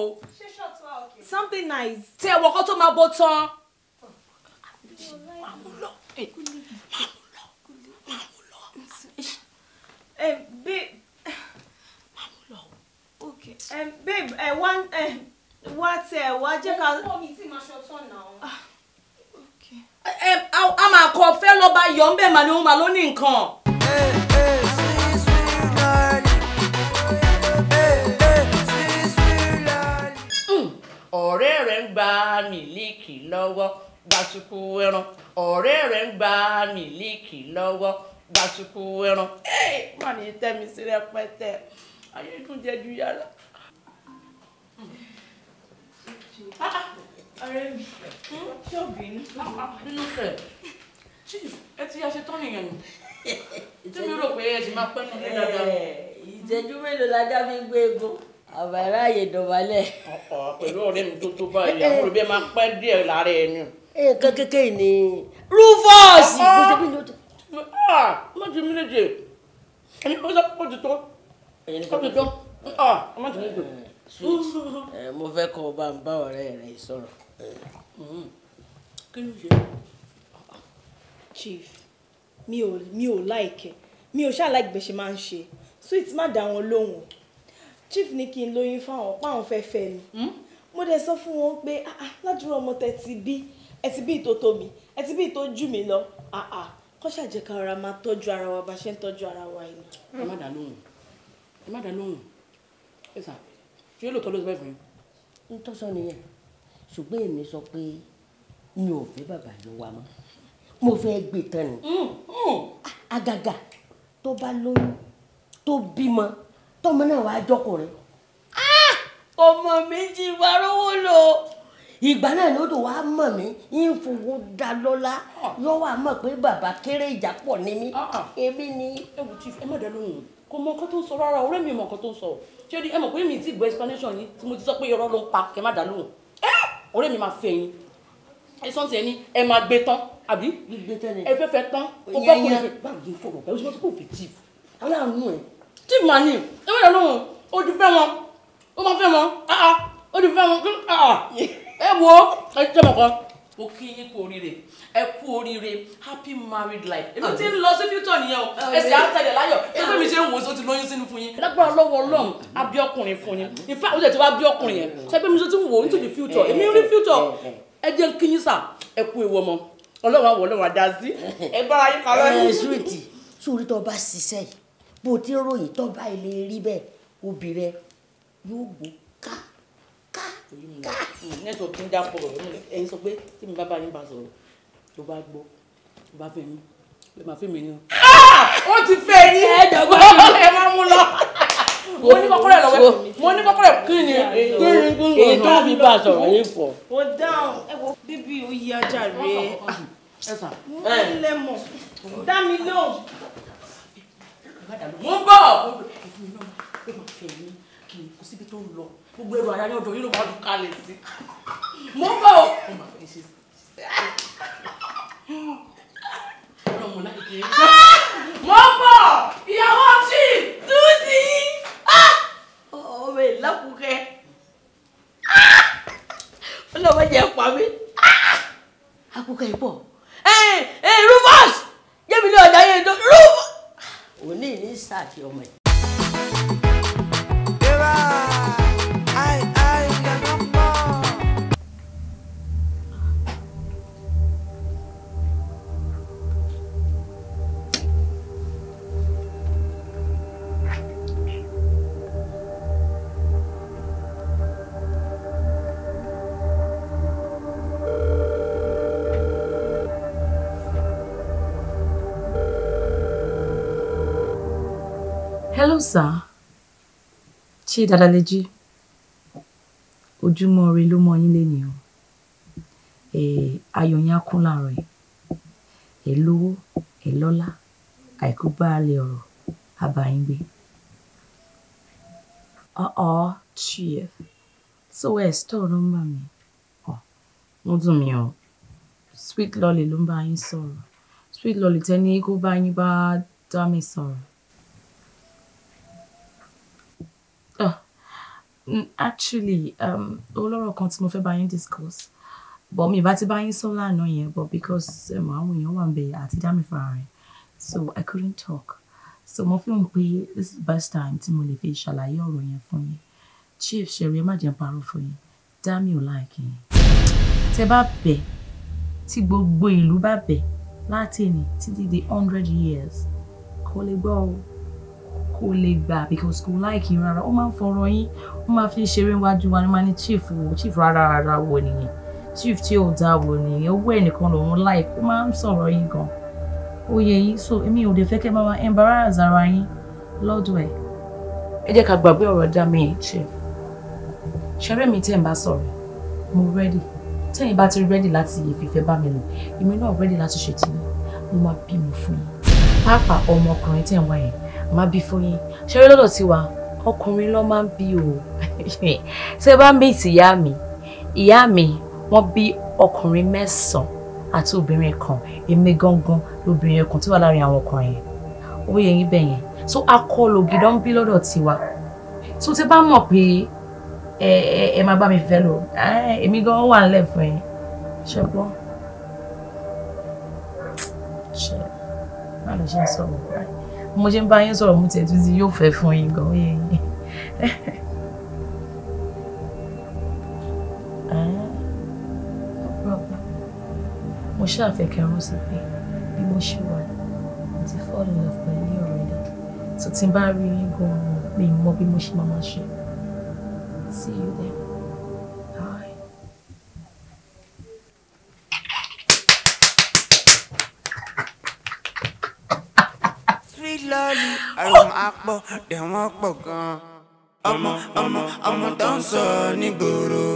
something nice. tí ẹ wọkọ tó máa bó tán. má mú lọ má mú lọ má eh, babe má mú lọ. okay um, babe ẹ wá ẹ wá tẹ ẹ wá jẹ́ ká. ọmọ mi ti máa ṣọtọ̀ náà. Ah. Eh, eh, a máa kọ fẹ́ lọ́ba yọ̀ ń bẹ̀ mà ni òun mà ló ní nǹkan. Eh, hmm. ọ̀rẹ́ rẹ̀ ń gba mílíkì lọ́wọ́ gbàtúkú ẹran ọ̀rẹ́ rẹ̀ ń gba mílíkì lọ́wọ́ gbàtúkú ẹran. má ní tẹ́mi sí rẹpẹtẹ ayédùn jẹ ju yàrá. Hmm. Ah, ah ọ̀rẹ́ mi ṣé obìnrin nínú fẹ̀ chief ẹ ti yá ṣe tán nìyẹn nù tí mi rò pé ẹ ti máa pẹ́ nù ní dáadáa. ìṣẹ́jú mélòó la dá mi gbé egun àbàrá àyè dọ̀bálẹ̀. pẹ̀lú ọ̀rẹ́ mi tó tó báyìí àwọn olùbẹ́ máa pẹ́ díẹ̀ lára ẹ ni. nǹkan kékeré ni rufus. Ah, ah. Ah, má ti mí léje ẹni ó sọ pé ó ti tó ó ti tó ó má ti mí léje. Eh, eh, mo fẹ́ kọ́ ọ bá ń bá ọ̀rẹ́ rẹ sọ̀rọ̀ kí ló ṣe. chief mi ò mi ò láìkẹ mi ò ṣàlàyé bẹ ṣe máa ń ṣe sweet má dá wọn lóhùn chief ni kí n lóyún fáwọn páwọn fẹ́ fẹ́ mi hmm? mo dẹ̀ sọ fún wọn pé ah, ah, ládùúrà ọmọ tẹ ti bí ẹ ti bí ìtò tó mi ẹ ti bí ìtò jù mí lọ ah, kọ́ ṣàjẹká ara máa tọ́jú ara wa bá ṣe ń tọ́jú ara wa yìí. ẹ má dá lóhùn ẹ má dá lóhùn ẹ sà ṣé lóòótọ́ ló sọ bẹ́ẹ̀ fún yín. ń tọ́sọ nìyẹn ṣùgbọ́n èmi sọ pé mi ò fẹ́ bàbá ló wa mọ́ mo fẹ́ gbé tán ni mm, mm. àgàgà tó bá lóyún tó bímọ tọmọ náà wàá jọkùnrin ah! ọmọ méjì wàá rówó lò ìgbà náà ló dùn wàá mọ̀ mí yín fowó da lọ́la ah. yọ wàá mọ̀ pé bàbá kéré ìjà ní mi ah, èmi ni. ẹ wò tí ẹ má dá lóhùn kò mọ nǹkan tó ń sọ rárá ọ̀rẹ́ mi mọ nǹkan tó ń sọ ṣé ẹ mọ̀ pé mi ti gbọ́ explanation yìí tí mo ti sọ pé irọ́ ló ń pa kẹ má dá lóhùn ọ̀rẹ́ mi máa fẹ́ yín ẹ sọ́n ti ẹ ní ẹ máa gbé tán àbí ẹ fẹ́ fẹ́ tán ó bá kò fẹ́ báyìí sọ̀rọ̀ bẹ́ẹ̀ ó sì máa kò fẹ́ chief aláàánú ẹ̀ chief máa ní ewé rẹ̀ lóhùn ó ti fẹ́ wọn ó máa fẹ́ wọn ah, ah, ó ti fẹ́ wọn ah, ẹ wo ẹ jẹ́ mọ̀kan mo kí yín kú oríire ẹ kú oríire happy married life èmi ti ń lọ sí future nìyẹn o ẹsẹ̀ á tẹ̀lé láyọ̀ ẹgbẹ́ mi ṣe ń wò ó tó ti lóyún sínú fún yín. lágbára lọ́wọ́ ọlọ́run á bí ọkùnrin fún yín in fact ó jẹ́ ti wá bí ọkùnrin yẹn ṣé ẹgbẹ́ mi ṣe ti ń wò into the future èmi rí future ẹ jẹ́ kí yín sà ẹ kú ewu ọmọ ọlọ́run àwọ̀ ọlọ́run àdá sí ẹ bára yín kàrọ́ yín. ẹ ṣúrìtì ṣúrì tó bá ṣiṣẹ́ bó ti ròyìn ká nẹ́tíwọ̀kì ń dápọ̀ ọ̀rọ̀ múlẹ̀ ẹ̀yin sọ pé tí mi bá bá yín bá sọ̀rọ̀ tó bá gbọ́ tó bá fẹ́ mi lè máa fẹ́ mi ni. ó ti fẹ́ yín ẹ dàgbà ẹ máa mú lọ. mo ní kọ́kọ́rọ́ ẹ̀ lọ́wọ́ mo ní kọ́kọ́rọ́ ẹ̀ kí ni èyí tó fi bá a sọ̀rọ̀ yín fọ. mo dáhùn ẹ wo bíbí oyè ajá rẹ mo ń lẹ mọ̀ dá mi lóhùn. mo ń bọ̀. kò síbi tó ń lọ gbogbo ẹrù àyà yọ̀dọ̀ yìí ló máa dùn kalẹ̀ sí mo bọ̀ ọ́ mo máa fẹ́ ṣe ọ̀rọ̀ mo láì kéré mo bọ̀ ìyàwó chief tuzi ah! ọmọ ìlọ́kùnkẹ́ ah! ọlọ́mọ jẹ́ pa mí akùnkẹ́ ah! ìbọ̀ ẹ̀ eh, ẹ̀ eh, rufus yẹ́mi ní ọjà yẹn rufus òní ní sáà kí ọmọ yìí. Hausa ṣé dáadáa lè jí ojúmọ́ ire ló mọ́ yín lénìí o um ayọ̀ yín á kún láàárọ̀ yìí ẹ̀ lówó ẹ̀ lọ́lá àìkú gbáàlé ọ̀rọ̀ á bá yín gbé. ọ̀ọ́ chief so ẹ̀ store nọ́mbà mi ọ̀ wọ́n dùn mí o sweet lolly ló ń bá yín sọ̀rọ̀ sweet lolly tẹ́ ní kó bá yín bá dá mi sọ̀rọ̀ Mm, actually olóró um, kan tí mo fẹ́ bá yín discuss but mi ìbá ti bá yín sọ lánàá yẹn but because ẹ̀mọ̀ um, àwọn èèyàn wà ń bẹ̀ àti dá mi fara rẹ̀ so I couldn't talk so mo fi hàn pé this is the best time tí mo lè fi ṣàlàyé ọ̀rọ̀ yẹn fún yín chief ṣẹ̀rí ẹ má jẹ́ parọ́ fún yín dá mi ò láìkí yín tẹ bá bẹ̀ tí gbogbo ìlú bá bẹ̀ láti ní títí di hundred years kò lè gbọ́ o kó lè gbà because kò láìkí rárá ó máa ń fọ̀rọ̀ yín ó máa fi ń ṣeré wájú wa ni máa ní chief wo chief rárá rárá wo nìyẹn chief tí ò dáa wo nìyẹn owó ẹnìkan lòun láìkí ó máa ń sọ̀rọ̀ yín gan ó yẹ yín so èmi ò dé fẹ́ kẹ́ máa embarrass ara yín lọ́dọ̀ ẹ̀. ẹ jẹ́ ká gbàgbé ọ̀rọ̀ dá mi ṣe ṣẹ́rẹ́ mi tẹ́ ń bá sọ̀rọ̀ mo rẹ́dì tẹ́yìn bá ti rẹ́dì láti ìfìfẹ́ bá mi lò èmi náà rẹ́dì láti ṣètìlẹ́ mo máa bímọ fún yín pàápàá ọmọkùnrin tẹ̀ ń wá yẹn má bí fún yín ṣeré lọ́dọ̀ tiwa ọkùnrin ló máa ń bí o ṣé bá ń bí ìtìyá mi ìyá mi wọ́n bí ọkùnrin mẹ́sàn-án àti obìnrin kan èmi gangan lóbìnrin kan tí wà láàrin àwọn ọkùnrin yẹn owó yẹn yín bẹ̀yẹn so akọlò gidan bí lọ́dọ̀ tiwa so tí bá mọ̀ pé ẹ ẹ ẹ máa bá mi fẹ́ lò èmi gan wà nílẹ̀ fún ẹ ṣẹ́gbọ́n ṣe má lọ ṣe ń sọ̀rọ̀ báyìí mo ṣe ń bá yín sọ̀rọ̀ mo tiẹ̀ tún ti yóò fẹ́ fún yín gan yín. Ah, mo ṣàfẹ́ kẹrun sí pé bí mo ṣe wà mo ti fall in love pẹ̀lú ọ̀rẹ́ rẹ̀ tó ti bá rí yín gan-an mi mọ bí mo ṣe máa ṣe see you there. lálù àrùn àpọ̀ dẹ̀ wọ́n pọ̀ gan ọmọ ọmọ ọmọ tó ń sọ nígboro.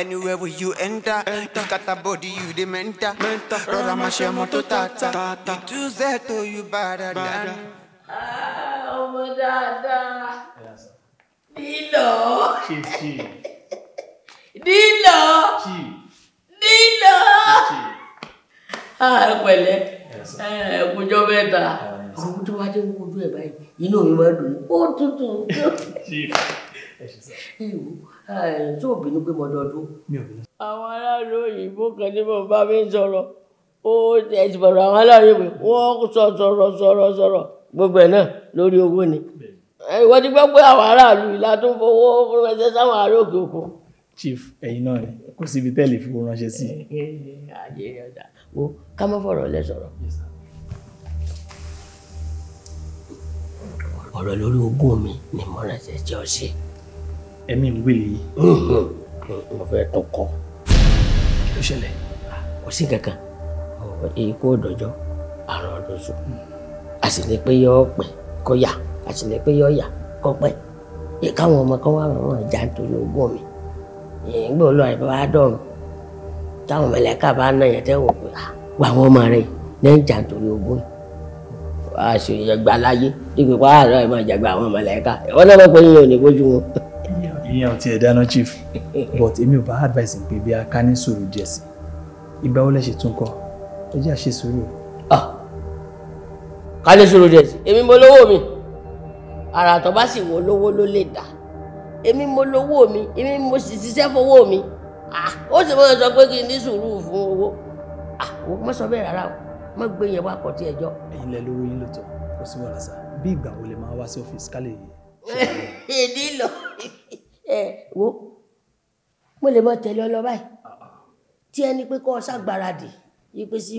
Anywhere where you enter, enter. scatter body you dey mental. mental. Rọra máa ṣe ọmọ tó tata, ìtúzẹ̀ tó yú bàdà dáná. Ọmọ dáadáa, nílò. Nílò. Nílò. Ah, pẹ̀lẹ́ ẹ̀ẹ́dẹ́gbẹ́jọ́ mẹ́ta àwọn tó wá dé ẹ̀ báyìí inú mi máa dùn ó tutù. ẹ wò tó o bínú àwọn aráàlú òyìnbó kan ní mo bá mi sọ̀rọ̀ ó ẹ̀sìn bọ̀rọ̀ àwọn aráàlú òyìnbó wọ́n sọ sọ̀rọ̀ sọ̀rọ̀ sọ̀rọ̀ gbogbo ẹ̀ náà lórí owó ni. ìwọ ti gbọ́ pé àwọn aráàlú ìlà tó ń fowó ránṣẹ́ sáwọn ará òkè òkun. chief ẹ̀yin náà kò síbi tẹ́lẹ̀ fi wo ránṣẹ́ sí. Eh, eh, eh, ayé wo ká má fọ̀rọ̀ lẹ sọ̀rọ̀. ọ̀rọ̀ lórí ogún mi ni mo rẹ̀ ṣe jọ ṣe. ẹ̀mí ń wí yìí. Hmm, hmm, hmm, mo fẹ́ tó kọ́. kí ló ṣẹlẹ̀. kò sí kankan ikú òdòjọ́ àrùn ọdún sùn a sì ní pé yọ pẹ́ kó yà a sì ní pé yọ yà kó pẹ́ káwọn ọmọ kan wà wọn jà nítorí ogún mi ìgbà olóòrè bá wà dọ̀rùn táwọn mẹ̀lẹ́kà bá ná yẹn tẹ́ wò pé wà ah, wọ́n máa rẹ̀ náà ń jà nítorí ogún àṣeyẹgbà láyé dípò pa àárọ̀ ẹ̀ máa jàgbà àwọn mẹ̀lẹ́kà wọ́n náà lọ́pọ̀ yíyan ò ní bójú wọn. ìyẹn ò tiẹ̀ dáná chief but èmi ò bá advice pé bí a ká ní sùúrù díẹ̀ sí ìgbà wo lẹ ṣe tún kọ ẹ jẹ́ àṣe sùúrù. Ah, ká ní sùúrù díẹ̀ sí èmi mo lówó mi àràtọ̀ bá sì wọ lówó ló lè dà èmi mo lówó mi èmi mo sì ṣiṣẹ́ fowó mi. Ah, ó sì gbọ́dọ̀ sọ pé kí n ní sùúrù fún owó àwọn ah, ọmọ sọ bẹ́ẹ̀ rárá o má gbé yẹn wá àkọ́tí ẹjọ́. ẹ̀yin lẹ lówó yín lóòótọ́ kò sí wàhálà bí ìgbà wo lè máa wá sí ọ́fíìsì ká lè. èdè lọ wo mo lè mọ ah, tí ẹni pé ṣàgbáradì yí pé sí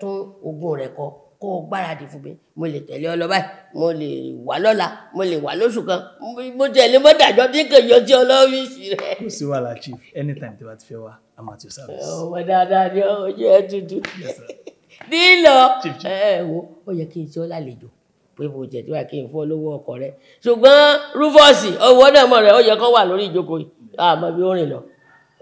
tún rẹ kọ. kó o gbáradì fún mi mo lè tẹ̀lé ọ lọ báyìí mo lè wà lọ́la mo lè wà lóṣù kan mo tẹ̀lé mo dàjọ́ bí kò yọ tí ọlọ́wí sí rẹ. kò sí wàhálà chief anytime tí wàá ti fẹ́ wá i'm at your service. ọmọ dáadáa ni ojú ẹ dúdú nílò ẹ wo ó yẹ kí n ṣe ọ lálejò pé mo jẹ tí wàá kí n fún ọ lówó ọkọ rẹ ṣùgbọ́n rúfọ́ọ̀sì ọwọ́ náà mọ̀ rẹ ó yẹ kó wà lórí ìjókòó yìí àmọ́ bí ó rìn lọ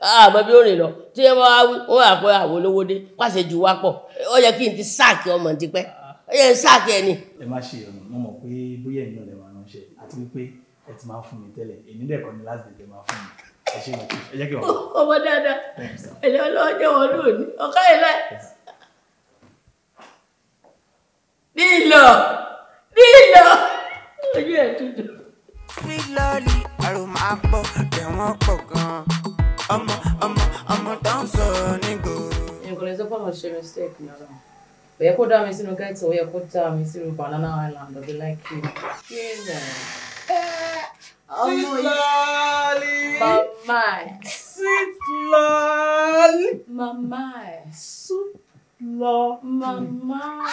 àmọ́ ah, bí ó rìn lọ tí wọ́n wá wọ́n wà pé àwọn olówó dé pàṣẹ ju wá pọ̀ ó yẹ kí n ti sáàkì ọmọ tipẹ́ ó yẹ sáàkì ẹni. ẹ má ṣe ìrọ̀rùn mo mọ̀ pé bóyá ẹ̀yin náà lè máa ránṣẹ́ àti wípé ẹ ti máa fún mi tẹ́lẹ̀ èmi dẹ̀ kọ́ ni láti tètè máa fún mi ẹ ṣe mọ̀ ẹ jẹ́ kí wọ́n. ọmọ dáadáa ẹ̀yọ́ ọlọ́jọ́ wọn lónìí ọ̀ká ìlẹ̀ nílò nílò ojú ẹ̀ tuntun. fílọ́ọ̀lì àròmọ́ àpọ̀ tẹ̀wọ́n pọ̀ gan-an. I'm a, I'm a, I'm a dancer, nigga. Ningoleza kwa hoshe mistake, nada. Weya koda misinu gaita, weya koda misinu banana island, I'll be like you. Yeah. Eh. Eh, sweet lolly. Mama. Sweet lolly. Mama. Sweet lolly. Mama.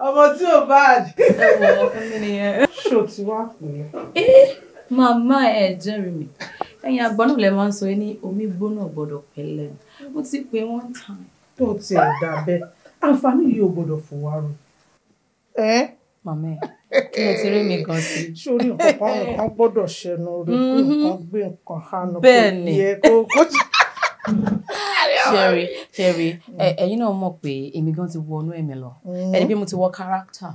Am ti too bad? aje e wo okunrin fún mi. Mama ẹ jẹ́rìí mi ẹ̀yin àgbọn náà lè máa ń sọ ẹ ní omi gbóná gbọ́dọ̀ pẹ̀lẹ́ mo ti pè wọ́n tán. tó o tiẹ̀ dà bẹ́ẹ̀ àǹfààní yìí ò gbọ́dọ̀ fò wá rò. ẹ màmá ẹ kí ló ti rí mi gan sí. sórí nǹkan nǹkan gbọ́dọ̀ ṣẹnu rẹ mm-hmm. kó nǹkan gbé nǹkan hànú kó yẹ kó ṣeré ṣeré ẹ̀yin náà mọ̀ pé èmi gan ti wọnú ẹ̀mí lọ mm-hmm. ẹni bí mo ti wọ káràkítà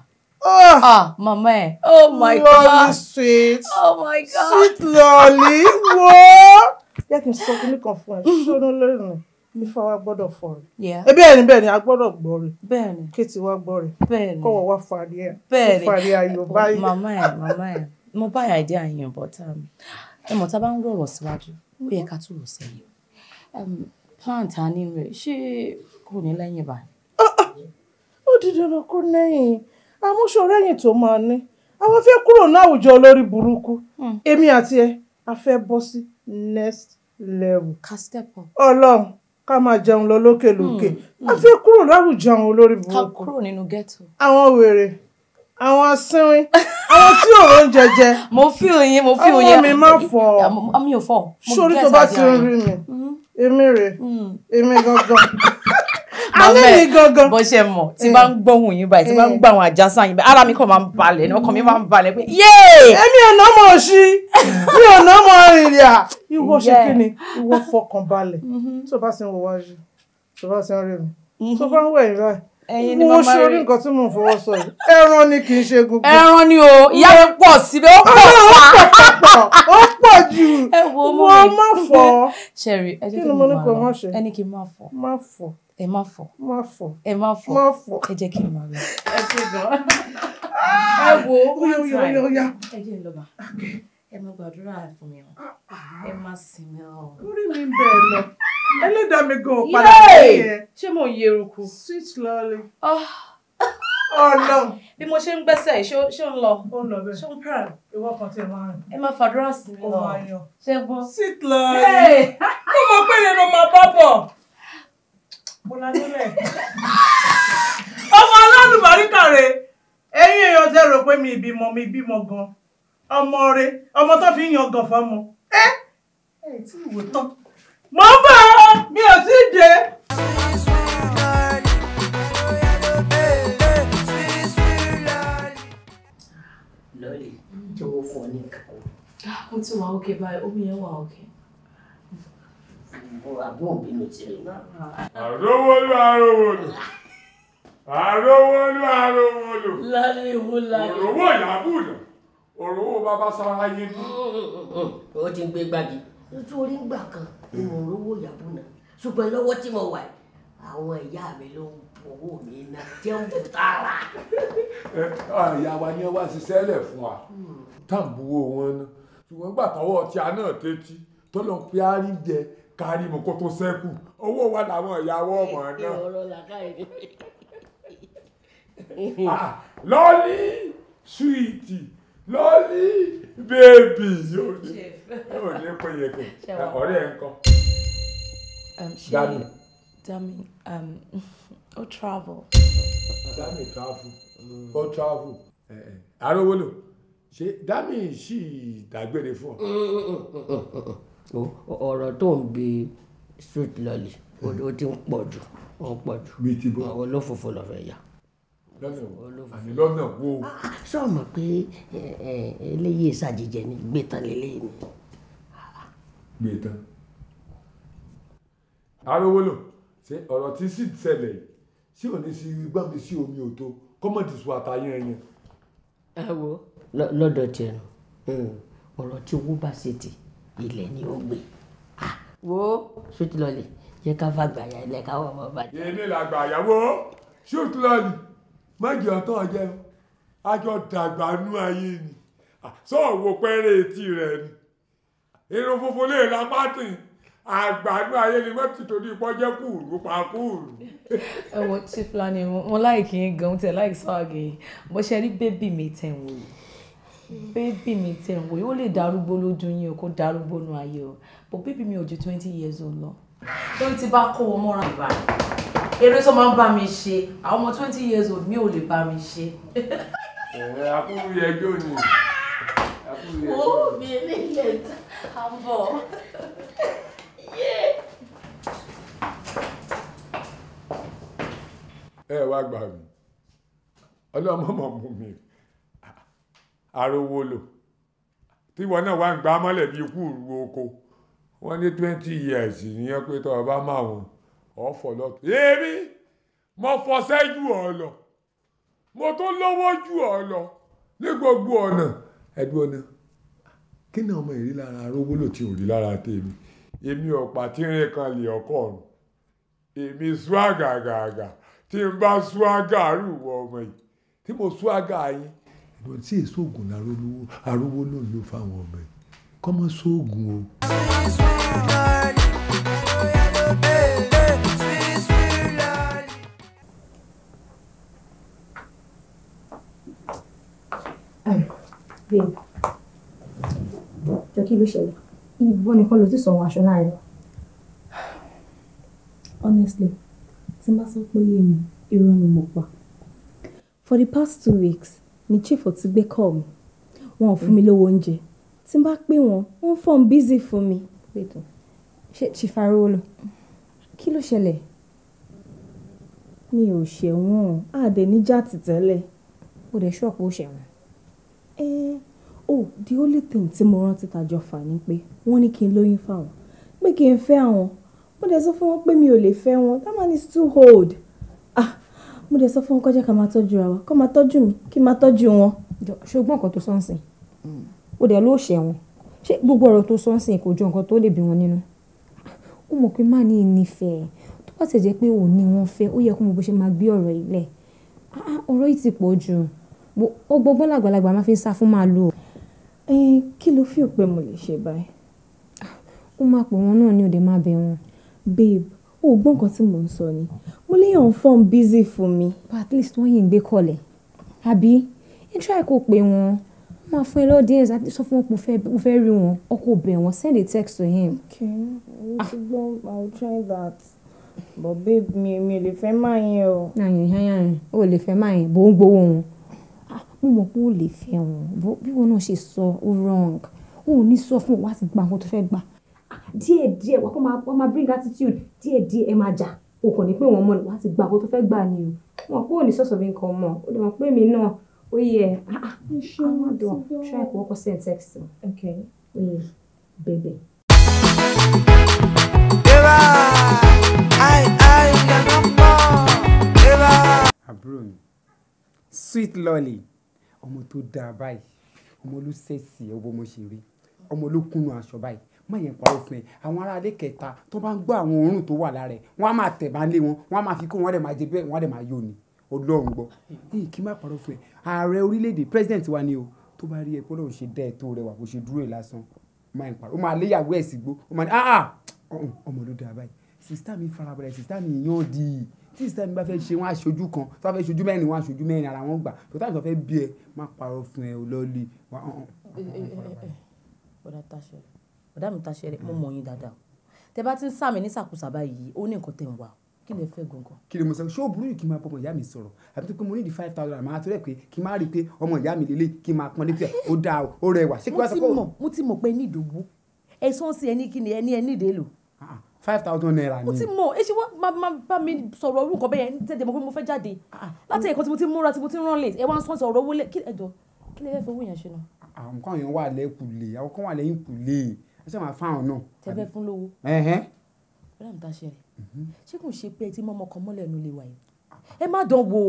Oh, ah, mama Oh my lolly god. sweet. Oh my god. Sweet lolly. What? Yeah, kí n sọ kí ní No, fún ẹ. Mm-hmm. Ṣọ́nà lẹ́nu ní fáwa gbọ́dọ̀ fọ rẹ̀. Ẹ bẹ́ẹ̀ ni bẹ́ẹ̀ ni a gbọ́dọ̀ gbọ́ rẹ̀. Bẹ́ẹ̀ ni. Kéètì wa gbọ́ rẹ̀. Bẹ́ẹ̀ ni. Kọ́wọ́ wa fàdí ẹ̀. Bẹ́ẹ̀ ni. Fàdí ayọ̀ oh, báyìí. Màmá ẹ̀ màmá mo bá àìdí àyàn bọ̀ tá mi. Ẹ mọ̀ tá a bá ń rọ̀rọ̀ síwájú, ó yẹ ká tún rò sẹ́yìn. Um, Plant a ní rẹ̀ ṣé kò ní lẹ́yìn báyìí? Ah, ah. Ó di dandan kó lẹ́yìn amúṣọrẹ́yìn tó máa ní àwọn fẹ́ kúrò ní àwùjọ olórí burúkú hmm. èmi àti ẹ a fẹ́ bọ́ sí next level ọlọ́run ká máa jẹun lọ lókè hmm. a fẹ́ kúrò láwùjọ àwọn olórí burúkú ká kúrò nínú ghetto àwọn wèrè àwọn asínwín àwọn tí òrò ń jẹjẹ mo fi òye mo fi òye ọmọ mi má fọ ọ sórí tó bá ti ń rí mi hmm. èmi rè èmi gangan alẹ́ mi gangan bó ṣe mọ̀ tí bá eh. ń gbóhùn yín báyìí tí bá ń eh. gbọ́ àwọn àjàsà yín báyìí ara mi kàn máa ń balẹ̀ ní ọkàn mi máa ń balẹ̀ pé yéè. èmi ò ná mọ òṣì mi ò ná mọ ìrìà ìwọ ṣe kí ni ìwọ fọkàn balẹ̀ mm-hmm. tó bá ti ń wọ wájú tó bá ti ń rí mi tó mm-hmm. bá ń wẹ̀ ìrọ̀ ẹyin ni mama rẹ mo ṣe orí nǹkan tí mò ń fọwọ́ sọ yìí ẹran ni kì í ṣe gbogbo ẹran ni o ìyá mi pọ̀ síbẹ̀ ó pọ̀ pa ó pọ̀ jù wọ́n má fọ́ ṣẹ̀rí ẹni kí n má fọ́ ẹni kí n má fọ́ ẹ má fọ má fọ ẹ má fọ má fọ ẹ jẹ́ kí n máa lọ. ẹ ṣe gan ah! ẹ wo one time ẹ jẹ́ lọ́ba ẹ máa gbàdúrà fún mi hàn ah, ah. ẹ máa sinmi hàn. orí mi ń lọ ẹlẹ́dàá mi gan padà sí yẹn. ṣé mo yẹ eruku. sweet lolly. ọ̀nà. Oh, bí mo ṣe ń gbẹ́sẹ̀ ṣé ń lọ. ó ń lọ bẹ́ẹ̀ ṣé ń pẹ̀rẹ̀ ìwọ kan tí ẹ máa rìn. ẹ máa fàdúrà sí mi lọ ṣé gbọ́. sweet lolly. mo mọ̀ pé ìrẹ́nu máa bá bọ̀ ọmọ ọlọ́run bàríkà rẹ̀ ẹ̀yin èèyàn tẹ́ rò pé mi ìbímọ mi bímọ gan ọmọ rẹ ọmọ tó fi ń yan gan fọmọ ẹ ẹ tí ìwò tán mo ń bọ̀ mi ò tí ì dé. lọ́ọ̀lì jọ̀wọ́ fún ọ ní nǹkan. ó ah, ti wà ókè báyìí omi yẹn wà ókè àbúrò bínú tirẹ̀ náà. àrówólú àrówólú àrówólú àrówólú. lálẹ́ ìwú lálẹ́. òrówó làbùdà òrówó bàbá sára yé dùn. ó ti ń gbé gbági. nítorí gbà kan ni mo rówó yàbù náà ṣùgbọ́n lọ́wọ́ tí mo wà àwọn ìyá mi ló ń owó mi ná jẹun kò tààrà. ìyá wa ni wọ́n ṣiṣẹ́ lẹ̀ fún wa táǹbù owó wọn ná ṣùgbọ́n gbà tọwọ́ tí a náà tẹ́tí tọ́lọ́ pé rí jẹ kárí mu kó tó sẹ́kù owó wa làwọn ìyàwó ọmọ náà ah, lọ́ọ̀lì súwìtì lọ́ọ̀lì bẹ́ẹ̀bì yóò ní yóò ní pé yẹkẹ ọ̀rẹ́ ẹ̀ ń kọ́. Um, dami dami um, travel. dami travel mm. ó travel arówólò ṣe dami sì dágbére fún ọ. Mm, mm, ọ̀rọ̀ tó ń bi street lolly ó hmm. ti ń pọ̀ jù ó ń pọ̀ jù àwọn olófòfò lọ́fẹ̀ẹ́ yà. àní lọ́nà wo. sọ ah, ah, ma pé eléyìí ìsàjẹjẹ ni gbẹ̀tàn lélẹ́yìn ni. gbẹ̀tàn arówó lò ṣe ọ̀rọ̀ tí sì ṣẹlẹ̀ yìí sí òní sí gbá mi sí omi ò tó kọ́mọ̀dì sùn àtàyàn ẹ̀yàn. ẹ wo lọ́dọ̀ tiẹ̀ nù hmm, ọ̀rọ̀ tí owó bá ṣe tì í ilẹ̀ ni ó gbé ah, wo ṣùtìlọ́lì yẹ ká fàgbà yà ilẹ̀ ká wọ́n bọ́ bàjẹ́. èmi làgbà yàwó ṣùtìlọ́lì má jẹ́ ọ̀tọ̀ jẹ́ o àjọ dàgbà nú ayé ni sọ̀wọ́ ah, pẹ́rẹ́ etí rẹ̀ ni irun funfun lè ra pátì àgbàdo ayé ni wọ́n ti torí bọ́jẹ́ kúrú pa kúrú. ẹ wo chief lani mo láìkí yín gan-an tẹ láìsọ àgè bó ṣe rí bébì mi tẹ̀ wò bébì mi tẹ̀ ń wò ó lè darúgbó lójú yín o kó darúgbó nu ayé o but bébì mi ò ju twenty years old lọ tó ti bá kó wọn mọ́ra ìbá eré tó máa ń bá mi ṣe àwọn ọmọ twenty years old mi ò lè bá mi ṣe. ẹ̀rẹ́ akúrú yẹ jó ni. wo mi nílẹ̀ à ń bọ̀. ẹ wá gbà mí ọlọ́mọ mọ̀ mú mi. arówó tí wọn náà wá ń gbá mọ́lẹ̀ bíi ikú ìrù oko wọn ní twenty years nìyẹn pé tọ́ ọ bá máa wọ̀n ọ̀fọ̀ lọ́tọ̀. èmi mo fọṣẹ́ ju ọ lọ mo tó lówó ju ọ lọ ní gbogbo ọ̀nà ẹ̀dùn ọ̀nà kí ni ọmọ ìrí lára arówó tí ò rí lára tèmi èmi ọ̀pá tí ń rìn kan lè ọkọ̀ ọ̀run èmi sùn àgàgàgà tí n bá sùn àgàrù wọ ọmọ yìí tí mo sùn àgà yín tí èso arówó ló lò fáwọn ọmọ ẹ̀ kọ́mọ sóògùn o. babe jọ kí ló ṣẹlẹ̀ ìwọ nìkan ló ti sọ àwọn aṣọ láàrin wa. honestly tí n bá sọ pé yé mi irọ́ ni mo pa for the past two weeks ni chief ò ti gbé call mi wọn ò fún mi lówó oúnjẹ tí n bá pè wọn wọn fọ́n busy fún mi. ṣé chief ariwo lọ kí ló ṣẹlẹ̀. mi ò ṣẹ̀wọ̀n àdé níjà tìtẹ́lẹ̀. o dẹ̀ ṣọ́ọ̀pù ó ṣẹ̀wọ̀n. ẹ oh the only thing tí mo rántí tàjọ fà ni pé wọ́n ní kí n lóyún fáwọn pé kí n fẹ́ àwọn mo dẹ̀ sọ fún wọn pé mi ò lè fẹ́ wọn that man is too old mo dẹ̀ sọ fún wọn kó jẹ́ ká máa tọ́jú ra wa kó máa tọ́jú mi kí máa tọ́jú wọn. ṣùgbọ́n nǹkan tó sọ ń sìn ó mm. dẹ̀ ló ṣẹ̀ wọn ṣé gbogbo ọ̀rọ̀ tó sọ ń sìn kò jọ nǹkan tó lè bí wọn nínú. ó mọ̀ pé má ní ìnífẹ̀ẹ́ tó bá ṣe jẹ́ pé òun ni wọ́n fẹ́ ó yẹ kó mo bó ṣe máa gbé ọ̀rọ̀ yìí lẹ̀ ọ̀rọ̀ yìí ti pọ̀ jù ó gbọ́gbọ́n làgbàlagbà máa fi ń sá fún máa lò. kí ló fi òpè mo lè ṣe báyìí. ó máa pè wọn náà ni òde máa bẹ wọn. babe o gbọ́ nǹkan tí mò ń sọ ni mo léèyàn fọ́n bízì fún mi. but at least wọ́n yìí ń gbé kọlẹ̀ àbí ẹ try kó pè wọ́n máa fún ẹ lọ́ọ́ díẹ̀ àti sọ fún wọn pé mo fẹ́ rí wọn ọkọ̀ bẹ̀ wọ́n send a text to him. okay i will try that but babe mi mi ò lè fẹ́ máa yẹn o. yàyàn yàyàn o lè fẹ́ máa yẹn bò ń gbowó wọn ah, mo mọ̀ pé o lè fẹ́ wọn bí wọn náà ṣe sọ o wrong o ò ní sọ fún wa ti gba nǹkan tó fẹ́ gbà díẹ̀ díẹ̀ wà á máa bring attitude díẹ̀ díẹ̀ ẹ máa jà o kò ní pé wọ́n mọ̀ ní wàá ti gbà bó tó fẹ́ gbà ni o wọn kó òní sọ̀sọ̀ bí nǹkan mọ̀ ó lè mọ̀ pé mi náà ó yẹ amadu ah, ah, ah, try kó wọ́pọ̀ send text o ó yẹ bẹ̀bẹ̀. àbúrò mi sweet lolly ọmọ tó dáa báyìí ọmọ olùsẹ̀sì ọmọ mo ṣe rí ọmọ olókùnrin aṣọ báyìí má yẹn parọ́ fún ẹ àwọn ará ilé kẹta tó bá ń gbọ́ àwọn òórùn tó wà lára ẹ wọ́n á máa tẹ̀ bá ń lé wọn wọ́n á máa fi kó wọn dẹ̀ máa jẹ bẹ́ẹ̀ wọ́n á dẹ̀ máa yọ ni ọlọ́run gbọ́ ẹ̀yìn kí má parọ́ fún ẹ ààrẹ orílẹ̀-èdè president wa ni o tó bá rí ẹ pọ́lọ́ ṣe dẹ́ ẹ tó rẹwà bó ṣe dúró ẹ lásán má yẹn parọ́ ó máa léyàwó ẹ̀ sí gbó ó máa ní ah ọmọ ló dáa báyìí sista mi farabalẹ̀ sista mi yàn di tí sista mi bá fẹ́ ṣe wọn aṣojú kan tó bá fẹ́ ṣojú mẹ́rin wọn aṣojú mẹ́rin ara wọn gbà tó táwọn tó fẹ́ bí ẹ má parọ́ fún ẹ ọlọ́ọ̀lì. ọ̀dà tàṣẹ ọ̀dà mi ta ṣẹlẹ̀ mo mm. mọ̀ yín dáadáa tẹ bá ti ń sàmì ní sàkúsà báyìí ó ní nǹkan tẹ̀ ń wá kí lè fẹ́ gan kí lè mo sọ ṣé ó burú yìí kí n máa bọmọ ìyá mi sọ̀rọ̀ àbí pé mo ní di five thousand àmọ́ àtúrẹ̀ pé kí n máa rí i pé ọmọ ìyá mi lélẹ̀ kí n máa pọn létí ẹ̀ ó dáa ó rẹwà. mo ti mọ̀ pé ní ìdòwú ẹ̀sán sí ẹni kí ni ẹni ẹni ìdè lò ah, ah, five thousand naira ni. mo ti mọ èsì wọn máa bá mi sọ̀rọ̀ orú nǹkan bẹ́yẹn tẹ̀lé mo pé mo fẹ́ jáde ah, láti ẹ̀kọ́ tí mo ti múra tí mo ti rán lè ẹ wá ń sọ́ọ̀sì ọ̀rọ̀ owó lẹ̀ kí ẹ̀jọ̀ ẹ sọ ma fáwọn náà. tẹ́fẹ́ fún lówó. bẹ́ẹ̀ ni ta ṣe rẹ̀ mhm. ṣé kò ṣe pé ẹ ti mọ́ ọmọ kan mọ́lẹ̀ nínú ilé wa yìí ẹ má dán wo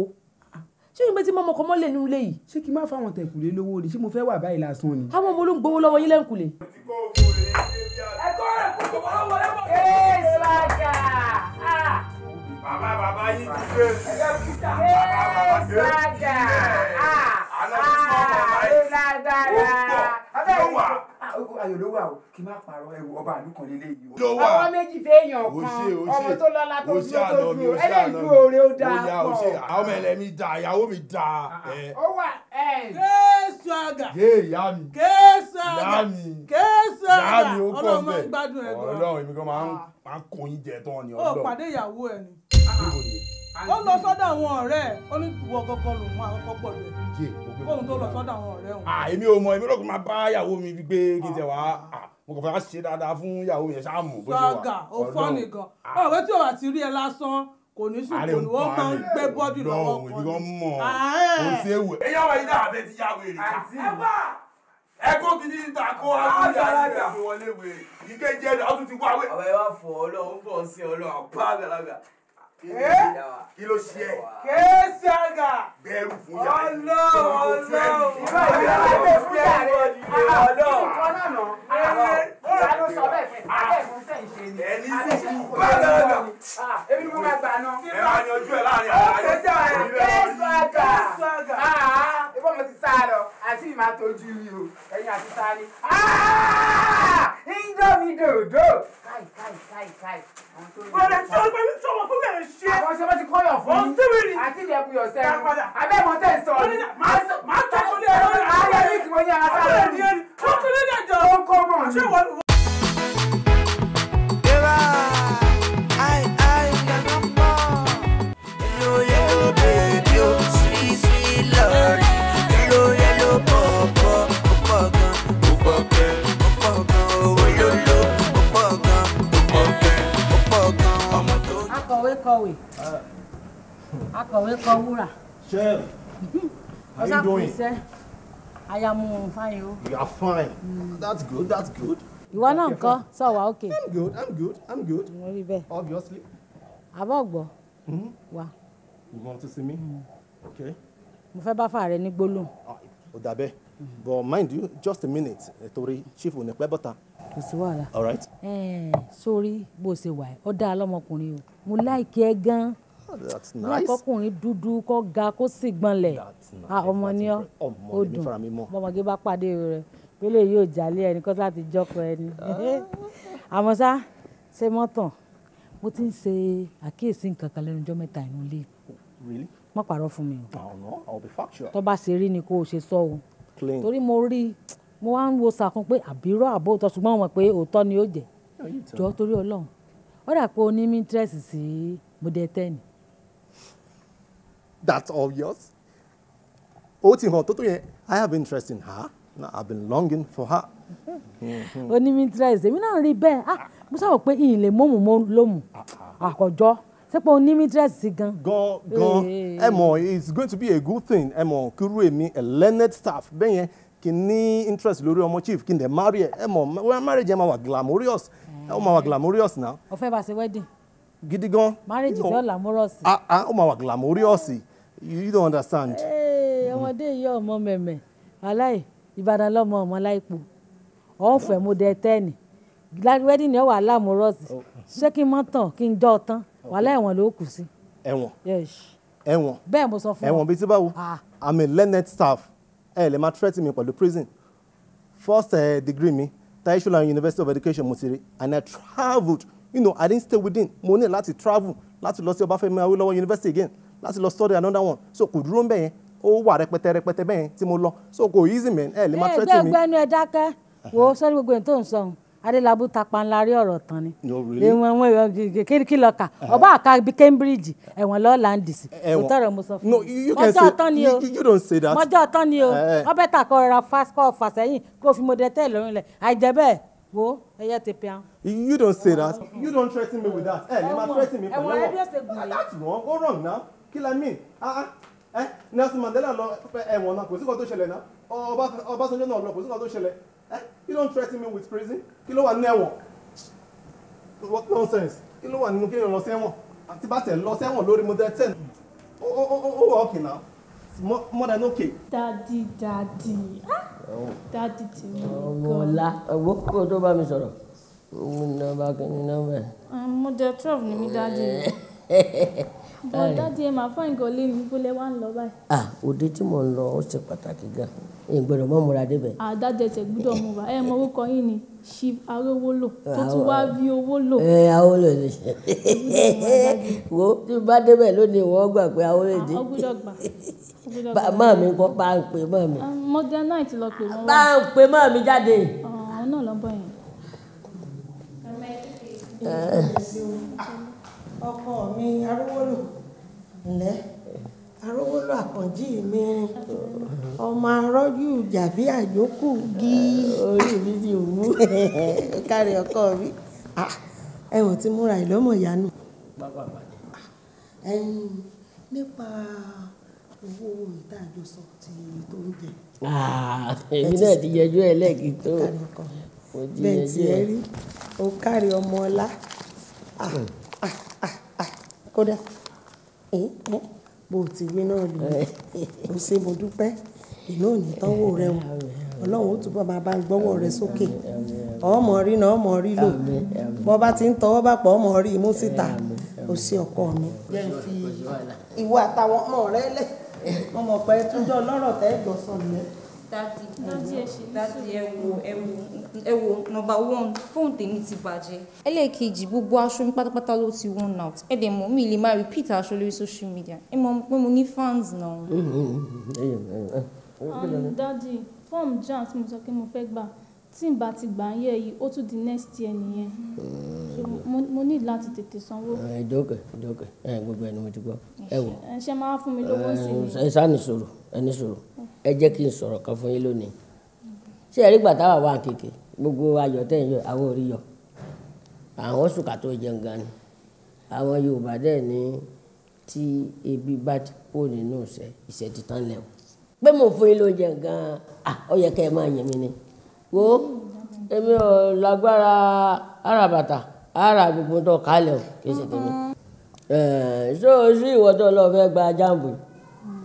ṣé ìgbẹ́ tí mọ́mọ́ kan mọ́lẹ̀ nínú ilé yìí. ṣé kí n má fáwọn tẹ̀kùlé lówó ni ṣé mo fẹ́ wà báyìí lásán ni. àwọn ọmọ olóńgbò owó lọ́wọ́ yín lẹ́ǹkulè. ẹ̀kọ́ rẹ̀ kò tó wọlé wọ̀. ee bàbá bàbá yín ti dé. ee ayọ̀ ló wà o kí má parọ́ ẹ̀wù ọba àlù kan lélẹ̀ yìí o. ọwọ́ méjì fẹ́yàn kan ọmọ tó lọ́lá tó dúró tó dúró ẹlẹ́yìn dúró rẹ ó dáa pọ̀. àwọn ọmọ ẹlẹ́mi da ìyàwó mi da. ó wà ẹ. kéésù àgà. yé ìyá mi. kéésù àgà. ìyá mi. kéésù àgà. ìyá mi ó pọ̀ nbẹ ọlọ́run mi kan ah. máa ń kó oúnjẹ tán ni ọlọ́run. ó pàdé ìyàwó ẹ ni ó lọ sọ́dọ̀ àwọn ọ̀rẹ́ ẹ̀ ó ní ìwọ gọ́gọ́ ló mú àkọ́kọ́ gbọ̀dọ̀ ẹ̀ kóun tó lọ sọ́dọ̀ àwọn ọ̀rẹ́ òun. èmi ò mọ èmi lọ́kùnrin máa bá ìyàwó mi gbé kí n tẹ̀ wá ah. mo kàn fẹ́ ṣe dáadáa fún ìyàwó yẹn ṣáà mú bó ṣe wà. sọgà ò fọ́ nìkan ọ̀rẹ́ tí ò bá ti rí ẹ lásán kò ní sùn kò ní wọ́n máa ń gbé bọ́dì lọ́wọ́ kan. ìbí wọn mọ̀ ah, kò eh. sí ewu. eyín àwọn yìí dàbẹ̀ ti yá wèrè. ẹ kó kìíní ìta kó àwùjọ àgbà wọlé wèrè yìí kéjẹ ọtún ti wá wé. àbẹ̀yẹ wá fọ ọlọ́run fọ sí ọlọ́run pa àgbàlagbà kí ló ṣe ẹ. kéésì àgà. bẹ́ẹ̀rù fún yàrá yìí. ọlọ́run ọlọ́run. ìgbà yìí ló ń bẹ fún yàrá rẹ. ọlọ́run. ìkọ́ náà nà. ìyá ló sọ bẹ́ẹ̀ fẹ́. abẹ́ fún tẹ̀ ń ṣe ni. ẹni sùn kú. báyọ̀ lọ. ebi ni mo máa gbà náà. ẹ máa yanjú ẹ láàrin àárẹ̀. kéésì àgà. kéésì àgà pé mo ti sá lọ àti ìmá tójú mi o ẹ̀yin àti sáré. Indomie ah! dòdò. Káì káì káì káì. Bọ̀dẹ̀ tí o gbẹ́bí tí o mọ̀ fún mi rẹ̀ ṣe. Àwọn ṣọlá ti kọ́ yàn fún mi. Àti ìdẹ̀kùn yọ̀ sẹ́yìn. Abẹ́ mọ tẹ̀ sọ. Máa tọ́kùn ní ẹ̀rọ ìrìn àárẹ̀ ní ìkìmọ̀ ní ara sáré. Ó kéré ní ẹjọ́. Ó ń kọ́ mọ̀ ní. kọ̀wé akọ̀wé kọ wúrà. chef how are hmm. you doing? I am fine you are fine mm. that's good that's good. You náà ńkọ́ sọ So, okay. i'm good i'm good i'm good. mo rí bẹ́ẹ̀. obviously. àbọ̀ gbọ́. Hmm? you want to see me? Mm. okay. mo fẹ́ bá fàárẹ̀ ní gbólóhùn. Oh, dà bẹ́ẹ̀ but mind you just a minute eh, torí chief ò ní pẹ́ bọ́ta. kò sí wàhálà all right. sórí bó ṣe wà ọ́ dáa lọ́mọkùnrin o mo láìkí ẹ gan-an oh, lẹ́kọ̀ọ́kùnrin dúdú kó ga kó sì gbọ́nlẹ̀ ọmọ ni ọ́ ó dùn bọ́mọge bá pàdé rẹ̀ pélé yóò jálé ẹni kó láti jọ́kọ ẹni ah. àmọ́ ṣá ṣe mọ́tàn mo ti ń ṣe àkíyèsí nǹkan kan lẹ́nu ọjọ́ mẹ́ta inú ilé má parọ́ fún mi o tó bá ṣe rí ni kó ṣe sọ o clean. torí mo rí mo wá ń wo sàkún pé àbírọ̀ àbó òótọ́ ṣùgbọ́n mo mọ̀ pé òótọ́ ni ó jẹ́ jọ torí ọlọ́run ó dà pé o ní interest sí modeteni. that's obvious. ó ti hàn tó tó yẹn i have interest in her now i have been longing for her. o ní interest èmi náà rí bẹ́ẹ̀ ah mo sábà pé ìyìn lè mọ́mù lómù ah, ah. àkọ́jọ́ ṣé pé o ní mistress gan. gan gan eh. ẹ mọ̀ it's going to be a good thing ẹ mọ̀ kúrú èmi a learned staff bẹ́ẹ̀ yẹn kí n ní interest lórí ọmọ chief kí n dẹ̀ marry ẹ ẹ mọ̀ wẹ́n marriage ẹ máa wà glamorous ẹ máa wà glamorous náà. o fẹ́ bá ṣe wedding. gidi gan. marriage fẹ́ glamorous. ah ah ó máa wà glamorous you don't understand. Eh, ọmọdé yìí ọmọ mẹ̀mẹ̀ aláì ìbàdàn lọ́mọ ọmọ láìpò ọ̀fẹ́ mo dẹ tẹ́ẹ̀nì wedding ni ó wà glamorous oh. ṣé kí n mọ́ tán kí n jọ́ ọ tán wọn lẹ́wọ̀n ló kù sí. ẹ̀wọ̀n ẹ̀wọ̀n bẹ́ẹ̀ mo sọ fún ọ ẹ̀wọ̀n bíi ti báwo ah. i'm a learned staff ẹ lè máa threaten mi pẹ̀lú prison first uh, degree mi Taiye Solarin University of Education mo ti rí and i travelled you know i didn't stay within mo ní láti travel láti lọ sí Ọbáfẹ́mi Awólọ́wọ̀ University again láti lọ study another one so kò dúró ń bẹ̀ yẹn ó wà rẹpẹtẹ rẹpẹtẹ bẹ́ẹ̀ tí mo lọ so kò easy man ẹ lè máa threaten mi. ẹ gbẹ́gbẹ́nu ẹ dákẹ́ wo sọ́ni gbogbo ẹ̀ tó ń sọ̀hún adélábù ta panlárí ọ̀rọ̀ tán ni ìwọ̀n wọn èèyàn kí lọ kà ọba àka bí Cambridge ẹ̀wọ̀n lọ́ọ́ landis òótọ́ rẹ̀ mo sọ fún mi mọ́jọ́ ọ̀tán ni o mọ́jọ́ ọ̀tán ni o wọ́n bẹ́ẹ̀ tà kọ́ ra fásikọ́ fàsẹ́yìn kó fi mo dẹ tẹ́ lọ́rùn lẹ̀ àìjẹ́ bẹ́ẹ̀ wo ẹyẹ ti pẹ́ You don't say that. You don't threaten me with that. ẹ lè máa threaten me pẹ̀lú ẹ̀wọ̀n ah, that's wrong go wrong now kill I mean ah, ah. Eh, Nelson Mandela lọ eh, ẹ̀wọ̀n náà kò sí kan tó ṣẹlẹ̀ náà Ọbásanjọ́ náà lọ kò sí kan tó ṣẹlẹ̀ Eh? You don't threaten me with prison. Kí ló wà ní ẹ̀wọ̀n? What nonsense? Kí ló wà nínú kéèyàn lọ sẹ́wọ̀n? Àti bá tẹ̀ lọ sẹ́wọ̀n lórí model ten. Ó ó ó ó wà okay now. It's more, more than okay. Dadi dadi. Ah, dadi ti mú gan. Ọmọ ọ̀la ọ̀gbọ́n kò tó bá mi sọ̀rọ̀. Mo nọmba kìíní nọmba ẹ̀. Ah, model twelve ni mi dadi. Bọ̀ dadi ẹ̀ máa fọ́ ìgò lé ní ń lọ báyìí. Ah òde tí mò ń lọ ó ṣe pàtàkì gan-an ìgbọ̀dọ̀ mọ́ múra débẹ̀. àdájẹ tẹ gbúdọ̀ múra ẹ mọ orúkọ yín ni ṣí arówólò tó ah, tún wá bí owó lò. ẹ eh, awolò ni wo tí mo bá débẹ̀ lónìí wọ́n gbà pé awolò ah, dé. ọgbọ́dọ̀ gbà máa mi kọ́ bá ń pè máa mi. Ah, modernite lọ pè wọ́n bá ń pè máa mi jáde. ọ̀hún náà lọ́bọ̀ yẹn. Eh. ọkọ mi arówólò ǹlẹ́ arówólò àkànjí mi ọmọ arọ́jú jàbí àjókù gí orí mi ti wú kárí ọkọ mi ẹ̀wọ̀n tí mo ra ìlọ́mọ̀ ìyanu. nípa owó ìdájọ́ sọ ti tó ń jẹ. èmi náà ti yẹjú ẹ lẹ́ẹ̀kì tó bẹ́ẹ̀ tí ẹ rí o kárí ọmọ ọlá kódà bó ti wí náà lò ó ṣe mo dúpẹ́ ìná ò ní tánwò rẹ o ọlọ́run ó túbọ̀ máa bá ń gbọ́wọ́ rẹ sókè ọmọ rí náà ọmọ rí lò bọ́ bá ti ń tọwọ́ bá pọ̀ ọmọ rí imú síta ó ṣe ọkọ mi. ìwọ àtàwọn ọmọ rẹ lẹ̀ ọmọ pẹ̀lú túnjọ́ lọ́rọ̀ tẹ́ gbọ́sọ̀ lẹ́ dadi dadi ẹ wo ẹ wo ẹ wo nọmba one fóònù tèmi ti bàjẹ́. ẹlẹ́ẹ̀kejì gbogbo aṣọ mi pátápátá ló ti worn out ẹ dẹ̀ mọ̀ mi lè máa repeat aṣọ lórí social media ẹ mọ̀ pé mo ní fans náà. dadi form jan tí mo sọ pé mo fẹ́ gbà tí n bá ti gbà ń yẹ yìí ó tún di next year nìyẹn mo ní láti tètè sanwó. ìdókè ìdókè gbogbo ẹni mo ti gbọ́ ẹ ṣe máa fún mi lówó sí i. ẹ sáà ní sọ̀rọ̀ ẹni sọ̀rọ̀ ẹ jẹ́ kí n sọ̀rọ̀ kan fún yín lónìí ṣé ẹ̀rí gbà táwa wà kéèké gbogbo ayọ̀ tẹ̀ ń yọ àwọn orí yọ àwọn sùkà tó jẹun gan ni àwọn Yorùbá dẹ̀ ní tí ebi bá ti kó nínú ìṣẹ́ ìṣẹ́ ti tán lẹ̀ o pé mo fún yín lóúnjẹ gan-an ó yẹ kẹ́ ẹ máa yẹn mi ni wo èmi ò lágbára àràbàtà ara gbogbo tó kálẹ̀ o kì í ṣe tèmi. ṣé o sí ìwọ́tọ̀ lọ fẹ́ gba jáàmù yìí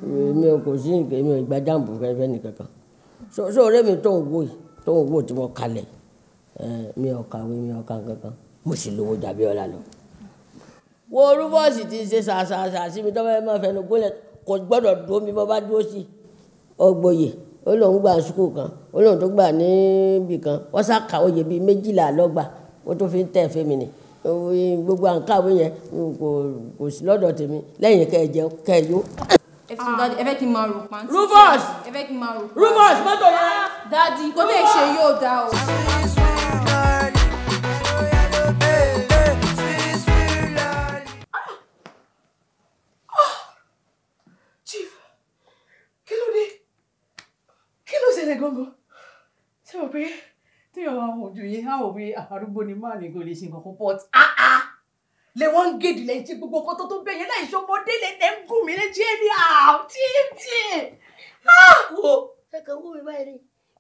èmi ò kò sí nǹkan èmi ò gba jáàmù fẹ́fẹ́ nìkan kan so ọ̀rẹ́ mi tó ń wò yìí tó ń wò tí mo kalẹ̀ mi ò kàwé mi ò kà kankan mo sì lówó jàbí ọ̀la lọ. wo rúbọ̀sì ti ṣe ṣàṣàṣà sí mi tọ́wọ́ ẹ máa fẹnu gbólẹ̀ kò gbọ́dọ̀ dúró mi bọ́ bá dúró sí ọgbọ̀yè ó lóun gbà sukù kan ó lóun tó gbà níbì kan wọ́n sá ka oyè bíi méjìlá lọ́gbà ó tó fi ń tẹ̀ fẹ́mi nìyí gbogbo àǹkàwé yẹn kò sí lọ́dọ̀ tèmi lẹ́yìn kẹ́ jẹun kẹ́ yó dadi ẹ fẹ́ kí n máa rò pàǹtí. Rufus ẹ fẹ́ kí n máa rò Rufus mọ́tò yẹn. Ah, dadi kò tẹ̀ ṣe yóò dá o. chief kí ló dé kí ló ṣẹlẹ̀ gangan ṣé o pé tí ìyàwó àwọn òjò yẹn á wò pé àrùgbó ni máa ní kò lè ṣe nǹkan kan pọ̀ lè wọ́n ń gèdè lẹ́yìn tí gbogbo nǹkan tó tó bẹ̀yẹ lẹ́yìn ìṣọmọdé lè tẹ́ ń gùn mí létí ẹni àtìtì. wo kẹkẹ wú mi báyìí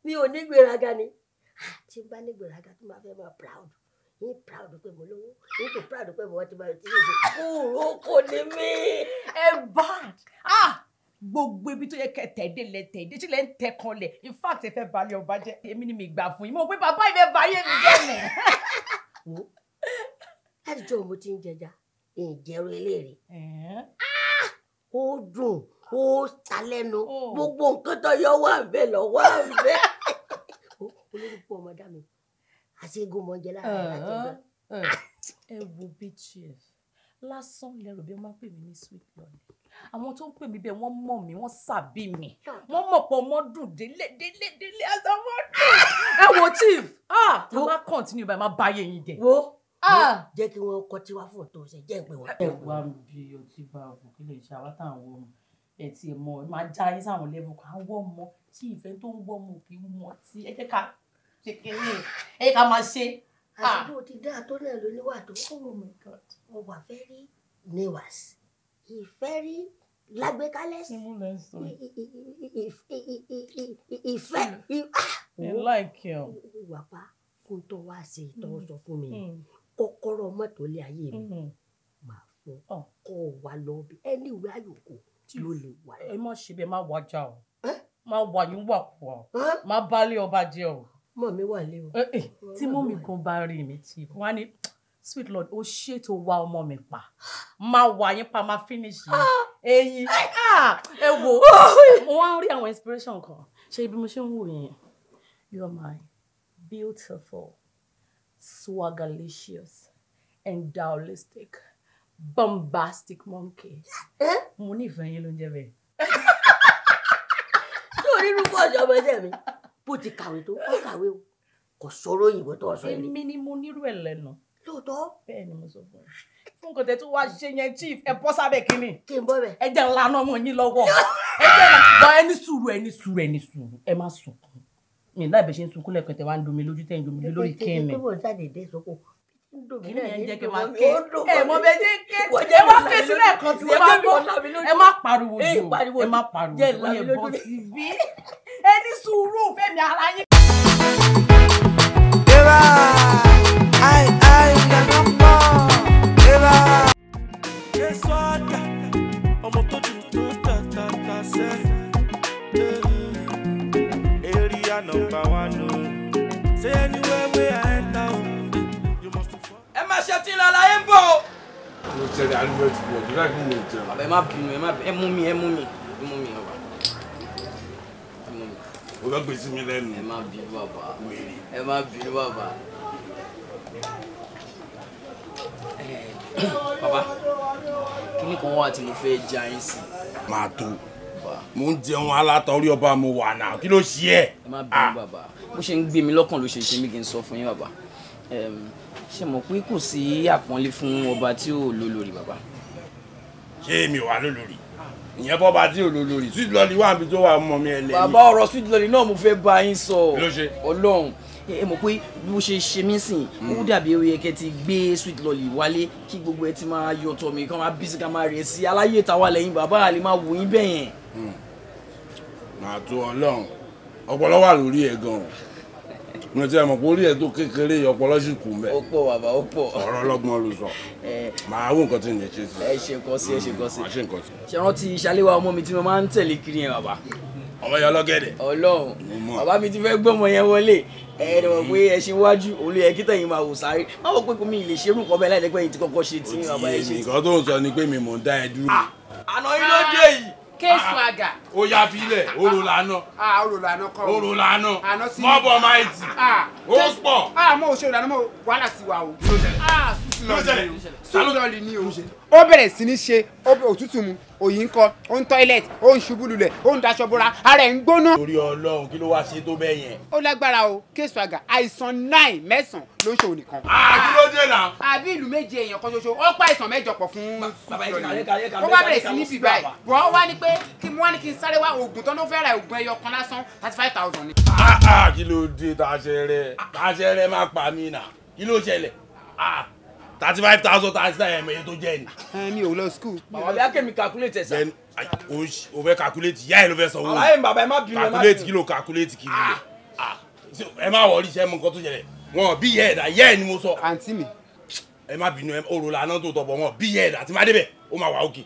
mi ò ní gbéraga ni tí n bá ní gbéraga tó máa fẹ́ máa proud ní proud pé mo lówó ní kò proud pé mo wọ́n ti máa ti ṣe kúrò kò ní mí. ẹ bá gbogbo ibi tó yẹ kẹ tẹ̀dé lẹ tẹ̀dé tí lẹ ń tẹ kan lẹ in fact ẹ fẹ́ balẹ̀ ọba jẹ́ èmi ni mi gbà fún yín mo pé bàbá yìí fẹ́ balẹ̀ mi jẹ́ mi. láti jọ mo ti ń jẹja ìjẹrù eléèrè ah! ó dùn ó ta lẹ́nu gbogbo nǹkan tó yọ wà ń bẹ lọ wà ń bẹ olórúkọ ọmọdé mi àti egun mọ jẹ lára ah! ẹ wo btf lásán lẹrù bí wọn máa pè mí ní sweet lọlẹ àwọn tó ń pè mí bẹ́ẹ̀ wọ́n mọ̀ mí wọ́n sàbí mi wọ́n mọ̀ pọ̀ mọ́ dùn délé délé délé àtàwọn dùn. Ah! ẹ wo chief tá a bá continue báyìí máa bá yẹn yìí dẹ. wo Ah! jẹ́ kí wọ́n kọ́ tiwa fún ọ̀tọ̀ ọ̀sẹ̀ jẹ́ ìpè wọn. ẹ wá bí o ti bá ọkọ kí lè ṣe àwọn táwọn ọmọ ẹ ti mọ ẹ máa já yín sáwọn lẹ́bù kan wọ́ ọmọ tí ìfẹ́ tó ń wọ́ ọmọ kì í mọ tí ẹ jẹ́ ká ṣe kéré ẹ jẹ́ ká máa ṣe. àti ah! bó ti dáa tó náà ló níwà tó oh my god mo wà very nervous very lágbékálẹ̀ ìfẹ́ ìfẹ́. ẹ láìkí ọ. ìwà pa kó tó wá ṣe ìtọ́wọ́sọ hmm. fún mi. Hmm kọ́kọ́rọ́ mọ́tò ilé ayé mi mm-hmm. máa fún oh. kọ́ wa lọ bí ẹni ìwé àyòkù ló lè wà. ẹ má ṣe bẹ́ẹ̀ má wájà o má wà yín wà pọ̀ o má bálé ọba jẹ́ o. mọ̀ mi wà lé o. Eh, eh, tí mú mi gan bá rí mi tí wọ́n á ní sweet lord ó ṣètò wa ọmọ mi pa máa wà yín pa máa finish yín ah! ẹyin ah, ẹ wo oh! mo wá ń rí àwọn inspiration kan ṣe ibi mo ṣe ń wò yẹn you are my beautiful swagalicious, endowlistic, bombastic monkey. Eh? Mo nífẹ̀ẹ́ yín ló ń jẹ́ bẹ́ẹ̀. Tí o nínú bọ́ọ̀sì ọmọ ẹsẹ̀ mi, bó ti kàwé tó, ó kàwé o. Kò sọ̀rọ̀ òyìnbó tó sọ yìí. Èmi ni mo nírú ẹ̀ lẹ́nu. Lóòótọ́. Bẹ́ẹ̀ ni mo sọ fún ẹ. Fún kòtẹ́ tó wá ṣe yẹn chief ẹ bọ́ sábẹ́ kínní. Kí n bọ́ bẹ̀. Ẹ jẹ́ ńlá náà mọ̀ yín lọ́wọ́. Ẹ jẹ́ ńlá. Bọ́ ẹni sùúrù ẹni sùúrù ẹni sùúrù ẹ má sùn mi láì bẹ ṣe ń sunkún lẹ́ẹ̀kan tẹ wá ń domi lójú tẹ ń domi lórí kíni. kíni na number one o. Oh. Say anywhere where I enter o, oh. you must follow. Ẹ máa ṣe tí lọ́la ẹ ń bọ̀ ti like me jẹun. Bàbá ẹ má bínú, ẹ má ẹ mú mi, ẹ mú mi, ẹ mú mi ọba. O bẹ gbèsè mi lẹ́nu. Ẹ má bínú bàbá. Ẹ mo fẹ́ jẹ ayé sí? Màá mo ń jẹun alátọrí ọba mo wà náà kí ló ṣe ẹ. ẹ má bínú ah. bàbá bó ṣe ń gbé mi lọ́kàn ló ṣe ṣe mí kí n sọ fún yín bàbá ṣe mọ̀ pé kò sí àpọ́nlé fún ọba tí ò lólórí bàbá. ṣé èmi wà lólórí ìyẹn bọba tí ò lólórí sweet lolly wà níbi tó wà mọ mi ẹlẹ́yìn. bàbá ọ̀rọ̀ sweet náà mo fẹ́ bá yín sọ ọlọ́run ẹ mọ̀ pé bí ṣe ṣe mí sìn ó hmm. dàbí ewé ẹ̀kẹ́ gbé sweet lolly wálé kí gbogbo ẹ ti máa yọ̀tọ̀ mi kí wọ́n máa bí sí ká máa rẹ̀ sí aláyè táwa lẹ́yìn bàbá àlè máa wò yín bẹ́yẹn. Hmm. màá tó ọlọ́run ọpọlọ wà lórí ẹ̀ gan-an mo ti mọ̀ pé orí ẹ̀ tó kékeré ọpọlọ sì kù mẹ́. ó pọ̀ bàbá ó pọ̀. ọ̀rọ̀ ọlọ́gbọ́n ló sọ. màá wò nǹkan tí ìyẹn ṣe sí. ẹ ṣe nǹkan sí ẹ ṣe nǹkan sí. màá ṣe nǹkan sí. ṣe rántí ṣaléwá ọmọ mi tí mo máa ń tẹ̀lé kiri yẹn bàbá. ọmọ yẹn ọlọ́gẹ̀dẹ̀. ọlọ́run bàbá mi ti fẹ́ gbọ́mọ yẹn wọlé ẹ ẹ mọ̀ pé ẹ ṣe wájú òun ló yẹ kí tẹ̀yìn máa wò sáré má wọ pé mi lè ṣerú nǹkan bẹ́ẹ̀ láì lẹ́gbẹ̀ẹ́ yìí ti kọ́kọ́ ṣe tí bàbá yẹn ṣe. nǹkan kéésù àgà. Ah, ó yá bílẹ̀ oró ah, lànà. Ah, oró lànà kọ́ oró lànà mọ́bọ̀ máa ń tì. ó pọ̀. mo ò ṣe ìlànà mo wàhálà sí wa o. ló ṣẹlẹ̀ ló ṣẹlẹ̀ sálọ́ọ̀lì ni o ó bẹ̀rẹ̀ sí ní ṣe òtútù mu òyìn kọ ó ń toilet ó ń ṣubú lulẹ̀ ó ń daṣọ bora ara ẹ̀ ń gbóná. torí Ọlọ́run kí ló wá ṣe tó bẹ́ẹ̀ yẹn. ó lágbára o kéésù àgà àìsàn nine mẹ́sàn-án ló ń ṣòwò nìkan. àdúró ah, dé nà. àbí ìlú méje èèyàn kan ṣoṣo ó pa àìsàn mẹ́jọ pọ̀ fún. ó wá bẹ̀rẹ̀ sí ní bíbá ẹ̀ bọ́ ó wá ní pé kí wọ́n ní thirty five thousand ni. Ah, ah, kí ló dé tàṣẹ rẹ tàṣẹ rẹ má pa thirty five thousand thirty nine ẹ̀mọ um, yẹn tó jẹ́ ni. Eh, mi ò lọ school. bàbá bí akemi calculate ẹ̀ sá. then o fẹ́ calculate yá ẹ̀ ló fẹ́ sanwó. bàbá yẹn bàbá ẹ má bínú ẹ má bínú. calculate kilo. calculate kilo. ló ah. Ah. ẹ má wọrí iṣẹ́ mọ nǹkan tó yẹlẹ̀ wọn bí yẹ ẹ̀dá yẹ ẹ̀ ni mo sọ. àǹtí mi. ẹ má bínú ẹ òrò lànà tó tọ̀ bọ̀ wọn bí yẹ ẹ̀dá tí má débẹ̀ ó má wà òkè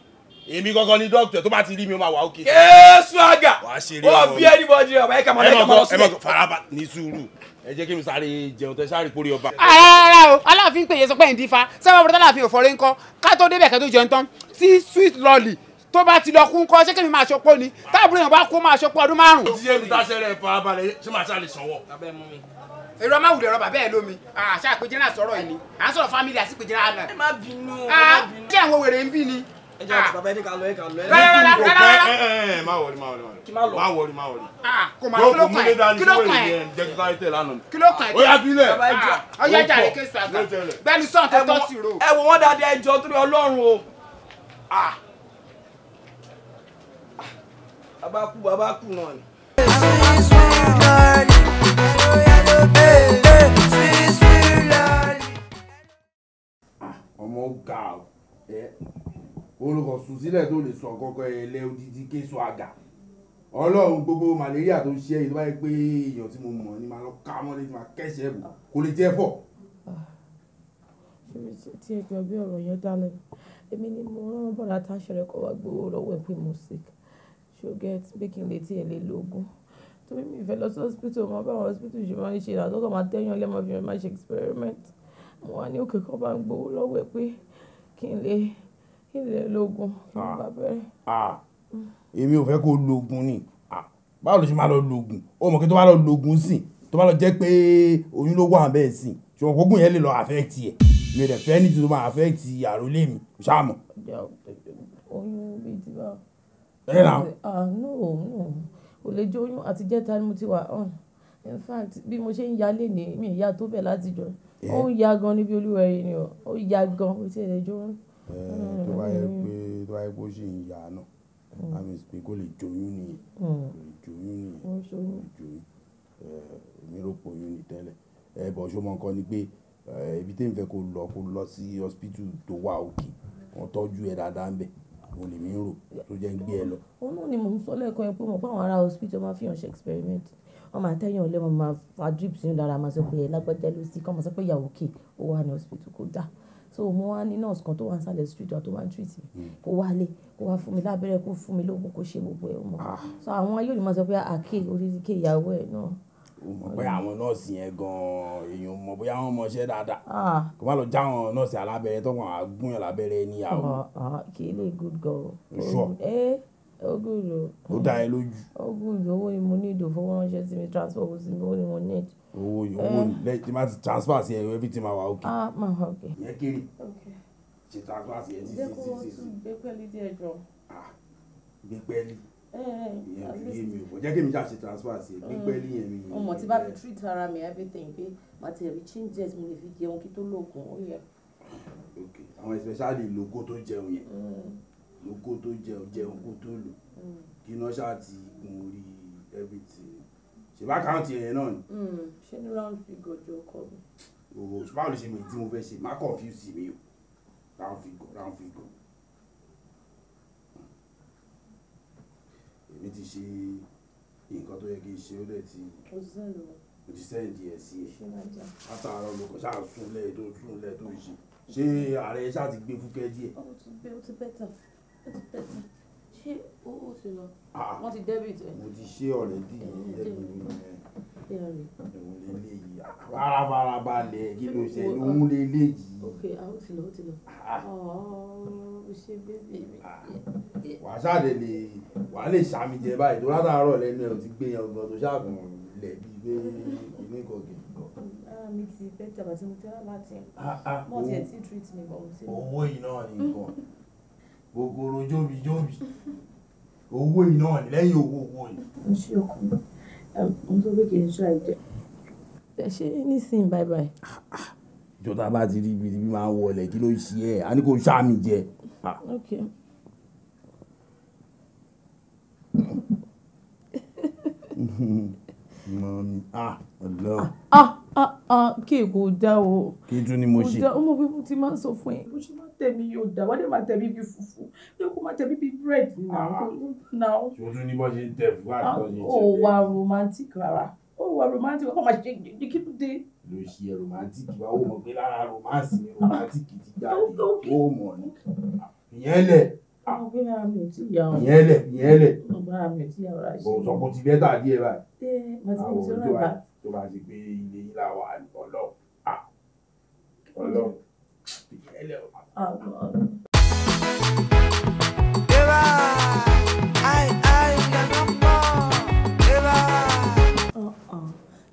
èmi gangan ni dókítà tó bá ti rí mi ó máa wà òkè. kéésù àgà ó bí ẹni bọ́ọ̀dì rẹ̀ ọ̀bá yẹ kà máa lẹ́kọ̀ọ́ sí. ẹ mọ̀ fara ẹ jẹ́ kí mi sáré jẹun tẹ sáré kórè ọba. Ah, rárá o aláàfin pèyẹ sọ pé ǹdí fa sábà bọ́dọ̀ aláàfin ò fọrẹ́ ńkọ́ ká tó débẹ̀ ká tó jẹun tán sí sweet lolly tó bá ti lọ kú ńkọ́ ṣé kémi máa ṣọpọ́ ni táàbùrù yẹn bá kó máa ṣọpọ́ ọdún márùn-ún. ti yé mi táṣẹ rẹ fa abalẹ ṣé màá ṣáà lè sanwó. èrò ọmọ àwùjọ bàbá ẹ lómi àṣà àpèjẹ náà sọ̀rọ̀ yìí ni à ń sọ̀rọ̀ fámìlì àsìpèjẹ náà. ẹ má bínú. ṣé ah, àwọn wèrè ń bí ni ẹ jẹ́ àti bàbá ẹni ká lọ ẹ ká lọ ẹ. rárá rárá rárá. ọmọ ga ọ orúkọ sùn sílẹ̀ tó lè sọ kọ́kọ́ ẹlẹ́ odidi késo àgà ọlọ́run gbogbo malaria tó ń ṣe èyí tó bá yẹ pé èèyàn tí mo mọ̀ ni màá lọ ká mọ́lé tí màá kẹ́sẹ̀ bò kò lè jẹ́ fọ̀. tí ẹ jọ bí ọ̀rọ̀ yẹn dá lẹ́nu èmi ni mo rán bọ̀dá táṣẹ̀rẹ̀ kọ́ wá gbowó lọ́wọ́ ẹ̀ pé mo sick ṣoget pé kí n lè tiẹ̀ lè lóògùn torí mi ìfẹ́ lọ sí hospital mo bá àwọn hospital ṣe máa ń ṣe àtọ́kọ̀ máa tẹ́yàn lẹ́mọ̀ fi máa ṣe experiment mo wá ní òkè kan bá ń gbowó lọ́wọ́ ẹ̀ pé kí n lè kí lè lóògùn kí ló bá bẹ̀rẹ̀. Ah. èmi ò fẹ́ kó lóògùn ni ah. báwo ló ṣe máa lọ lóògùn ó mọ̀ kí tó bá lọ lóògùn sí tó bá lọ jẹ́ pé oyún ló wà bẹ́ẹ̀ sí ṣùgbọ́n gbogbo yẹn lè lọ àfẹ́ẹ̀tì ẹ̀ mi ò dẹ̀ fẹ́ ní tuntun máa àfẹ́ẹ̀tì àròlé mi ṣáàmù. oyún bíi ti bá. ẹ nà. Ah, no no kò lè jẹ oyún àti jẹta ni mo ti wà on oh, in fact bí mo ṣe ń yálé ni mi ìyá tó bẹ̀ láti jọ eh? ó ń ya gan níbi olúwẹ̀rí ni ó ya gan ó ti ẹ̀ lè jẹ oyún. Eh, tó bá yẹ pé tó bá yẹ pé ó sì ń yà á náà that means pé kó lè joyún nìyẹn kó lè joyún nìyẹn kó lè joyún eh, èmi rò pé ni tẹ́lẹ̀ ẹ bọ̀ ṣó mọ nǹkan ni pé eh, ibi tí n fẹ́ kó lọ kó lọ sí hospital tó wà òkè wọ́n tọ́jú ẹ dáadáa ń bẹ̀ òun lèmi ń rò tó jẹ́ ń gbé ẹ lọ. òun náà ni mò ń sọ lẹ́ẹ̀kan yẹn pé mo pa àwọn ará hospital máa fi hàn ṣe experiment wọ́n máa tẹ́yìn ọ̀lẹ́ wọn máa fa drip sínú lára máa sọ pé ẹ̀ lágbájá ló sí kọ́ máa sọ pé ìyàwó kè ó wà ní hospital kó dáa so mo wá ní nurse kan tó wà nísàlẹ̀ street wa tó wá ń treat mi hmm. kó wálé kó wá fún mi lábẹ́rẹ́ kó fún mi lóògùn kó ṣe gbogbo ẹ̀ mọ́ ah. so àwọn yóò máa sọ pé àké ah, oríṣiríṣi ìyàwó ẹ̀ náà o mọ̀ pé àwọn nọ́ọ̀sì yẹn gan-an èèyàn mọ̀ bóyá wọ́n mọṣẹ́ dáadáa ah. kò má lọ já àwọn nọ́ọ̀sì alábẹ́rẹ́ tó kàn á gún yàn lábẹ́rẹ́ níyàwó. kì í lè good girl. sure. Eh? ogun lo. ó dá ẹ lójú. ogun lo owó ni mo need o fowó ránṣẹ́ sí mi transfer owó sí mi owó ni mo need. owó owó lẹ́yìn eh. tí máa ti transfer sí ẹ everything máa wà okay. ah máa wà okay. yẹ kiri ṣe transfer sí ẹ sí sí sí. jẹ́ kó wọ́n tún gbé pẹ́lí díẹ̀ jọ. ah gbé pẹ́lí eh, eh, jẹ́ kí mi ṣáà ṣe transfer sí i pípẹ́ ní ẹ̀mí. ọmọ tí bá fi treat ara mi everything pé màtí ẹ̀rí changes mo lè fi jẹun kí tó lóògùn ó yẹ. ok àwọn especially logo tó jẹun yẹn mm okó tó jẹ jẹ okó tó lò mm. kí iná ṣáà ti gun orí everything ṣèbá káàntì yẹn náà ni. Mm. ṣé ní round figure jọ ọkọ mi. òwò báwo lè ṣe mi tí mo fẹ́ ṣe má confuse mi o round figure round figure. èmi ti ṣe nǹkan tó yẹ kí n ṣe ó dẹ̀ ti. o ti sẹ́yìn lọ. o ti sẹ́yìn díẹ̀ sí ẹ. látàárọ̀ ló kọ́ ṣáà súnlẹ̀ tó súnlẹ̀ tó ṣe. ṣé ààrẹ ṣáà ti gbé fúkẹ́ díẹ̀. ó ti bẹ́ ó ṣé ó ó ti lọ ah, ah. wọ́n ti debit ẹ̀. mo ti ṣe ọ̀rẹ́dì yìí lẹ́gbẹ̀rún ẹ̀hún lélẹ́yìí farabalẹ̀ kí ló ṣe ẹ̀hún lélẹ́yìí. ok ah ó ti lọ ó ti lọ ah. ọ̀ọ́ ṣe bébì mi. wàá ṣàdé lè wàá lè ṣàmì jẹ báyìí tó látàárọ̀ lẹ́nu ẹ̀ ò ti gbé yan tó ṣàgùn lẹ̀ bíi pé inú ìkọ̀ kìí ara mi ti bẹ́ẹ̀ tàbí mo tẹ́lá láti mọ̀ tí ẹ̀ tí treat me bọ̀ mo ti. owó yìí náà ògòrò jóbijóbi owó iná lẹ́yìn owó owó yìí. mo ṣe ọkọ mo sọ pé kì í ṣe àìjẹ ẹ ṣe nísìnyí bye bye. ìjọba bá ti rí ibi ibi máa wọlé kí ló ṣe ẹ a ní kò sáàmì jẹ. mọ̀mí ah ọ̀lọ́. ah ah ah kí èkó dá o. kí tún ni mo ṣe. mo dá ọmọ bíbú ti máa ń sọ fún ẹ tẹ̀mí yóò dà wọ́n dẹ̀ máa tẹ̀mí bíi fùfú yóò kó máa tẹ̀mí bíi bread ah. náà. ṣùgbọ́n ní bọ́ ṣe tẹ̀ fún àtọ́ ní ah, ó wà romantic rárá ó wà romantic ọkọ̀ máa ṣe jẹ́jẹ́ kí ló dé. ló ṣe romantic wa ó mọ̀ pé lára romance ni romantic ti jáde ó mọ̀ ní ìyẹn lẹ̀ ìyẹ́lẹ̀ ìyẹ́lẹ̀ òun sọ pé ó ti bẹ́tà díẹ̀ báyìí àwọn ojú wa tó bá ti gbé ilé yìí làwọn ọlọ́run. Ah, ẹlẹ́ o.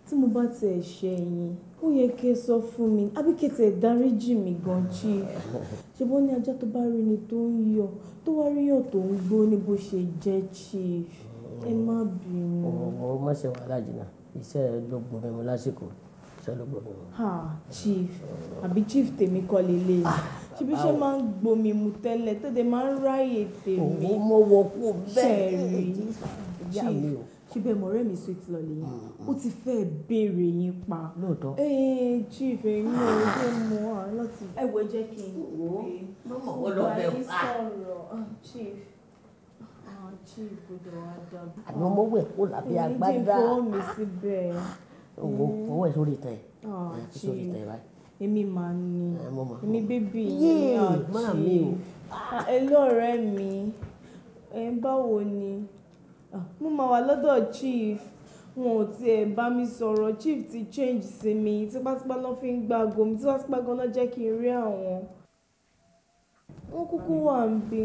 tí mo bá tiẹ̀ ṣe yín ó yẹ kí ẹ sọ fún mi àbí kí ẹ tiẹ̀ dáríjì mí gan chief ṣe bó ní ajá tó bá rí ni tó ń yọ tó wá rí yàn tó ń gbó ní bó ṣe jẹ́ chief ẹ má bínú. ọmọ ọmọ ṣe wàhálà jìnnà iṣẹ́ ẹ ló gbọ́n mi lásìkò ṣe ló gbọ́dọ̀. chief àbí chief tèmi kọ́ lélẹ̀ ah, ṣe bí ṣe máa ń gbomi mu tẹ́lẹ̀ tẹ́lẹ̀ máa ń ráyè tèmi. òun mo wọ kú bẹ́ẹ̀ rí chief síbẹ̀ mọ̀rẹ́ mm-hmm. mi sweet lọ́lẹ̀ yẹn mm-hmm. ó ti fẹ́ béèrè yín pa. lóòótọ́. ee chief ẹyin ò ṣe mọ ọ láti. ẹ wo jẹ́ kí n wò ó mọ̀mọ́ ah. ah, ó lọ bẹ̀ wá. chief chief gbọ́dọ̀ wá dàgbà. àmọ́ mo wẹ̀ kó làbí agbádá. èmi jẹ́ ìfowó mi síbẹ̀ òun wẹ̀ sórí ìtàn ẹ̀ fi sórí ìtàn ẹ̀ báyìí. èmi máa ń ní èmi bébì ní àjí ẹlọ́ọ̀rẹ́ mi ẹ báwo ni ah, mo máa wà lọ́dọ̀ chief wọn ò tiẹ̀ bá mi sọ̀rọ̀ chief ti change sí mi tipátipá ló fi ń gba aago mi tipátipá gan ló jẹ́ kí n rí àwọn wọn kúkú wà ń bí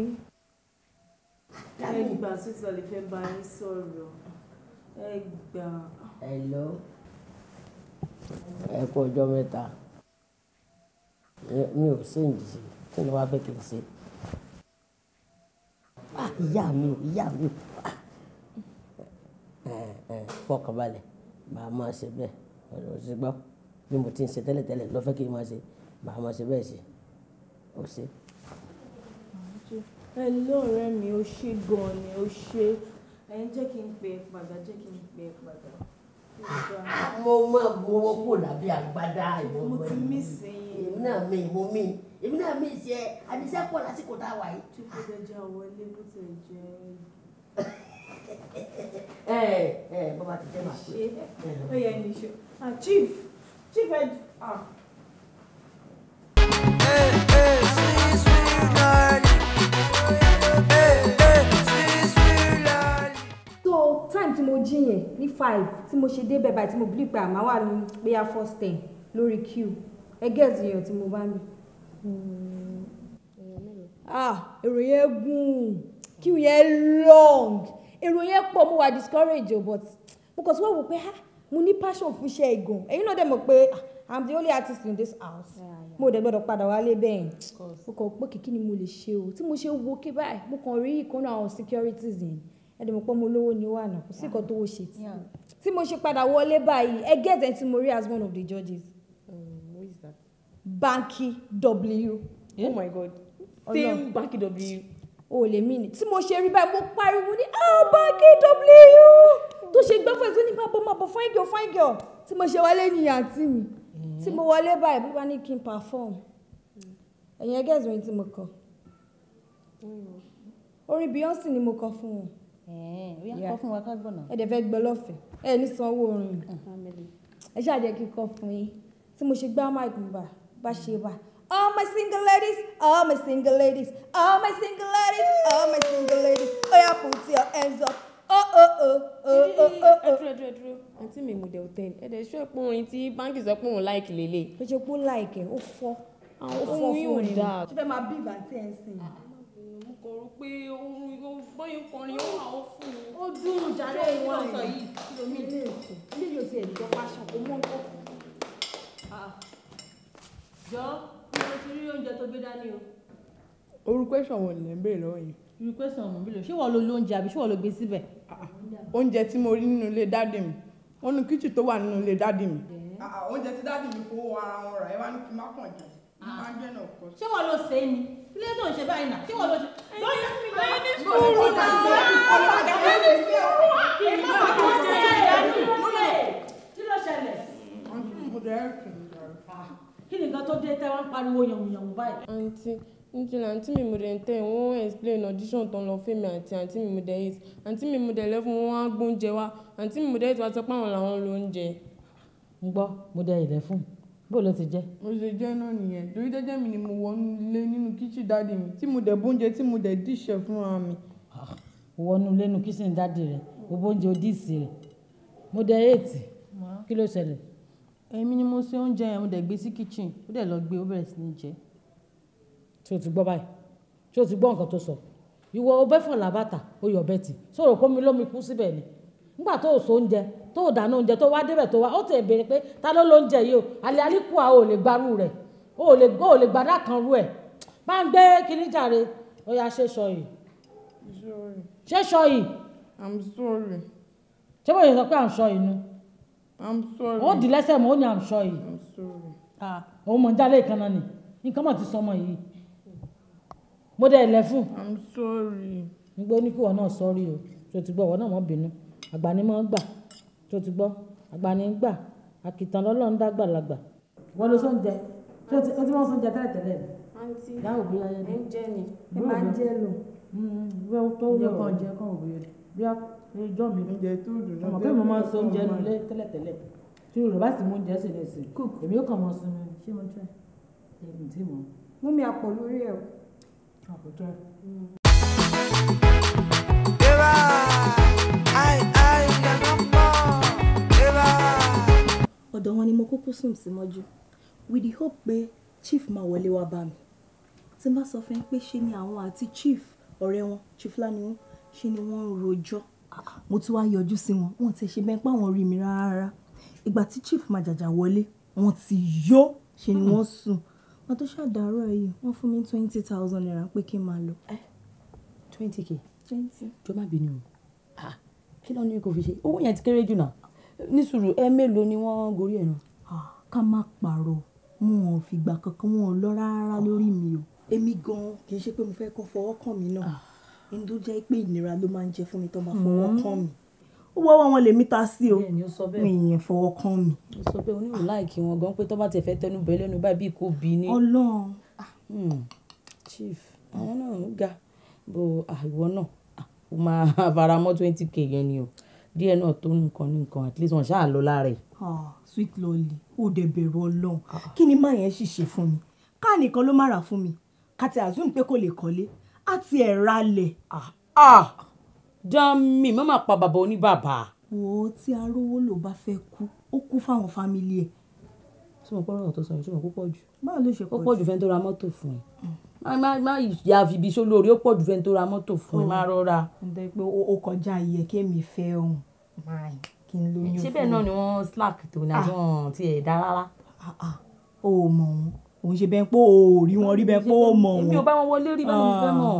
ẹ gbà sótìlá fẹ́ bá yín sọ̀rọ̀ ẹ gbà. hello ẹ kú ọjọ́ mẹ́ta mi ò sí ìjì kí ni wàá fẹ́ kí n ṣe. ìyá mi ò ìyá mi ò fọkànbalẹ̀ màá máa ṣe bẹ́ẹ̀ ọ̀rọ̀ òsì gbọ́ bí mo ti ń ṣe tẹ́lẹ̀tẹ́lẹ̀ lọ́fẹ́ kí n máa ṣe màá máa ṣe bẹ́ẹ̀ ṣe ó ṣe. ẹ lóore mi ò ṣe gan-an ni ó ṣe ẹ ń jẹ́ kí n pè é padà jẹ́ kí n pè é padà mo mọ mo wọ́pọ̀ lábẹ́ àgbádá ìwọ́n mọ́ èmi náà mi mo mi èmi náà mi ṣe àdìsẹ́ pọ̀ lásìkò tá a wà yìí. tí kò jẹjẹ wọlé bó ti jẹ. ẹ ẹ bàbá ti jẹ màá pé. Eh. ó yẹ ní ṣe ah, chief chief ẹ. Ah. Eh. jí yẹn ní five tí mo ṣe débẹ̀ báyìí tí mo believe pé àmà wà ní bóyá first ten lórí queue ẹ gẹ́ẹ̀tì tí mo bá mi. Ah, èrò yẹn gùn queue yẹn long èrò yẹn pọ̀ mo wà discourage o but mo kàn sí wọ́n wò pé ah, mo ní passion fún iṣẹ́ ìgàn ẹ̀yin náà dẹ̀ mọ̀ pé ah, i'm the only artist in this house mo dẹ̀ gbọ́dọ̀ padà wálé bẹ́ẹ̀ mo kàn pé kìkì ni mo lè ṣe o tí mo ṣe wo kí báyìí mo kàn rí ìkànnà àwọn securities yẹn ẹni mo pọ́ mo lówó ni wà náà kò sí nǹkan tó wò ṣe tí tí mo ṣe padà wọlé báyìí ẹ get tí mo rí as one of the judges. Um, who is that? Banky W. oh my god same Banky W. o lè mí ni tí mo ṣe rí báyìí mo pariwo ní ah Banky W tó ṣe gbọ́ fún ẹ̀ tó ní máa bọ̀ máa bọ̀ fine girl fine girl tí mo ṣe wọlé ní àǹtí mi mm-hmm. tí mo wọlé báyìí bí wọ́n ní kí n perform ẹ̀yin ẹgẹ́ ìzòyìn tí mo kọ mm. orin Beyonce ni mo kọ fún wọn ó fún wa ká gbọ̀nà. ẹ dẹ̀ fẹ́ gbọ́ lọ́fẹ̀ẹ́ ẹ ní sanwó orin ẹ ṣáà kí n kọ́ fún yín tí mo ṣe gbá máa bá bá ṣe wà. All my single ladies, all my single ladies, all my single ladies, all my single ladies, ó yá put your hands up. Oh oh oh oh oh oh. oh. Ẹ dúró dúró dúró. Àǹtí mi Mùdẹ̀ Òtẹ́ni, ẹ dẹ̀ ṣọ́ ẹ̀pọ̀ orin tí báńkì sọ pé òun láìkì lélẹ̀. Ó ṣe pé ó láìkì ẹ̀, ó fọ́. Àwọn ohun yóò dáa. Ṣé fẹ́ máa bí ìbàtí ẹ̀ ń sìn? Ah, ah kò rò pé ó bọ́yìn kọrin ó wà ó fún un. ó dùn jàre ìwọ ọ̀sán yìí kí ló mí lè sùn ilé yóò ti ẹ̀dùn dọ́pá ṣan kó mọ́ nǹkan kù. jọ bí mo ti rí oúnjẹ tó gbé dání o. orúkọ ẹ̀sán wọn lè ń béèrè lọ́wọ́ yẹn. orúkọ ẹ̀sán wọn bí lò ṣé wọ́n lo lóúnjẹ àbí ṣé wọ́n lo gbé síbẹ̀. oúnjẹ tí mo rí nínú ilé dáàdì mi wọ́n nu kíchì tó wà nínú ilé dáàdì mi. oúnjẹ tí dáàdì mi fowó ara wọn rà ẹ wá ní kí n má kàn jẹ ṣé wọ́n lo sèé ilé tó ń ṣe báyìí náà kí wọ́n lọ ṣe. lọ́yìn fún mi náà ẹni sùúrù náà ẹni sùúrù ẹni sùúrù ẹni sùúrù kí ló ṣẹlẹ̀. kí ni nǹkan tó dé tẹ́ wọ́n ń pariwo yànmùyànmù báyìí. àǹtí nítorí àǹtí mi mo dẹ̀ ń tẹ̀ wọ́n explain audition tán lọ fún mi àti àǹtí mi mo dẹ̀ eight àǹtí mi mo dẹ̀ eleven wọ́n á gbóúnjẹ wá àǹtí mi mo dẹ̀ eight wá sọ pé àwọn làwọn lóúnjẹ. ń gbọ́ mo dẹ̀ eleven bó ló ti jẹ́. mo ṣe jẹ́ náà nìyẹn torí jẹ́jẹ́ mi ni mo wọnú ilé nínú kíchìn dáàdì mi tí mo dẹ̀ bóúnjẹ tí mo dẹ̀ díṣẹ̀ fúnra mi. Ah, wọnú ilé nínú kíchìn dáàdì rẹ o bóúnjẹ o díìsì rẹ mo dẹ̀ èètì kí ló ṣẹlẹ̀. èmi ni mo ṣe oúnjẹ yẹn mo dẹ̀ gbé sí kíchìn ó dẹ̀ lọ gbé ó bẹ̀rẹ̀ sí ní jẹ. ṣé o ti gbọ́ báyìí ṣé o ti gbọ́ nǹkan tó sọ ìwọ ọbẹ̀ fọ̀lá bàtà ó ọbẹ̀ tì sọ̀rọ̀ pómi lómi kú síbẹ̀ ni nígbà tó o so oúnjẹ tó o dáná oúnjẹ tó wá débẹ̀ tó wá ó tẹ̀ béèrè pé ta ló lóúnjẹ yìí o àlẹ́ àlíkù a ò lè gbarú rẹ̀ o ò lè o ò lè gbadá kan rú ẹ̀ bá ń gbé kíní jàre ó yá ṣe sọ yìí ṣe sọ yìí. i'm sorry. ṣé bóyá sọ pé à ń sọ yìí nu. i'm sorry. ó di lẹ́sẹ̀ mọ́ ó ní à ń sọ yìí. i'm sorry. ah òun mọ̀ ń jálè kan náà ni nǹkan mọ̀ ti sọmọ yìí mo dẹ̀ lẹ̀ fún. i'm sorry. nígbà oníkùwọ̀ náà sọ́ọ́rí o tó ti gbọ́ ọ̀wọ́ náà mọ̀ bínú àgbà ni mo ń gbà tó ti gbọ́ àgbànígbà àkìtàn lọ́lọ́run dàgbàlagbà wọ́n ló sóúnjẹ tí ó ti wọ́n sóúnjẹ tẹ́lẹ̀ tẹ́lẹ̀ ni. àǹtí ẹ ń jẹ ni ẹ máa ń jẹ lò. Mm, mm, wọ́n tó yẹ kàn jẹ kàn bí a ìjọ mi oúnjẹ tó dùn náà. ọmọ pé mo máa ń sọ oúnjẹ nílé tẹ́lẹ̀ tẹ́lẹ̀ tí Yorùbá sì mú oúnjẹ sí ní ìsìn èmi yóò kàn mọ́ sinmi. ṣé mo tẹ́ ẹ ǹ tí mo. mú mi àpò lórí ẹ o. àpò tẹ́ ọ̀dọ̀ wọn ni mo kúkú sùn sí mọ́jú with the hope pé chief máa wọlé wá bá mi tí n bá sọ fún pé ṣe ni àwọn àti chief ọ̀rẹ́ wọn chief lánìí ṣe ni wọ́n ń rojọ́ mo tún wá yọjú sí wọn wọn ti ṣe bẹ́ẹ̀ pé àwọn rí mi rárá ìgbà tí chief máa jàjà wọlé wọn ti yó ṣe ni wọ́n sùn wọn tó ṣàdárọ̀ yìí wọ́n fún mi twenty thousand naira pé kí n máa lọ. Eh, twenty k twenty jọ má bínú o kí ló ní kò fi ṣe owó yẹn ti kéré jù náà ní sùúrù ẹ mélòó ni wọ́n gorí ẹ̀ náà. ká má pààrọ̀ wọn ò fìgbà kankan wọn ò lọ rárá lórí mi o. èmi gan-an kì í ṣe pé mo fẹ́ kọ́ fọwọ́ kàn mí náà ní tó jẹ́ pé ìnira ló máa ń jẹ fún mi tó máa hmm. fọwọ́ kàn mí ó wọ́wọ́ wọn lèmi ta sí o mi ìyẹn fọwọ́ kàn mí. ó sọ pé oníwò láìkí wọn gan pé tó bá tẹ̀ fẹ́ tẹnu bẹ́ẹ̀ lẹ́nu báyìí bíi kò bí ní. ọlọ́run hmm, chief àwọn náà ń ga bó àìwọ náà ó máa faramọ́ twenty k yẹn ni o díẹ̀ náà tó nǹkan nǹkan at least wọ́n ṣáà lọ lára ah, sweet lolly ó dẹ̀ bẹ̀rù ọlọ́run kí ni má yẹn sì ṣe fún mi ká nìkan ló má rà fún mi ká ti assume pé kò lè kọ́lé á ti ẹ̀ ralẹ̀. Ah, ah, dami má máa pa bàbá oníbàbà. wò ó tí arówó ló bá fẹ́ kú ó kú fáwọn fámìlì ẹ̀. tí mo pọ́nrọ́ ọ̀tọ̀ sọ̀rọ̀ tí mo kó pọ̀ jù. báwo ló ṣe pọ̀ jù mm. ó pọ̀ jù fẹ́ni tó ra mọ́tò fún ẹ má ya fi ibi sólórí ó pọ̀ jù fẹ́ni tó ra mọ́tò fún ẹ má rọra. ǹjẹ́ pé ó kọjá iye kémi fẹ́ ohun máa kí n lóyún fún mi. síbẹ̀ náà ni wọ́n slack tó ní àjọ ah. wọn ti ẹ̀ dá rárá. o ah, ò ah, mọ̀ wọn òun ṣe bẹ́ẹ̀ pé o ò rí wọn rí bẹ́ẹ̀ pé o mọ̀ wọn. èmi ò bá wọn wọlé rí bẹ́ẹ̀ mo fẹ́ mọ̀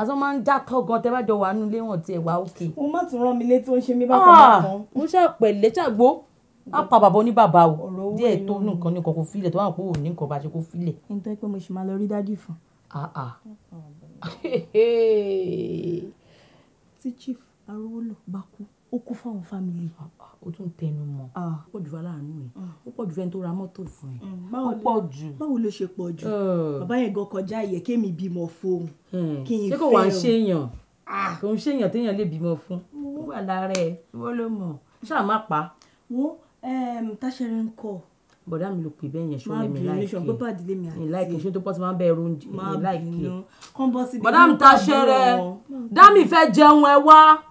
àtọ́ máa ń já kọ́gan tẹ́ bá jọ wà nínú ilé wọn tiẹ̀ wá òkè. mo má tún rán mi létí ó ń ṣe mí bákan bákan. mo ṣe pẹ̀lẹ́ ṣàgbó a pa bàbá ní bàbá o díẹ̀ tó nǹkan nǹkan kò filẹ̀ tó wà pé òní nǹkan bá ṣe kò filẹ̀. n tẹ́ pé mo sì máa lọ rí dádì fún. tí chief arówólò bá kú ó kú fáwọn fámìlì. Ah, ah, ó tún tẹnu mọ́ ah. ó pọ̀ jù aláàánú ẹ̀ ó pọ̀ jù ẹni tó ra mọ́tò fún ẹ̀ mm, ó pọ̀ jù. báwo ló ṣe pọ̀ jù bàbá yẹn gan kọjá yẹ kémi bímọ fóun hmm. kí n fẹ́ o. ṣé kò wá ń ṣèyàn kò ń ṣèyàn téèyàn lè bímọ fún ó wà lára ẹ̀ wọ́n ló mọ̀ ṣáà má pa. wo táṣẹrẹ ń kọ bọ̀dá mi ló pè bẹ́ẹ̀ yẹn ṣó lè mi láìké mi láìké ṣé tó pọ́ ti máa ń bẹ ẹrú mi láìké bọ̀dá mi táṣẹrẹ dá mi fẹ́ jẹun ẹ wá.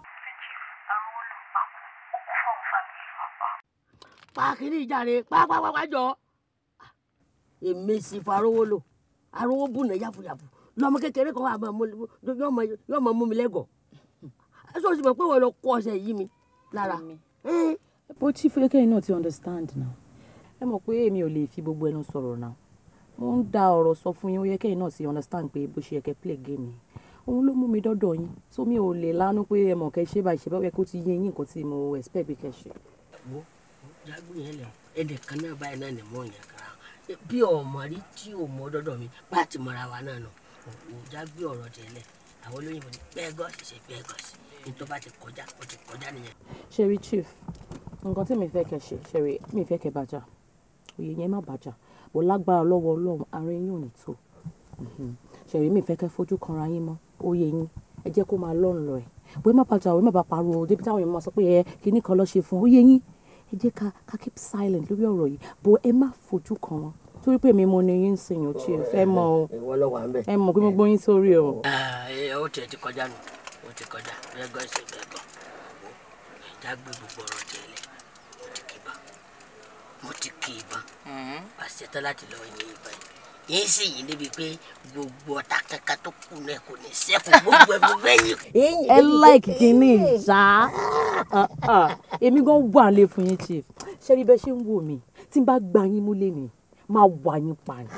pa kínní ìjàre pápápápá jọ. èmi sì farowó lò arówó bùnà yàfùyàfù lọmọ kékeré kan yóò mọ mú mi lẹ́gọ̀ọ́ ẹ sọ sì mọ̀ pé wọ́n lọ kọ́ ọ̀sẹ̀ yìí mi lára. bó tí fúyẹ́kẹ́yìn náà ti understand now ẹ mọ̀ pé èmi ò lè fi gbogbo ẹnu sọ̀rọ̀ now mo ń da ọ̀rọ̀ sọ fún yín ó náà ti understand pé bó ṣe yẹ play game yìí òun ló mú mi dọ́dọ̀ yín so ò lè lánú pé ẹ mọ̀ kẹ́ ṣe báyìí ṣe báyìí kó ti yé yín nǹkan tí mo expect pé kẹ́ ṣe lágbóyè ẹ̀dẹ̀ kan náà báyìí náà ni mò ń yàn kára bí ọmọ rí tí ò mọ dọ́dọ̀ mi bá ti mọra wa náà nù òjá gbé ọ̀rọ̀ tẹ́lẹ̀ àwọn olóyìnbó ní pẹ́gọ́sì ṣe pẹ́gọ́sì ní tó bá ti kọjá ó ti kọjá nìyẹn. ṣeré chief nǹkan tí mi fẹ́ kẹ́ ṣe ṣeré mi fẹ́ kẹ́ bàjá òye yẹn má bàjá bó lágbára lọ́wọ́ ọlọ́run ara yín ò ní tó ṣeré mi fẹ́ kẹ́ fojú kanra yín mọ́ òye yín ẹ jẹ́ kó máa lọ́rùn lọ ẹ̀ bóyá má bàjá òye má bàa pariwo débi táwọn èèyàn máa sọ pé ẹ kíní kan lọ ṣe fún òye yín ẹ jẹ́ ká ká keep silent lórí ọ̀rọ̀ yìí bó ẹ má fojú kan wọn torí pé mi mo ní yín sìn yín tí ẹ mọ̀ o ẹ mọ̀ pé mo gbóyún sórí o. Ah, ó tiẹ̀ ti kọjá nù ó ti kọjá rẹ́gọ́ ìṣe bẹ́ẹ̀ bọ̀ ẹ̀já gbé gbogbo ọ̀rọ̀ tiẹ̀ lẹ̀ mo ti kí ibà mo ti kí ibà mm-hmm. àṣetán láti lọ yin ibà yìí yẹn sì yìí débi pé gbogbo ọ̀tá kankan tó kù náà kò ní sẹ́kù gbogbo ẹ̀ gbogbo ẹ̀yìn. ẹ láìkì kínní ṣá ah, ah. èmi gan wà lè fún yín chief ṣé rí bẹ́ẹ̀ ṣe ń wò mí tí n bá gba yín mú lé ni máa wà yín pa ni.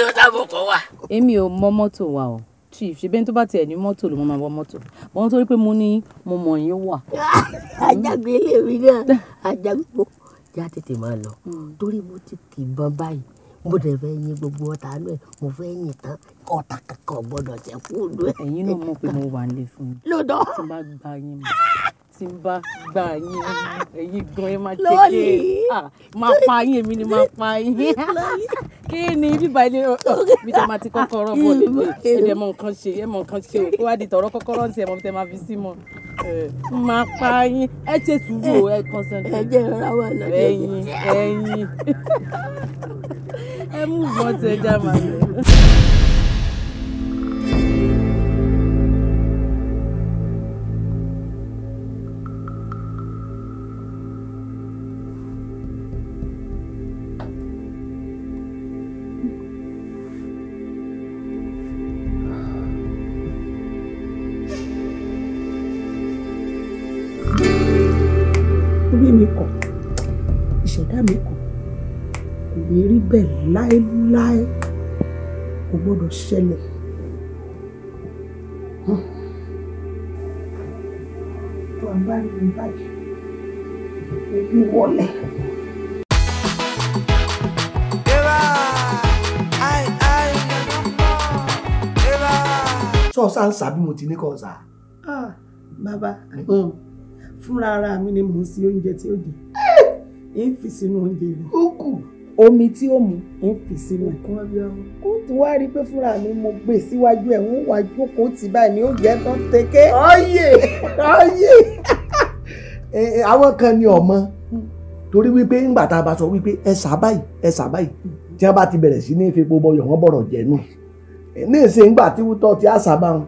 ló dábọ̀ kọ́ wà. èmi ò mọ mọ́tò wa o chief ṣe bẹ́ẹ̀ tó bá tiẹ̀ ní mọ́tò ló máa wọ mọ́tò mọ́ nítorí pé mo ní mo mọ̀ yín wà. àjàgbé ah, lèmi náà àjàgbó já tètè máa lọ hmm. torí mo ti kì í bọ́n báyìí mo dẹ̀ fẹ́ yin gbogbo ọ̀tá lóye mo fẹ́ yin tán ọ̀tá kankan gbọ́dọ̀ jẹ́ fúlù ẹ̀. ẹ̀yin náà mọ̀ pé mo wà nílé fún yín. lódò. tí n bá gba yín mọ̀ tí n bá gba yín ẹ̀yin gan ẹ máa tẹ̀lé máa pa yín èmi ni máa pa yín. kí ni bíbá ilé mi tẹ́ máa ti kọ́kọ́rọ́ bọ̀ lélẹ̀ ẹ̀dẹ̀ mọ nǹkan ṣe ẹ̀ mọ nǹkan ṣe ó wá di tọ̀rọ̀ kọ́kọ́rọ́ ń ṣe sùúrù eh, ẹ mú bọ́ọ̀tì ẹja màlẹ́. bẹ́ẹ̀ láéláé kò gbọ́dọ̀ ṣẹlẹ̀. Hmm. tó a i báyìí ebi wọlé. sọ́ọ̀sà ń sàbí mo ti ní kọ́ ọ̀sà. Ah, bàbá hmm. fúnra ara mi ni mo ń ṣe oúnjẹ tí ó jẹ eh! ń fi sínú oúnjẹ rẹ. ó kù omi tí ó mu ń fi sínú ẹ kó tó wá rí pé fúnra mi mo gbé e síwájú ẹ ń wá jókòó tì báyìí ni ó jẹ tán teke. ọyẹ ọyẹ àwọn kan ni ọmọ torí wípé ńgbà tá a bá sọ wípé ẹ sá báyìí ẹ sá báyìí tí wọn bá ti bẹ̀rẹ̀ sí ní ìfipò bọyọ wọn bọrọ jẹ nù ní ìsìn ńgbà tí wútọ ti àṣà bá wọn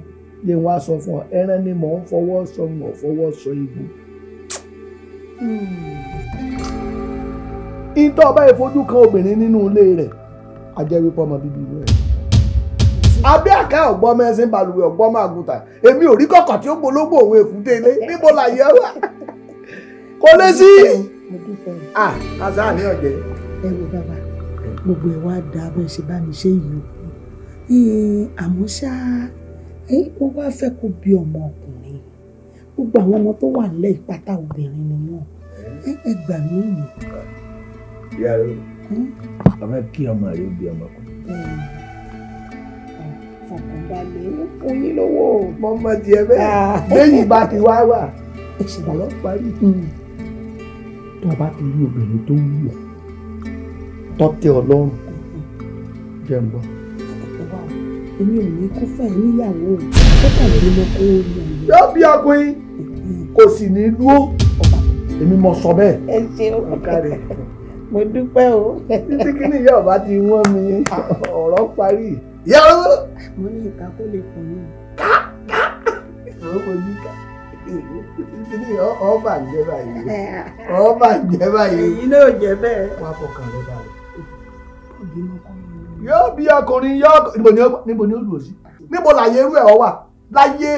lè wá sọ fún ọ ẹran ni mò ń fọwọ́ sọ ń fọwọ́ sọ igbó. Hmm ìtọ́ ọba ìfojú kan obìnrin nínú ilé rẹ̀ ajẹ́ wípé ọmọ bíbí rẹ̀. abẹ́ àká ọ̀gbọ́n mẹ́sìn balùwẹ̀ ọ̀gbọ́n máa gùn tà èmi ò rí kọ̀kọ̀ tí ó polówó òun èkúté ilé níbo là yẹ wá kò lè sí. ah kàzá ní ọ̀jẹ̀. ẹ wo bàbá gbogbo ẹ wá da bẹ́ẹ̀ ṣe bá mi ṣe yìí o àmọ́ ṣá ó wá fẹ́ kó bí ọmọ ọkùnrin gbogbo àwọn ọmọ tó wà nílẹ̀ ìpátá obìnrin ni wọ́n ẹ gbà nìyẹn ìyá rẹ a fẹ́ kí ọmọ rẹ bí ọmọ kan. fọkànbalẹ̀ ń fún yín lọ́wọ́ mọ ọmọ tiẹ̀ bẹ́ẹ̀ ah. lẹ́yìn bá ti wá wà ọ̀rọ̀ parí. Hmm. tó o bá ti rí obìnrin tó wù ọ́ tọ́tẹ́ ọlọ́run jẹ́ ń gbọ́ èmi ò ní kó fẹ́ níyàwó ó kàwé ní mo kó lù. yóò bí ọkùnrin kò sì ní dúró èmi mo sọ bẹ́ẹ̀. ẹ ṣeun ọkàrẹ mo dúpẹ́ o. títí kí ni ìyá ọba ti wọ́n mi ọ̀rọ̀ parí. ìyá olówó. mo ní ìka kó lè pọ̀ ní. ká ká ìṣòro kò ní ká títí ni ọba ń jẹ báyìí ọba ń jẹ báyìí. èyí náà jẹ bẹ́ẹ̀. wà á fọkàn rẹ balẹ̀. yóò bí ọkùnrin yóò níbo ni ó dùn sí níbo làyè irú ẹ̀ ọ wà láyé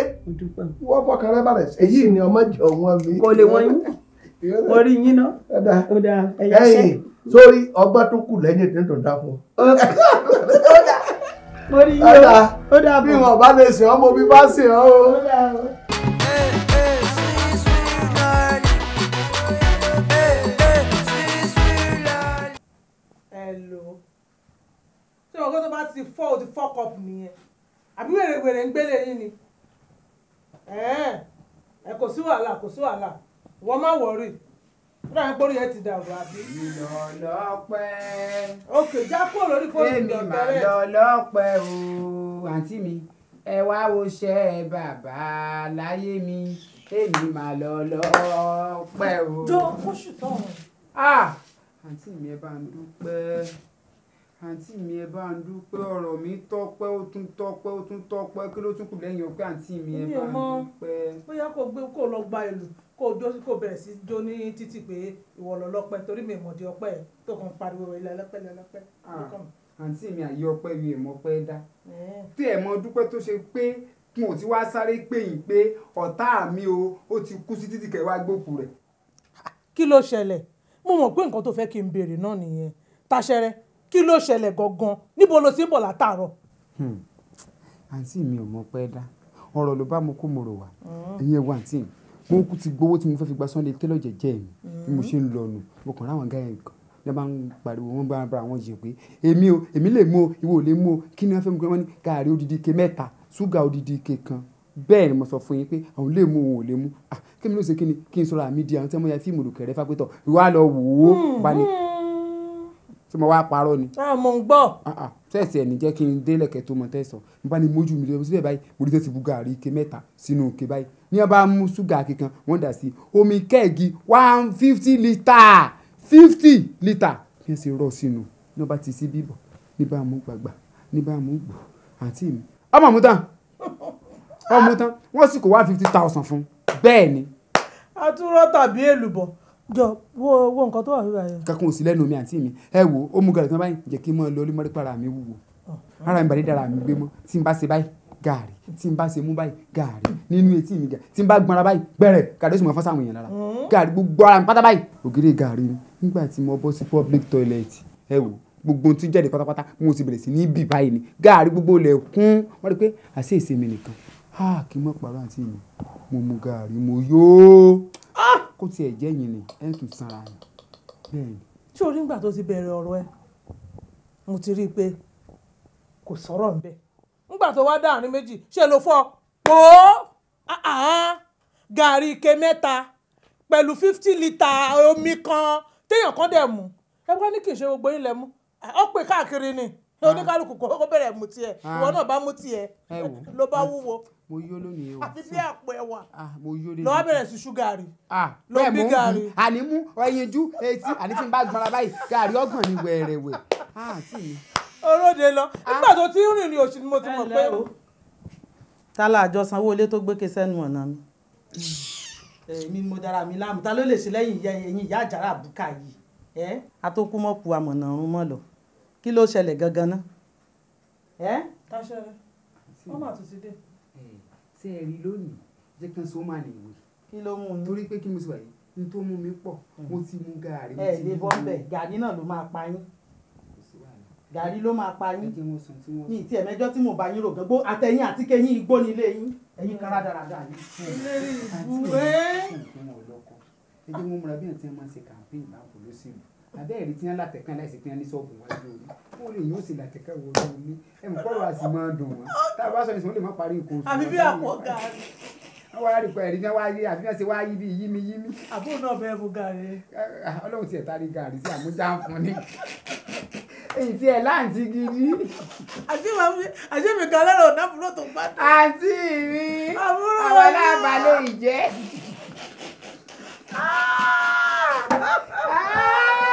wọ́n fọkàn rẹ èyí ni ọmọ jẹ òun mi. kò wọ́n yín mo rí yín ná ó dáa ẹ̀yà ṣẹ́. sórí ọgbọ́n tó kù lẹ́yìn tí tó dá fún ọ. mo rí yín ó dáa bí wọn bá lè sìn ọ́ mo bí bá sìn ọ́ o. ṣé ọgọ́ tó bá ti fọ́ ò ti fọ́ kọ́ọ̀pù nìyẹn àbí wèrè ń gbélé yín ni ẹ kò sí wàhálà kò sí wàhálà wọ́n má wọ̀rì ó dàbí pé orí ẹ ti dàrú àbí. ìlọ lọ́pẹ́. òkè já kúrò lórí fóònù ìlọ tẹ́lẹ̀. èmi máa lọ lọ́pẹ́ o àǹtí mi ẹ wá wo ṣẹ́ bàbá láyé mi èmi máa lọ lọ́pẹ́ o. jọ kóṣù tọ̀hún. Ah, àǹtí mi ẹ bá ń dúpẹ́ àǹtí mi ẹ bá ń dúpẹ́ ọ̀rọ̀ mi tọ́pẹ́ ó tún tọ́pẹ́ ó tún tọ́pẹ́ kí ló tún kù lẹ́yìn ọpẹ́ àǹtí mi ẹ bá ń dúpẹ́. bóyá kò gbé kó lọ gba ìlú kó jó kó bẹ̀rẹ̀ sí jó ní títì pé ìwọ lọ lọ́pẹ́ torí mi ìmọ̀dé ọpẹ́ ẹ̀ tó kàn pariwo rẹ̀ lọ́pẹ́ lọ́pẹ́. àǹtí mi àyè ọpẹ́ yìí èmọ̀ pẹ́ dá tí ẹ̀ mọ dúpẹ́ tó ṣe pé mo ti wá sáré péyìn pé ọ̀tá mi o ó ti kú sí títì kẹ́ wá gbókù rẹ̀. kí ló ṣẹlẹ̀ mo mọ̀ pé nǹkan tó fẹ́ kí n béèrè náà nìyẹn táṣẹ́rẹ́ kí ló ṣẹlẹ̀ gangan níbo lo ti ń bọ̀ látàárọ̀. Hmm. àǹtí mi ò mọ pẹ́ dá ọ̀rọ̀ ló bá mo kó mo rò wá hmm. ẹ̀yin ẹ̀wọ̀ àǹtí mi mo kú ti gbowó tí mo fẹ́ fi gba Sunday tẹ́lọ̀ jẹ́jẹ́ mi bí mo hmm. ṣe ń lọ nù mo kàn ráwọn gáyà nǹkan ní bá ń pariwo wọn bá ara wọn jẹ pé èmi o èmi lè mú o ìwọ ò lè mú o kí ni wọn fẹ́ mu wọn ní gààrí odidi ike mẹ́ta ṣúgà odidi ike kan bẹ́ẹ̀ ni mo sọ fún yín pé àwọn lè mú òun ò lè mú ah kémi ló ṣe kí ni kí n sọ̀rọ̀ àmì di àwọn tí wọ́n ya fíìmù olùkẹ́rẹ́ fápẹ́tọ̀ ìwà lọ wò ó bá tí mo wá parọ́ ni. a ah, mọ̀ ń gbọ́. sẹ́ẹ̀sì ah, ah, ẹ̀ ní jẹ́ kí n délẹ̀ kẹ́ tó mọ̀ tẹ́sán n bá ní mójú mi lọ síbẹ̀ báyìí mo rí tó ti bu gàrí ike mẹ́ta sínú ike báyìí ní a bá mú ṣúgà kankan wọ́n dà sí omi kẹ́ẹ̀gì one fifty litre fifty litre kí n ṣe rọ sínú ní wọ́n bá ti sí bíbọ̀ ní bá mú gbàgbà ní bá mú gbò àti mi. ọmọ mú tán ọmọ mú tán wọ́n sì kó one fifty thousand fún bẹ́ẹ̀ ni. àtúrọ̀ tàbí èlùbọ̀ jọ wo wo nǹkan tó wà lórí ayọ̀. kankan ò sí lẹ́nu mi àǹtí mi ẹ wo ó mú gàrí tí wọ́n báyìí jẹ́ kí n mọ́ ọ lọ para mi wúwo ara mi bàdé dára mi gbé mọ́ tí n bá ṣe báyìí gàrí tí n bá ṣe mú báyìí gàrí nínú etí mi gàrí tí n bá gbọ́nra báyìí gbẹ̀rẹ̀ gàrí ó sì àwọn èèyàn lára gàrí gbogbo ara mi pátá báyìí ògiri gàrí ni nígbà tí mo bọ́ sí public toilet ẹ wo gbogbo ohun tí jáde pátápátá mo sì bẹ̀rẹ̀ sí ní bì báyìí ni gàrí gbogbo ilẹ̀ kún wọ́n rí pé àṣé ìsinmi nìkan kí n mọ̀ pàrọ̀ àǹtí kó tiẹ̀ jẹ́ yìnyín ẹ̀ ń tún sanra yìí bẹ́ẹ̀ ni. ṣé o rí nígbà tó ti bẹ̀rẹ̀ ọ̀rọ̀ ẹ mo ti rí i pé kò sọ̀rọ̀ ń bẹ̀ nígbà tó wá dáàrin méjì ṣe ló fọ́ pòó ah, ah, gàrí ike mẹ́ta pẹ̀lú fifty litre omi kan téèyàn kan dẹ̀ mú ẹ wá ní kì í ṣe gbogbo yín lẹ mú ọ pè káàkiri ni. Ah. oníkálukú kó bẹ̀rẹ̀ mu tiẹ̀ ah. ìwọ náà bá mu tiẹ̀ ló bá wúwo mo yó lónìí o àti bí àpò ẹwà ah, mo yó lónìí lọ́wọ́ bẹ̀rẹ̀ sí ṣúgàrì ló bí gàrì àní mú ẹyinjú etí àní tí n bá gbọ́nra báyìí gàrì ọgbọ̀n ni wẹ̀rẹ̀wẹ̀ àǹtí mi. oróde lọ nígbà tó ti rìn ní oṣù ni mo ti mọ̀ pé o. tálà àjọ sanwó ilé tó gbé kesẹ́ nu ọ̀nà mi. èmi mo dára mi láàmú ta ló lè ṣe lẹ́yìn ìyá àjàrà àbúkà yìí. àtòkùmọ̀pù àmọ̀nà ọ̀run mọ̀ lọ kí ló ṣẹlẹ̀ gangan ná. ẹ. taṣẹ rẹ wọn máa tún ti dé. ṣé ẹ rí lónìí jẹ́ kí n so máa nìwé. kí ló mú un. torí pé kí n sọ yìí n tó mú mi pọ̀ hmm. mo ti mú gààrí. ẹ lè bọ́ bẹ̀ gààrí náà ló máa pa yín gààrí ló máa pa yín ní ìtì ẹ̀mẹ́jọ́ tí mo bá yín rò gbogbo àtẹ̀yìn àti kẹ́yìn igbó nílé yín ẹ̀yìn kan rádaràdà yín. ilé ìbúwé. ẹ jẹ́ mo múra bí ẹ̀ tí wọ́n máa ń ṣe kàmpéyìn báwo ló abẹ́ẹ̀rí tí wọ́n látẹ̀kán láìsí pé wọ́n ní sọ́ọ̀bù wájú orí wọ́n lè yóò sì látẹ̀kán wo orí omi ẹ̀mí kọ́rọ̀ àti máa dùn wọ́n tá a bá sọ ní sọ wọ́n lè má parí nǹkan oṣù àbí bí àpọ̀ gàrí. wọ́n wá rí pẹ̀lú ìdíjọ́ wá yí àbí wọ́n ṣe wá yí bí yí mi yí mi. àbúrò náà bẹ́ẹ̀ bu gàrí. ọlọ́run tiẹ̀ tari gàrí sí àmújá fún ni èyí tí ẹ láǹtí gidi. àti mi kan lọ́rọ̀ ọ̀nàbùrọ̀ tó gbádùn. àti mi àwọn alábàálẹ̀ ìjẹ́. Ah! ah!